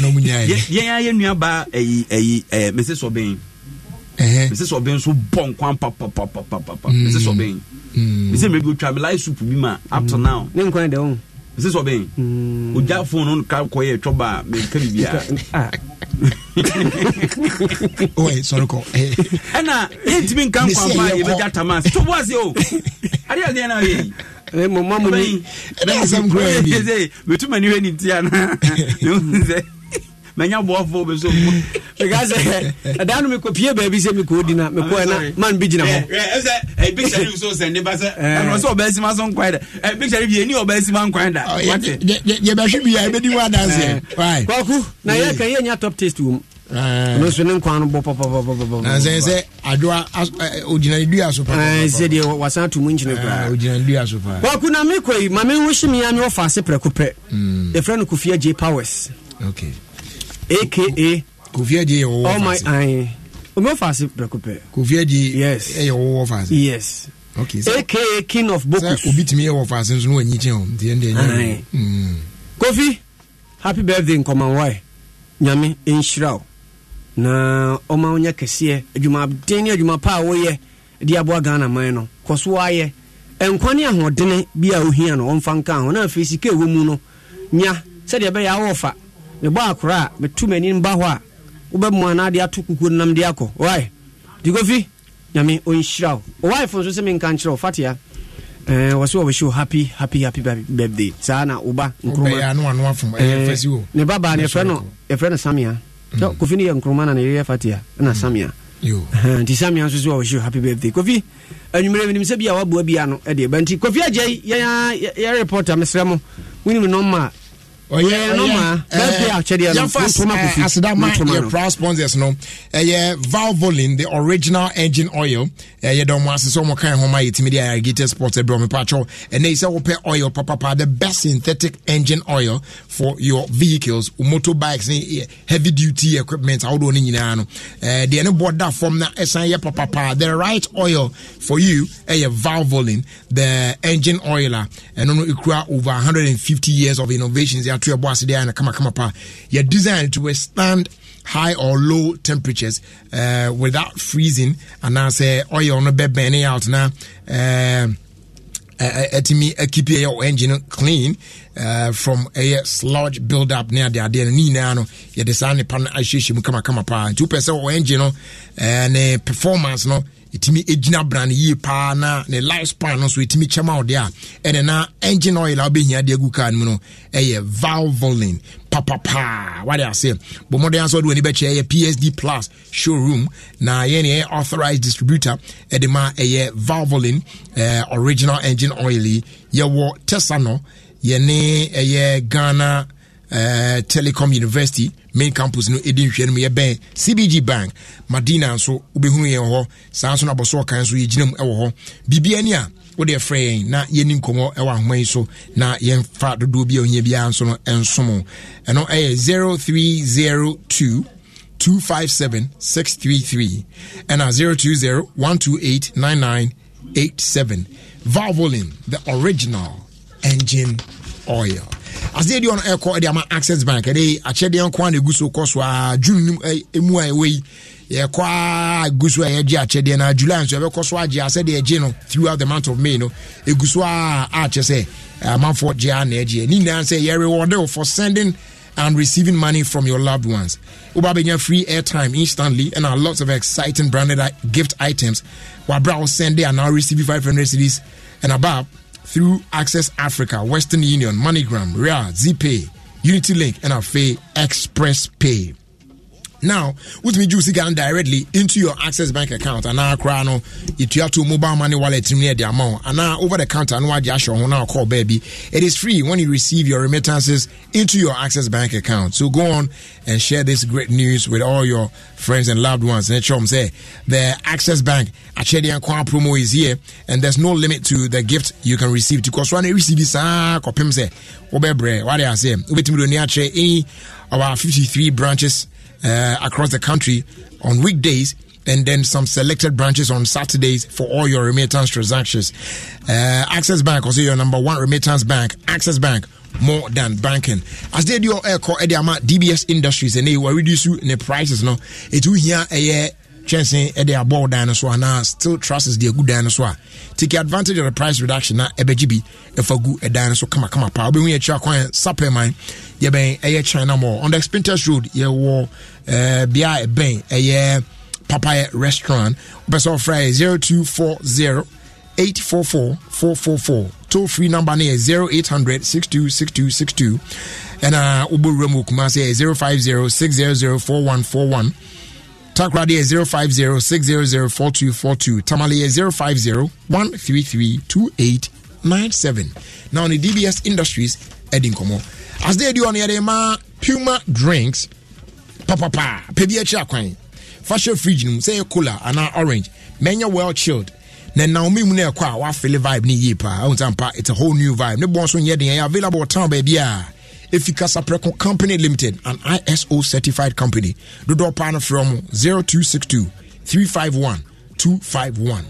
ɔmo yɛ ɛyi ɛyi mese sɛ ɔbɛn so bɔ nkwan papapapapapa mese mm. sɛ ɔbɛn mese mmerɛ bi otwa me light soup bi ma up to mm. now ne nkwan da wo mese sɛ ɔbɛn mm. ogya phone no ka kɔyɛ ɛtwɔ ba mɛka biribia ɔɛ sɔre kɔ ɛna yɛntumi nka nkwan pa yɛbɛgya tama ase tɔbɔ ase o adeɛ adeɛ na ɔyɛ mɔmɔ mu ni ɛdɛ asɛm kura yɛ bi mɛtuma ni hwɛ ni tia na mɛnya boafoɔ bɛ so because ɛda eh, no mekɔpie baabi sɛ mekɔɔdi na mekɔɛ na man bi gyina hɔbɛsima eh, eh, so nkwan da picture bi ɛni ɔbɛsima nkwan da yɛbɛhwe bia ɛbɛdi wa adanseɛ kɔko na yɛka yɛnya top taste wɔ mu ɛno nso ne nkwan no bɔ pɔpɔpɔpɔpɔsɛ sɛ adoa ogyinane dua so pasɛdeɛ wasan to mu nkyene koraa wako na mekɔ yi ma meho hye mea me ɔfa ase prɛko prɛ yɛfrɛ no kofia j powers okay aka kofi adi yɛ wɔwɔ faase ɔmɔ ɔmɔ faase prɛko pɛ kofi adi yes ɛyɛ wɔwɔ faase yes okay aka king of bokus sɛ obi tumi yɛ wɔ faase nso wɔn anyi o diɛ ndiɛ nyɛ hmm. kofi happy birthday nkɔmɔ wae nyame nhyira o na ɔma onyɛ kɛseɛ adwumaden ne adwuma pa a woyɛ de aboa ghana man no kɔ so ayɛ nkwa ne ahoɔdene bi a ohia no ɔmfa nka ho na afei sika ɛwɔ mu no nya sɛdeɛ ɛbɛyɛ awɔfa mebɔ akora a metu m'ani mba hɔ a wobɛmu anaa de ato kukuo no nam de akɔ ɔwae digofi nyame ɔnhyira wo ɔwaefo nso sɛ menka nkyerɛ wo fatea eh, wɔ sɛ wɔbɛhyɛ happy happy happy birthday saa na woba nkroma eh, ne baba no yɛfrɛ no yɛfrɛ no samia mm. sɛ kofi no yɛ nkroma na neyɛyɛ fatea ɛna mm. samia nti samia nso so wɔbɛhyɛ happy birthday kofi anwummerɛ menim sɛ bia waboa bia no ɛdeɛ ba nti kofi agya yi yɛyɛ reporter mesrɛ mo wonim nɔma a ɔyɛ noma yɛmfa asedama yɛ proud sponsors no ɛyɛ eh, valvolin the original engine oil ɛyɛ dɔm ase sɛ ɔmɔ kan homa yɛtumi de irrigated sports ɛbrɛ mepakyɛw ɛnɛ yi sɛ wopɛ oil papapa the best synthetic engine oil for your vehicles motorbikes eh, eh, heavy duty equipment ahodoɔ no nyinaa no deɛ ne bɔ da fam na ɛsan yɛ the right oil for you ɛyɛ valvolin the engine oil a no ɛkura over 150 years of innovations to there and come up, come up. You're designed to withstand high or low temperatures uh, without freezing And anaasɛ oil no burning out na ɛtumi uh, uh, uh, keep your engine clean uh, from a sludge build up ne ade adeɛ no ne nyinaa no yɛde saa nnipa no ahyehyɛ mu kamakama paa nti wopɛ sɛ engine and ne performance no ɛtumi ɛgyina bra no yie paa na ne life span no so ɛtumi kyɛm a wode a ɛne na engine oil a wobɛhia de agu kaa no mu no ɛyɛ valvolin papapaa wade ase bɔ mmɔden asɛ wode w'ani bɛkyɛ ɛyɛ psd plus showroom na yɛne ɛyɛ authorized distributor ɛde ma ɛyɛ valvolin uh, eh, original engine oil yi yɛwɔ Tesano no yɛne ɛyɛ ghana Eh, telecom university main campus no ɛdi nhwɛ no mu cbg bank madina nso wobɛhunu yɛn hɔ saa nso no abɔso ɔkan so yɛgyina mu ɛwɔ hɔ biribia ni a wode ɛfrɛ yɛn na yɛni nkɔmmɔ ɛwɔ ahoma yi so na yɛmfa dodoɔ bi a ohia biara nso no ɛnsom ɛno ɛyɛ 0302 257 633 ɛna 020 128 9987 Valvoline, the original engine oil. aseɛ deɛ ɔno ɛkɔ de ama access bank ɛde akyɛdeɛ nko a uh, na eh, ɛgu eh, uh, so kɔ so a june mu a ɛwɔ yi yɛkɔ a ɛgu so a yɛgye akyɛdeɛ na july nso yɛbɛkɔ so agye a sɛdeɛ ɛgye no throughout the month of may no ɛgu so a akyɛ sɛ amanfoɔ gye a na ɛgyeɛ ne nyinaa sɛ yɛrewɔde wo for sending and receiving money from your loved ones. Ubabenya free airtime instantly and lots of exciting branded gift items. Wabra will send they are receive receiving 500 cities and above through Access Africa, Western Union, MoneyGram, Ria, ZPay, Unity Link, and Express Pay now with gye wo directly into your access bank account anaa if you have to mobile money wallet no ne yɛde ama wo over the counter no wagye ahyɛ ho no akɔɔ it is free when you receive your remittances into your access bank account so go on and share this great news with all your friends and loved ones and chom say the access bank akyɛdeɛ nkwa promo is here and there's no limit to the gift you can receive because one receive this, kɔpem sɛ wobɛbrɛ wade aseɛ wobɛtumi do ni our 53 branches uh, across the country on weekdays and then some selected branches on Saturdays for all your remittance transactions. Uh, Access Bank, also your number one remittance bank, Access Bank. More than banking, as they do, air call DBS Industries, and they will you in the prices. No, it will here eh, a kyɛnse ɛde abɔ wo dan no so anaa still trusses de agu dan no so a take advantage of the price reduction na ɛbɛgye bi ɛfa gu ɛdan no so kamakama paa wobɛhu yɛakyi akwan sapɛ man yɛbɛn ɛyɛ china mall on the expinters road yɛwɔ uh, eh, a ɛbɛn eh, ɛyɛ eh, papayɛ restaurant wopɛ sɛ wɔfrɛ yɛ 0240 844 444 toll free number no yɛ 0800 626262 ɛna wobɔwura mu wɔ kuma sɛ yɛ 050 600 4141 Takrade is 050 600 4242. Tamale is 050 133 2897. Now, on the DBS Industries, Edin Komo. As they do on the ma Puma drinks, papa pa, pebi echi akwan. Fashion fridge num, say cola and orange. Menya well chilled. na naomi mu no ɛkɔ a wafele vibe no yie paa ɛhu sɛ mpa it's a whole new vibe ne bɔ nso nyɛ den ɛyɛ available town baabi a ɛfi kasaprɛko company limited an iso certified company dodoɔ paa no frɛ mu 0262 351 251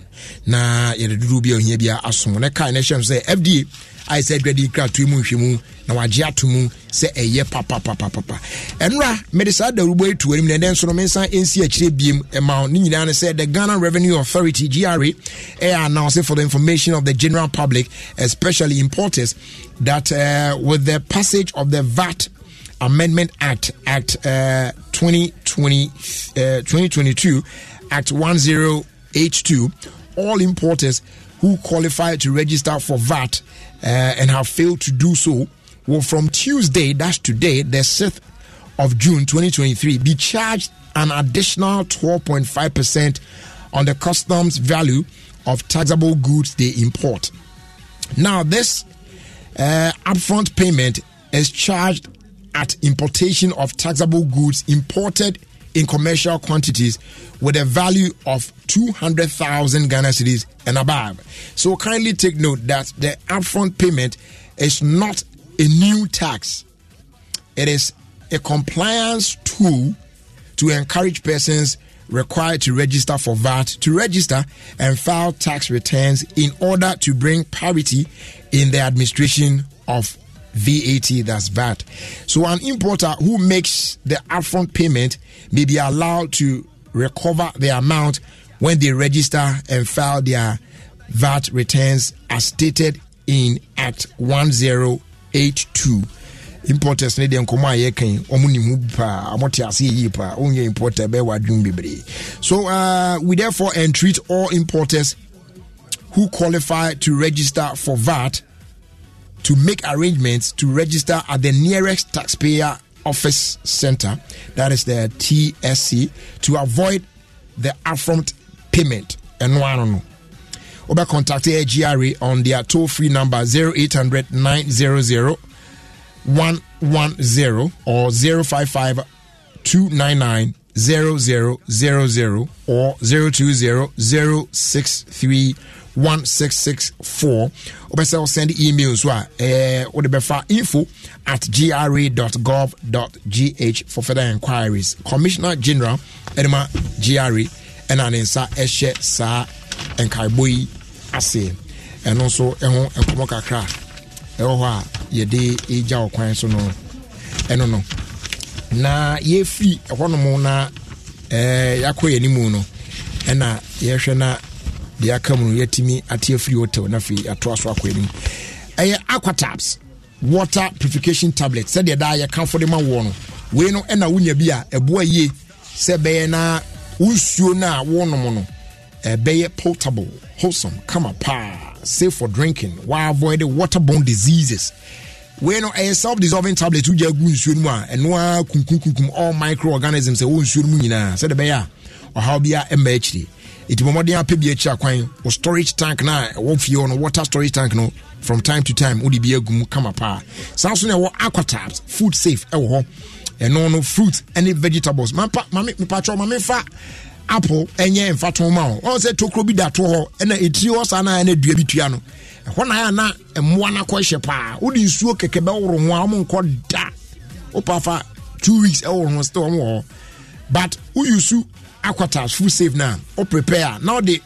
na yɛde dodoɔ bi a ohia bia asom ne kae ne hyɛ no sɛ fda I sɛ adwadi kratoe mu nhwɛ mu na wagye ato mu sɛ ɛyɛ papapapapa ɛnora mede saa darubɔ yi to anim na ɛdɛ nso no mensan ɛnsi akyirɛ biem eh, ma ne nyinaa no sɛ the ghana revenue authority gra ɛyɛ eh, announced for the information of the general public especially importers that uh, with the passage of the vat amendment act act uh, 2020 uh, 2022 act 1082 all importers who qualify to register for VAT uh, and have failed to do so will, from Tuesday, that's today, the 6th of June 2023, be charged an additional 12.5% on the customs value of taxable goods they import. Now, this uh, upfront payment is charged at importation of taxable goods imported in commercial quantities with a value of 200,000 Ghana cedis and above. So kindly take note that the upfront payment is not a new tax. It is a compliance tool to encourage persons required to register for VAT to register and file tax returns in order to bring parity in the administration of VAT, that's VAT. So, an importer who makes the upfront payment may be allowed to recover the amount when they register and file their VAT returns as stated in Act 1082. importers need deɛ come a yɛkan ɔmo ne mu paa importer be wɔ so uh, we therefore entreat all importers who qualify to register for VAT to make arrangements to register at the nearest taxpayer office center, that is the TSC, to avoid the upfront payment. And don't know. Oba contact AGRA on their toll free number 0800 110 or 055 299 0000 or 020 1664 wobɛsɛ wo send email so a eh, wode bɛfa info at gra.gov.gh for further inquiries commissioner general ɛdema gra ɛna ne nsa ɛhyɛ saa nkaebɔ yi aseɛ ɛno nso ɛho nkɔmmɔ kakra ɛwɔ hɔ a yɛde ɛgya wɔ kwan so no ɛno eh, no na yɛfiri ɛhɔnom na eh, yɛakɔ yɛnimu no ɛna eh, yɛhwɛ na deɛ aka mu no yɛtumi ate afiri hotel no afei atoa so akɔ anim ɛyɛ aquatabs water purification tablet sɛdeɛ daa yɛkamfo de ma woɔ no wei no ɛna wonya bi a ɛboa yie sɛ ɛbɛyɛ na wonsuo no a wonom no ɛbɛyɛ potable wholesome kama paa safe for drinking waavoid waterborne diseases wei no ɛyɛ self dissolving tablet wogya gu nsuo no mu a ɛno ara kunkumkunkum all microorganisms ɛwɔ nsuo no mu nyinaa sɛdeɛ ɛbɛyɛ a ɔhaw bia ɛmma akyire ɛti mɔmmɔden apɛ bi akyi akwan wo storage tank no a ɛwɔ fie hɔ no water storage tank no from time to time wode bi agu mu kama paa saa so ne ɛwɔ aquatabs food safe ɛwɔ hɔ ɛno no fruit ne vegetables mepatwɛ ma mefa apple ɛnyɛ mfa to ma hɔ ɔn sɛ tokuro bi da to hɔ ɛna ɛtiri hɔ saa no ɛna dua bi tua no ɛhɔ na a na mmoa no akɔ hyɛ paa wode nsuo kɛkɛ bɛworo ho a ɔmo nkɔ da wopa fa two weeks ɛworo ho still ɔmo wɔ hɔ but woyusu aquatas food save na o prepare eh, na ɔde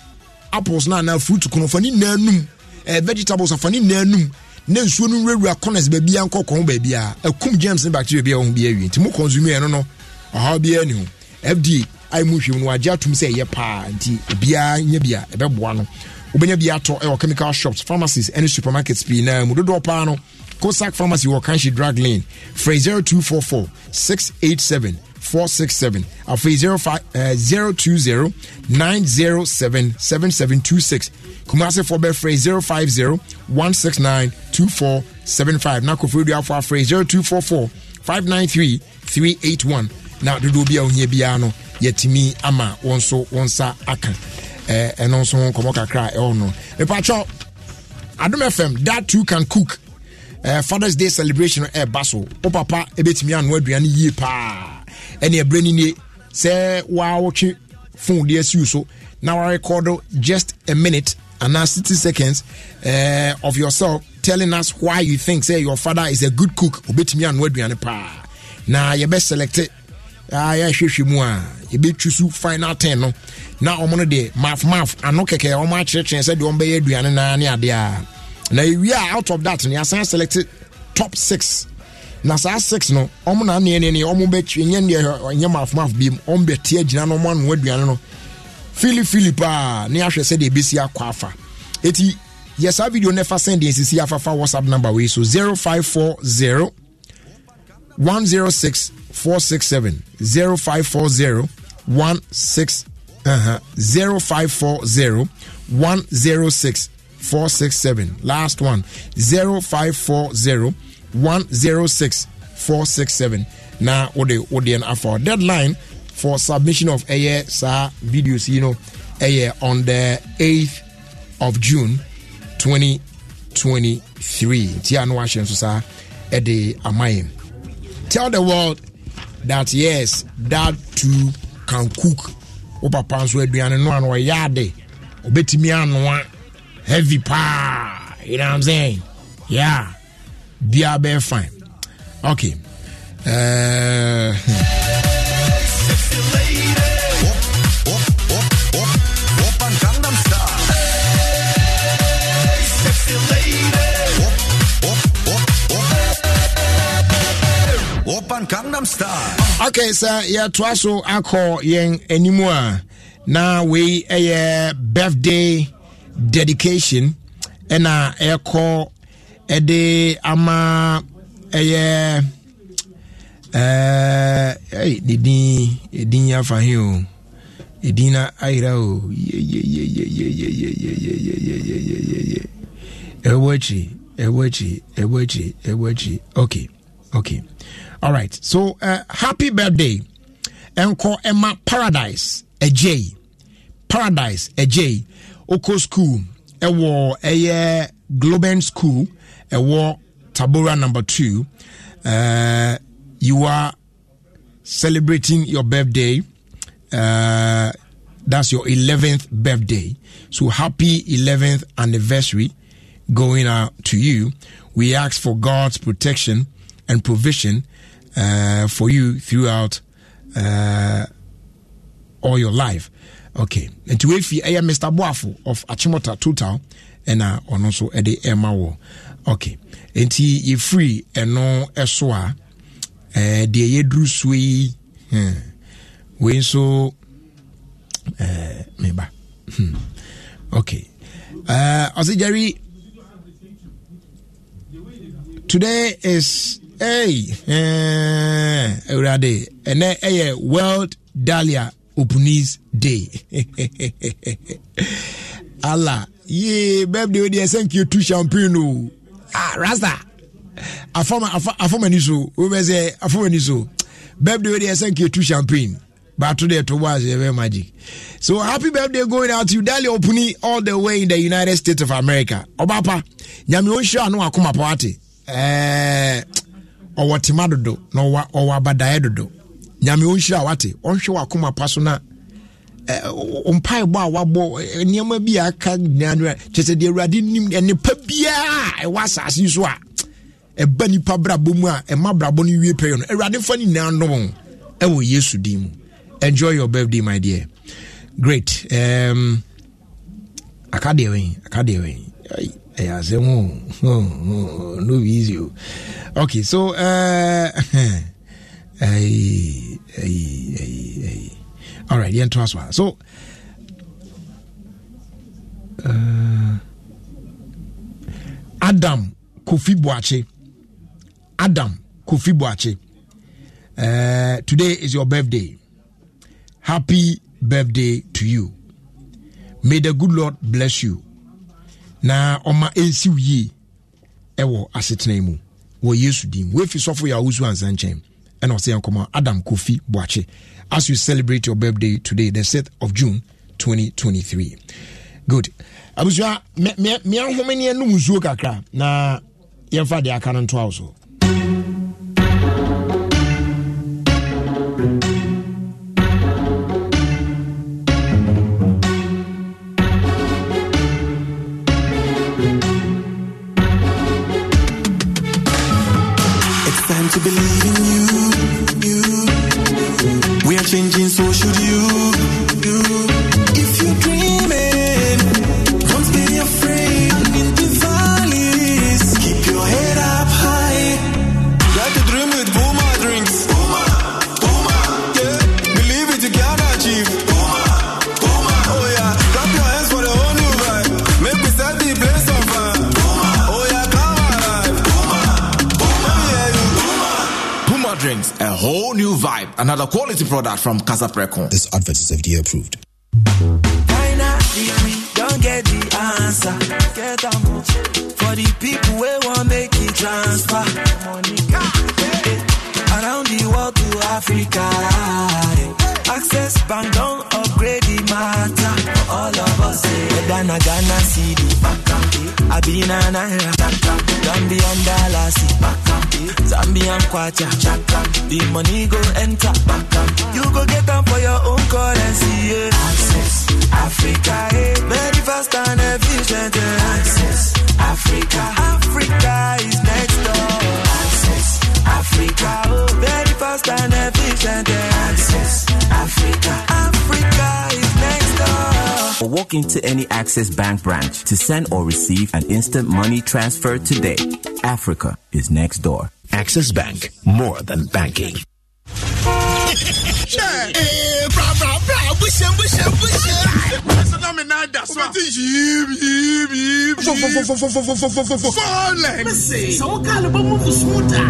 apples na anaa fruit kono fa ne num ɛɛ vegetables afa ne nyinaa num ne nsuo no nwurawura corners baabi a nkɔ kɔn baabi a ɛkum germs ne bacteria bi a ɔho bi awie nti mo consume ɛno no ɔhaw bi ani ho fda ayi mu no wagye atum sɛ ɛyɛ paa nti obiara nya bi a ɛbɛboa no wobɛnya bi atɔ ɛwɔ chemical shops pharmacies ɛne supermarkets pii na eh, mu dodoɔ paa no kosak pharmacy wɔ kanhye drug lane six eight seven four six seven afei zero five eh, zero two zero nine zero seven seven seven two six kumase fɔ bɛ fɛ zero five zero one six nine two four seven five na kofi on afɔ afɛ zero two a ohia biara eh, eh, oh, no ama wɔn nso wɔn nsa aka kakra ɛwɔ no mipatwɔ adum fm that too can cook. Uh, Father's Day celebration air basso. wo papa ɛbɛtumi anoa aduane yie paa ɛne ɛberɛ no nie sɛ woawotwe phone de asi so na warekɔdo just a minute anaa 60 seconds uh, of yourself telling us why you think say your father is a good cook obetumi ano aduane paa na yɛbɛ select yɛahwehwɛ mu a yɛbɛtwi so final ten. no na ɔmo no deɛ maf maf ano kɛkɛ ɔmo akyerɛkyerɛ sɛ deɛ ɔmo bɛyɛ aduane naa ne adeɛ a na ewie out of that no yɛasan select top six na saa six no ɔmo na ne ne ne ɔmo bɛtwi nyɛ deɛ nyɛ maaf maaf bi mu ɔmo bɛti agyina no ɔmo ano aduane no fili fili paa ne ahwɛ sɛ deɛ ebesi akɔ afa eti yɛ saa video no ɛfa sɛn deɛ esisi afafa whatsapp number wei so zero five four zero one zero six four six seven zero five four zero one six uh-huh. zero five four zero one zero six four six seven last one zero five four zero. 106467 na wode wodeɛ no afa deadline for submission of ɛyɛ saa videos yi no ɛyɛ on the 8th of june 2023 nti a no wahyɛ nso saa ɛde amaye. tell the world that yes that too can cook wo papa nso aduane no ano ɔyɛ ade ɔbɛtumi anoa heavy paa you know what i'm saying yeah biara bɛyɛ fine okay. Uh, okay sir yɛtoa so akɔ call anim anymore now we eh, a birthday dedication and uh, I call ɛde ama ɛyɛ ɛɛ ɛyi ne din edin afa he o edin na ayira o yeyeyeyeyeyeyeyeyeyeyeye ɛwɔ akyi ɛwɔ akyi ɛwɔ akyi ɛwɔ akyi okay okay all right so uh, happy birthday ɛnkɔ ɛma paradise ɛgye paradise ɛgye okɔ school ɛwɔ ɛyɛ globen school. war tabora number two uh, you are celebrating your birthday uh, that's your 11th birthday so happy 11th anniversary going out to you we ask for god's protection and provision uh, for you throughout uh, all your life okay nti wefi ɛyɛ mr boafo of achimota total and ɔno uh, nso Eddie ɛma Okay, nti yɛfiri ɛno ɛso a ɛɛ eh, deɛ yɛduru so e yi hmm. wei nso ɛɛ eh, meba hmm. okay uh, eh, ɔsɛ jerry today is hey awurade uh, ɛnɛ ɛyɛ world dahlia opunis day allah yee yeah, birthday o deɛ sɛ nkiri tu champagne o. Oh. No ah rasta afɔma afɔma ni so wo bɛ sɛ afɔma ni so birthday wey de ɛsɛn kii tu champagne baatu de ɛto bɔ ase ɛbɛ magic so happy birthday going out to dali opuni all the way in the united states of america ɔbaapa nyame o n ṣe anu akoma pa ate ɛɛ eh, ɔwɔ tema dodo na ɔwɔ abadaeɛ dodo nyame o n ṣe awate ɔn ṣe wakoma pa so na. Eh, mpaebɔ a wabɔ eh, nneɛma bi aka nyinaa no kyɛ sɛ deɛ awurade nim ɛnepa eh, biara ɛwɔ asase so a ɛba nipa brabɔ mu a ɛma brabɔ no wie pɛyɛ no awurade fa no nyinaa nom ɛwɔ yesu din mu enjoy your birthday my dear great um, aka deɛ wɛn aka deɛ wɛn ɛyɛ asɛm o no be easy o okay so ɛyi ɛyi ɛyi ɛyi all right yɛn to one. so uh, adam kofi buache adam kofi buache uh, today is your birthday happy birthday to you may the good lord bless you na ɔma esi wo yie ɛwɔ asetena mu wɔ yesu din woafi sɔfo yɛ a wosu ansa ɛna ɔsɛ yɛnkɔmɔ adam kofi buache as you celebrate your birthday today, the 7th of June 2023. Good. Abusua, me me me ahome ne na yɛmfa deɛ aka quality product from Casa This advert is FDA approved. don't get the answer. Get them. For the people want make it transfer. Around the world to Africa. Eh. Access bank don't upgrade the matter. all of us, eh. Ghana, eh. Naira, Gambian Dallas, Zambian the money go enter. into any Access Bank branch to send or receive an instant money transfer today. Africa is next door. Access Bank, more than banking. smoother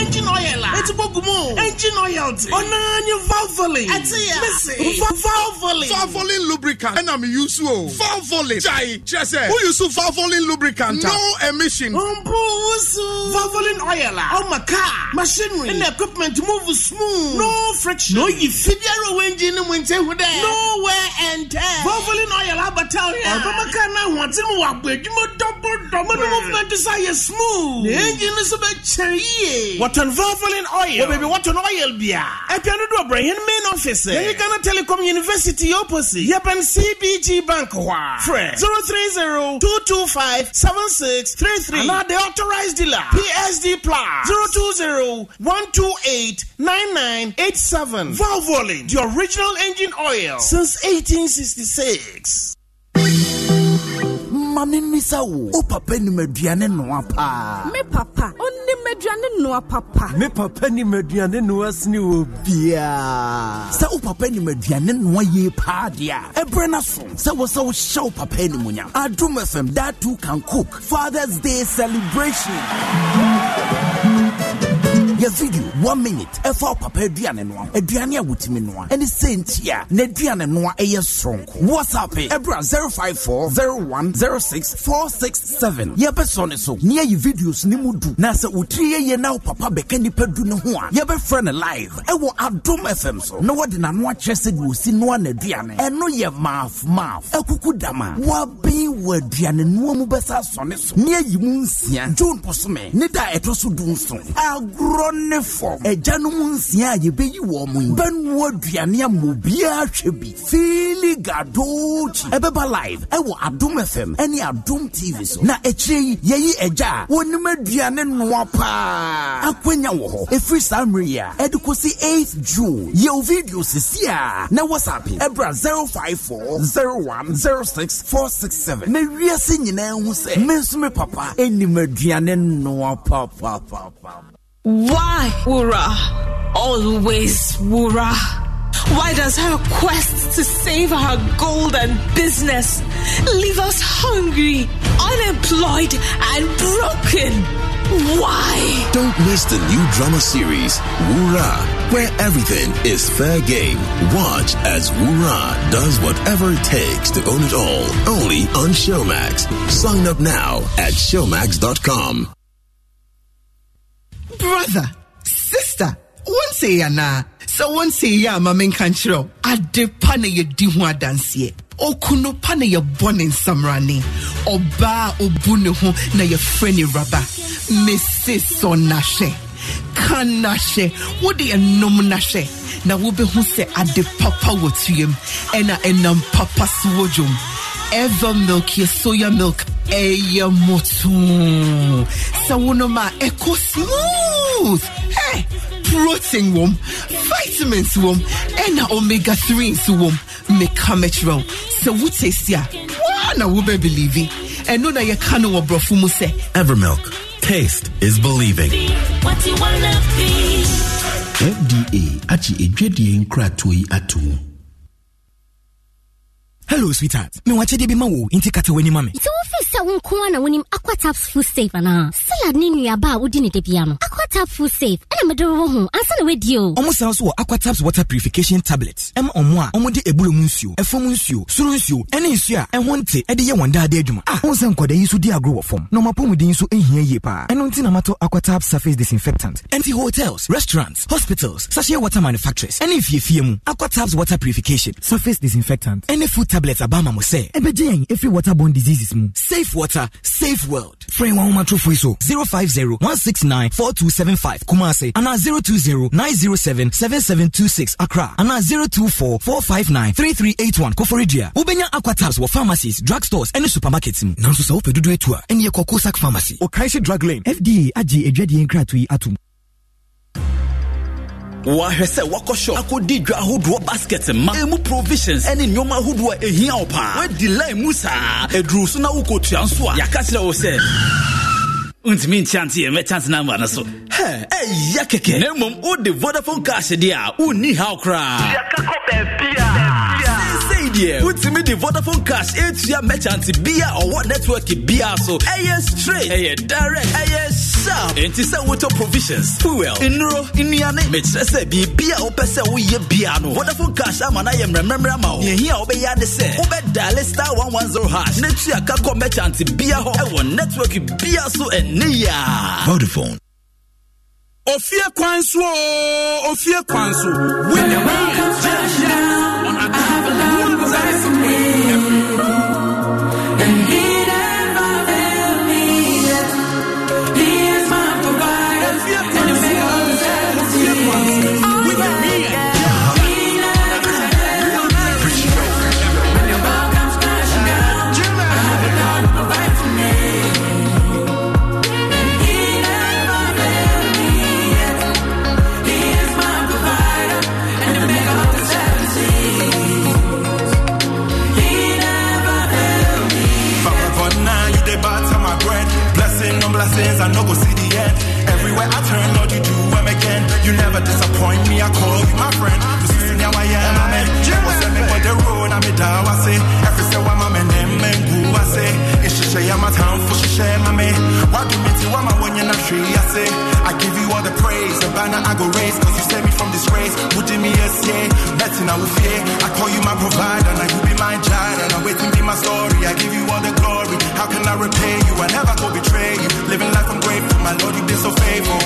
engine oil a engine loyalty. Ọ̀nàyàn Valvoline. Ẹ ti yà. missy. Valvoline. Valvoline lubricant. Ẹna mi use o. Valvoline. Jai Chese. Who use Valvoline lubricant? No emission. Mpu wusu. Valvoline oil a. Ọmọ kaa. Machinery. and equipment move smooth. No friction. No fibiara owo engine mu nti ehu dẹ. No wear and tear. Uh, Valvoline oil abata ọ̀rẹ́. Ọ̀bọ̀mọ kaa náà wọ́n ti mu wà gbé edwuma dọ́gbọ́dọ́. Mọ́ni movement sá yẹ smooth. The engine nso bẹ kyẹ̀rẹ̀ yíye. Wọ́n tẹ̀ Valvoline oil. Wọ́n baby? What an oil oil bia. Ẹ̀pẹ́ no do Ọ̀bẹ̀rẹ̀hìn main office. Yẹ́nì Ghana Telecom University opposite. and CBG Bank wa. Fred zero three zero two two Not the authorized dealer PSD Plus zero two zero one two eight nine nine eight seven. Valvoline the original engine oil since 1866 ama me mmisa wo O papa nim aduane noa paa me papa ɔnim aduane noa papa me papa nim aduane noa sene wɔ biaa sɛ wo papa nim aduane noa yie paa deɛ a ɛberɛ no so sɛ wo sɛ wohyɛ wo papa animuonyam adom fm that too can cook father's day celebration yɛvidio one minute ɛfa ɔpapa aduane noa aduane a wotumi noa ɛne sɛnti a n'aduane noa ɛyɛ soronko whatsapp ɛbra 054 01 06 467 yɛbɛsɔ ne so ne ayi videos ne mu du na sɛ wotiri yɛyɛ na wopapa bɛka nipa du ne ho a yɛbɛfrɛ no live ɛwɔ adom fm so na wɔde n'ano akyerɛ sɛdeɛ osi noa n'aduane ɛno yɛ maaf maaf akuku dam a wɔabɛn wɔ aduane noa mu bɛsa asɔne so ne ayi mu nsia june posome ne da a ɛtɔ so du nso agorɔ ne fam agyanom nsia a yɛbɛyi wɔ mo yi bɛnoa aduane ama obiaa hwɛ bi feeli gadokyi ɛbɛba live ɛwɔ adom fm ɛne adom tv so na akyirɛ yi yɛyi agya a wɔnim aduane noa paa akwanya wɔ hɔ ɛfiri saa a ɛde kɔsi 8 june yɛwo video sisi a na whatsapp ɛbra 054 01 06 467 na wiase nyinaa hu sɛ me nso me papa ɛnim pa. noa Why, Wura? Always Wura. Why does her quest to save her gold and business leave us hungry, unemployed, and broken? Why? Don't miss the new drama series, Wura, where everything is fair game. Watch as Wura does whatever it takes to own it all, only on Showmax. Sign up now at showmax.com. brother, sister, once a yana. sɛ wonsɛ yɛ ama menka nkyerɛ ade pa na yɛdi ho adanseɛ okunu pa na yɛbɔ ne nsamrane ɔbaa obu ne ho na yɛfrɛ ne raba mese sɔ nahwɛ kan na hyɛ wode ɛnom na hyɛ na wobɛhu sɛ ade papa wɔ tuam ɛna ɛnam papa so wɔ dwom ever milk your soya milk ɛyɛ mɔtoo sɛ wonom a ɛkɔ smooth hey! protein wɔm vitamins wɔm ɛna omega 3s wɔm meka mɛkyerɛ wo sɛ wotesi a waa na wobɛbelieve ɛno na yɛka no wɔ borɔfo mu sɛ evermilk Taste is believing. FDA agye edwadie nkratoɔ yi ato hello sweetheart mewakyedeɛ bi ma wo nti kata w'ani ma me nti wofi sɛ wo nko a na wonim aquatap food safe anaa salad ni nnuaba a wodi ne da bia no aquatap food safe ɛna mede wo ho ansa na wadi o ɔmo san so wɔ aquataps water purification tablet ɛma ɔmo a ɔmode ɛburo mu nsuo ɛfam nsuo soro nsuo ɛne nsuo a ɛho nte ɛde yɛ wɔn daade adwuma a wo sɛ nkɔda yi so di agorɔ wɔ fam na ɔmapɔ muden nso ɛhia yie paa ɛno nti na matɔ aquatap surface disinfectant ɛnti e hotels restaurants hospitals sachet water manufacturers ɛne e mfiefie mu aquataps water purification surface disinfectant ɛne food tablets abama mo sɛ ɛbɛgye yɛn ɛfiri waterborne diseases mu safe water safe world frɛ wɔn ahomatrofo yi so 050 kumase anaa 020 accra anaa 024-459-3381 koforidua wobɛnya aquatabs wɔ pharmacies drugstores ɛne supermarkets mu nanso sɛ wopɛ dodo a ɛne yɛ pharmacy ɔkae se drug lane fda agye adwadeɛ nkrato yi atom wɔahwɛ sɛ wɔkɔ shop akɔdi dwa ahodoɔ basket ma emu provisions ɛne nneɛma ahodoɔ a ehia wo paa wɔadi line mu saa aduru so na wokɔtua nso a yɛaka kyerɛ wo sɛ ntumi nkyante yɛ mɛkyante namba no so hɛ ɛyɛ kɛkɛ na mmom wode vodafone cash deɛ a wonni haw koraa deɛ wotumi de vodafone cash ɛtua mɛkyante bia ɔwɔ network bia so ɛyɛ straight ɛyɛ direct ɛyɛ sharp ɛnti sɛ wotɔ provisions fuel nnuro nnuane mekyerɛ sɛ biribia wopɛ sɛ woyɛ biya no vodafone cash ama no ayɛ mmerɛmmerɛmmerɛ ma wo yɛhia wobɛyɛ ne sɛ wobɛdale star 110 hash na tua ka kɔ mɛkyante bia hɔ ɛwɔ network biya so ɛne yia vodafone ofie kwan so ofie kwan so when the world comes down i have a lot of never disappoint me. I call you my friend. You see, now I am a man. You was me for the road, I'm a dow. I say, every so I'm a man, then men who I say, it's just a my town for share my man. Why do me to I'm a one in a tree? I say, I give you all the praise, the banner I go raise, cause you save me from disgrace. Would you me a say? Betting I will fear. I call you my provider, now you be my child, and I wait to be my story. I give you all the glory. How can I repay you? I never go betray you. Living life I'm grateful, my Lord, you've been so faithful.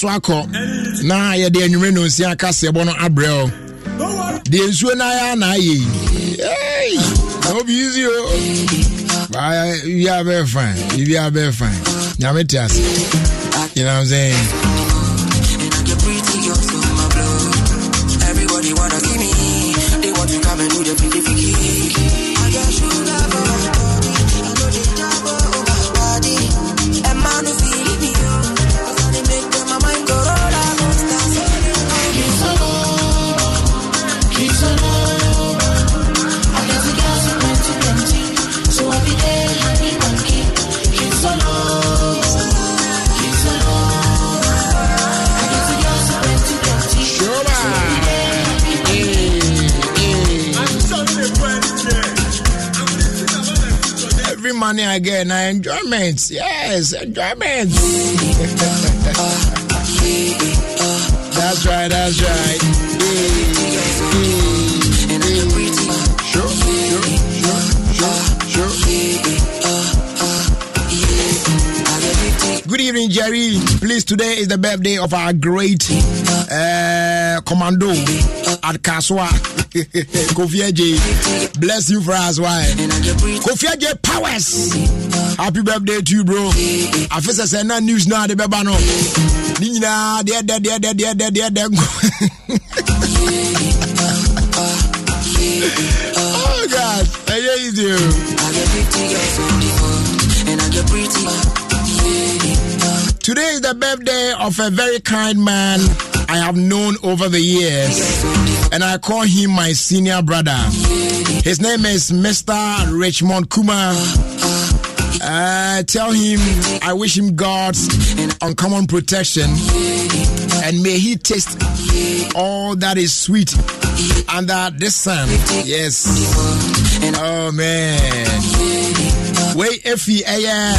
so akɔ na yɛde anwumere no nsia aka seɛbɔ no abrɛ o deɛ nsuo no ayɛ na ayɛ yi na o baa ibi abɛɛ fine ibi abɛɛ fine nyame te ase you know what i'm saying enjoyment. Yes, enjoyment. that's right, that's right. Good evening, Jerry. Please, today is the birthday of our great uh, commando at Kaswa. Kofi Bless you for us, why? Kofi Powers happy birthday to you bro afe sɛ sɛ na news no ade bɛba no ne nyinaa deɛ dɛ deɛ dɛ deɛ dɛ deɛ dɛ nko oh god ɛyɛ easy o Today is the birthday of a very kind man I have known over the years, and I call him my senior brother. His name is Mr. Richmond Kumar. Uh, tell him I wish him God's uncommon protection and may he taste all that is sweet under the sun. Yes. Oh man. Wait, if he, eh,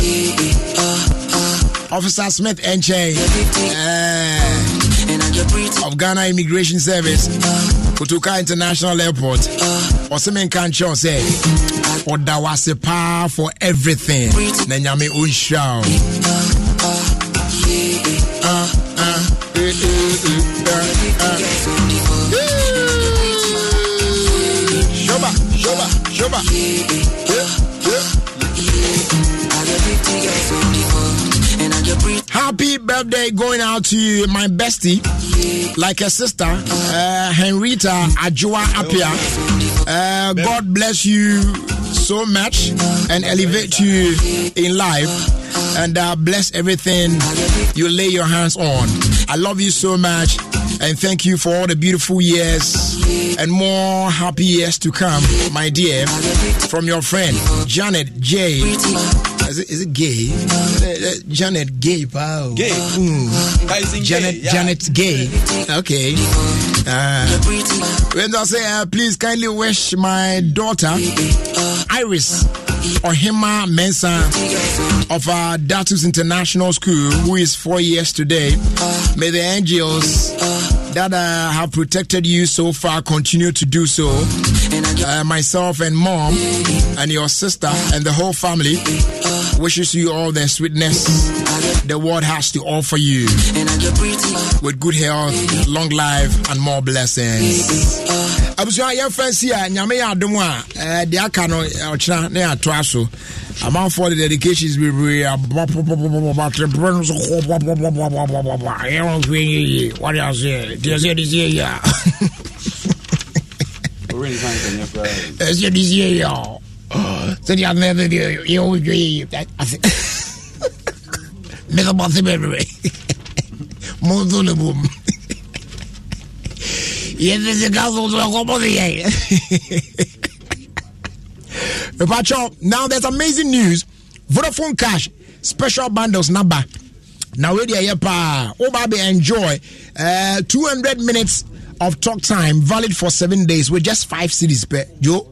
Officer Smith Enche uh, of Ghana Immigration Service. Kutuka International Airport. Ah. Osimin Kancho say, Odawase power for everything. Nenyame Ushao. Ah, ah, shoba, shoba, shoba. Yeah, yeah, Happy birthday going out to my bestie, like a sister, uh, Henrietta Ajua Apia. Uh, God bless you so much and elevate you in life and uh, bless everything you lay your hands on. I love you so much and thank you for all the beautiful years and more happy years to come, my dear, from your friend Janet J. Is it, is it gay? Uh, uh, Janet Gay, pal. Hmm. Gay. Mm. Janet, gay, yeah. Janet Gay. Okay. Uh, when I say, uh, please kindly wish my daughter, Iris, Ohima Mensa of uh, Datus International School, who is four years today. May the angels that uh, have protected you so far continue to do so. Uh, myself and mom and your sister and the whole family wishes you all the sweetness the world has to offer you with good health, long life, and more blessings. abusua yɛmfa si a nyame yɛ adom a deɛ aka no ɔkyena na yɛatoa so amanfoɔ de dedications bebree abapopopopopatreprɛ no so yɛwɔhwɛ yɛyie wade aseɛ deɛ sɛ de sɛ yie ɛsɛ de sɛ yie a sɛdeɛ amɛbɛ deɛ yɛwɔhwɛ yɛyie ase mɛsɛ bɔse bebree mo nso le bom yɛde sika sosorɔkɔbɔseyɛ Pacho. now there's amazing news vodafone cash special bundles number now wei deɛ yɛ paa woba oh, enjoy uh, 200 minutes of talk time valid for seven days with just five cities per Joe.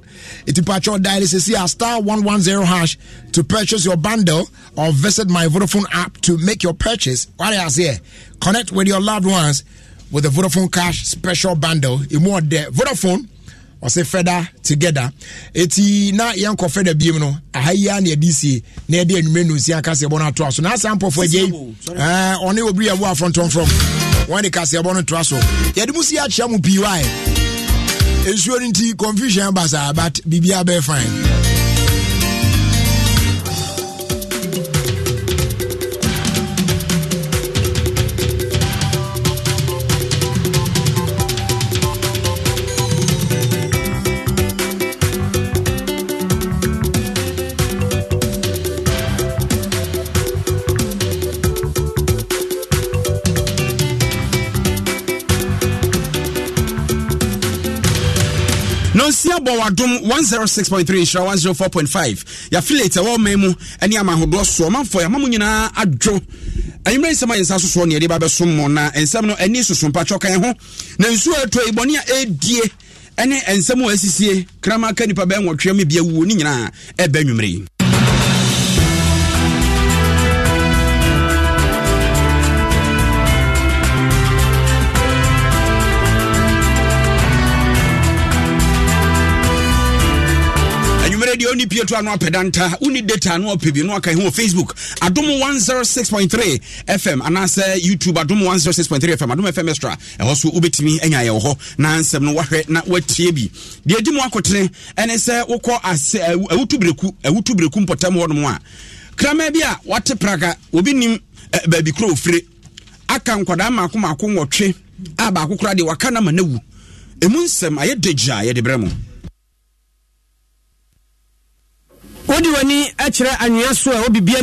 Iti Patron Dial is here star 110 hash to purchase your bundle or visit my Vodafone app to make your purchase. What else here? Connect with your loved ones with the Vodafone Cash special bundle. Emu ɔdɛ Vodafone ɔsɛ fɛda together eti na yɛnkɔ fɛda biem no aha yia na yɛde sie na yɛde anwumire na osi aka seɛbɔ no atoa so na asa mpɔfoɔ agye ɔne obiri awo afɔntɔmfrɔm wɔn de kaseɛbɔ no toa so yɛde mu si akyia mu pii wae nsuo no nti confusion ba saa but biribiara bɛyɛ fine. bɔ wadom 106.3 nhyira 104.5 yɛafiliate ɛwɔ ɔman mu ne ama ahodoɔ soɔ ɔmanfoɔ yɛama mo nyinaa adwo anwummerɛ nsɛm a yɛnsa sosoɔ ne yɛde ba bɛsom mo na nsɛm no ani sosompatwɔ kan ho na nsuo a ɛtɔ a ɛdie ne nsɛm a asisie krama ka nnipa bɛɛ nwɔtwea me bia wuo ne nyinaa ɛbɛ nwummere yi deɛ woni pie to a no apɛdanta woni data no ɔpɛ bi no aka ho wɔ facebook adom 106.3 fm anaasɛ youtube adom 106.3 fm adom fm extra ɛhɔ so wobɛtumi anya yɛwɔ hɔ na nsɛm no wahwɛ na watie bi deɛ di mu akotene ɛne sɛ wokɔ awutu bereku awutu bereku mpɔtam hɔ nom a krama bi a wate praka obi nim baabi koro ofire aka nkwadaa maako maako nwɔtwe a baako koraa deɛ waka na ma no awu ɛmu nsɛm ayɛ dagya yɛde berɛ mo wode w'ani kyerɛ anwea so a wobibia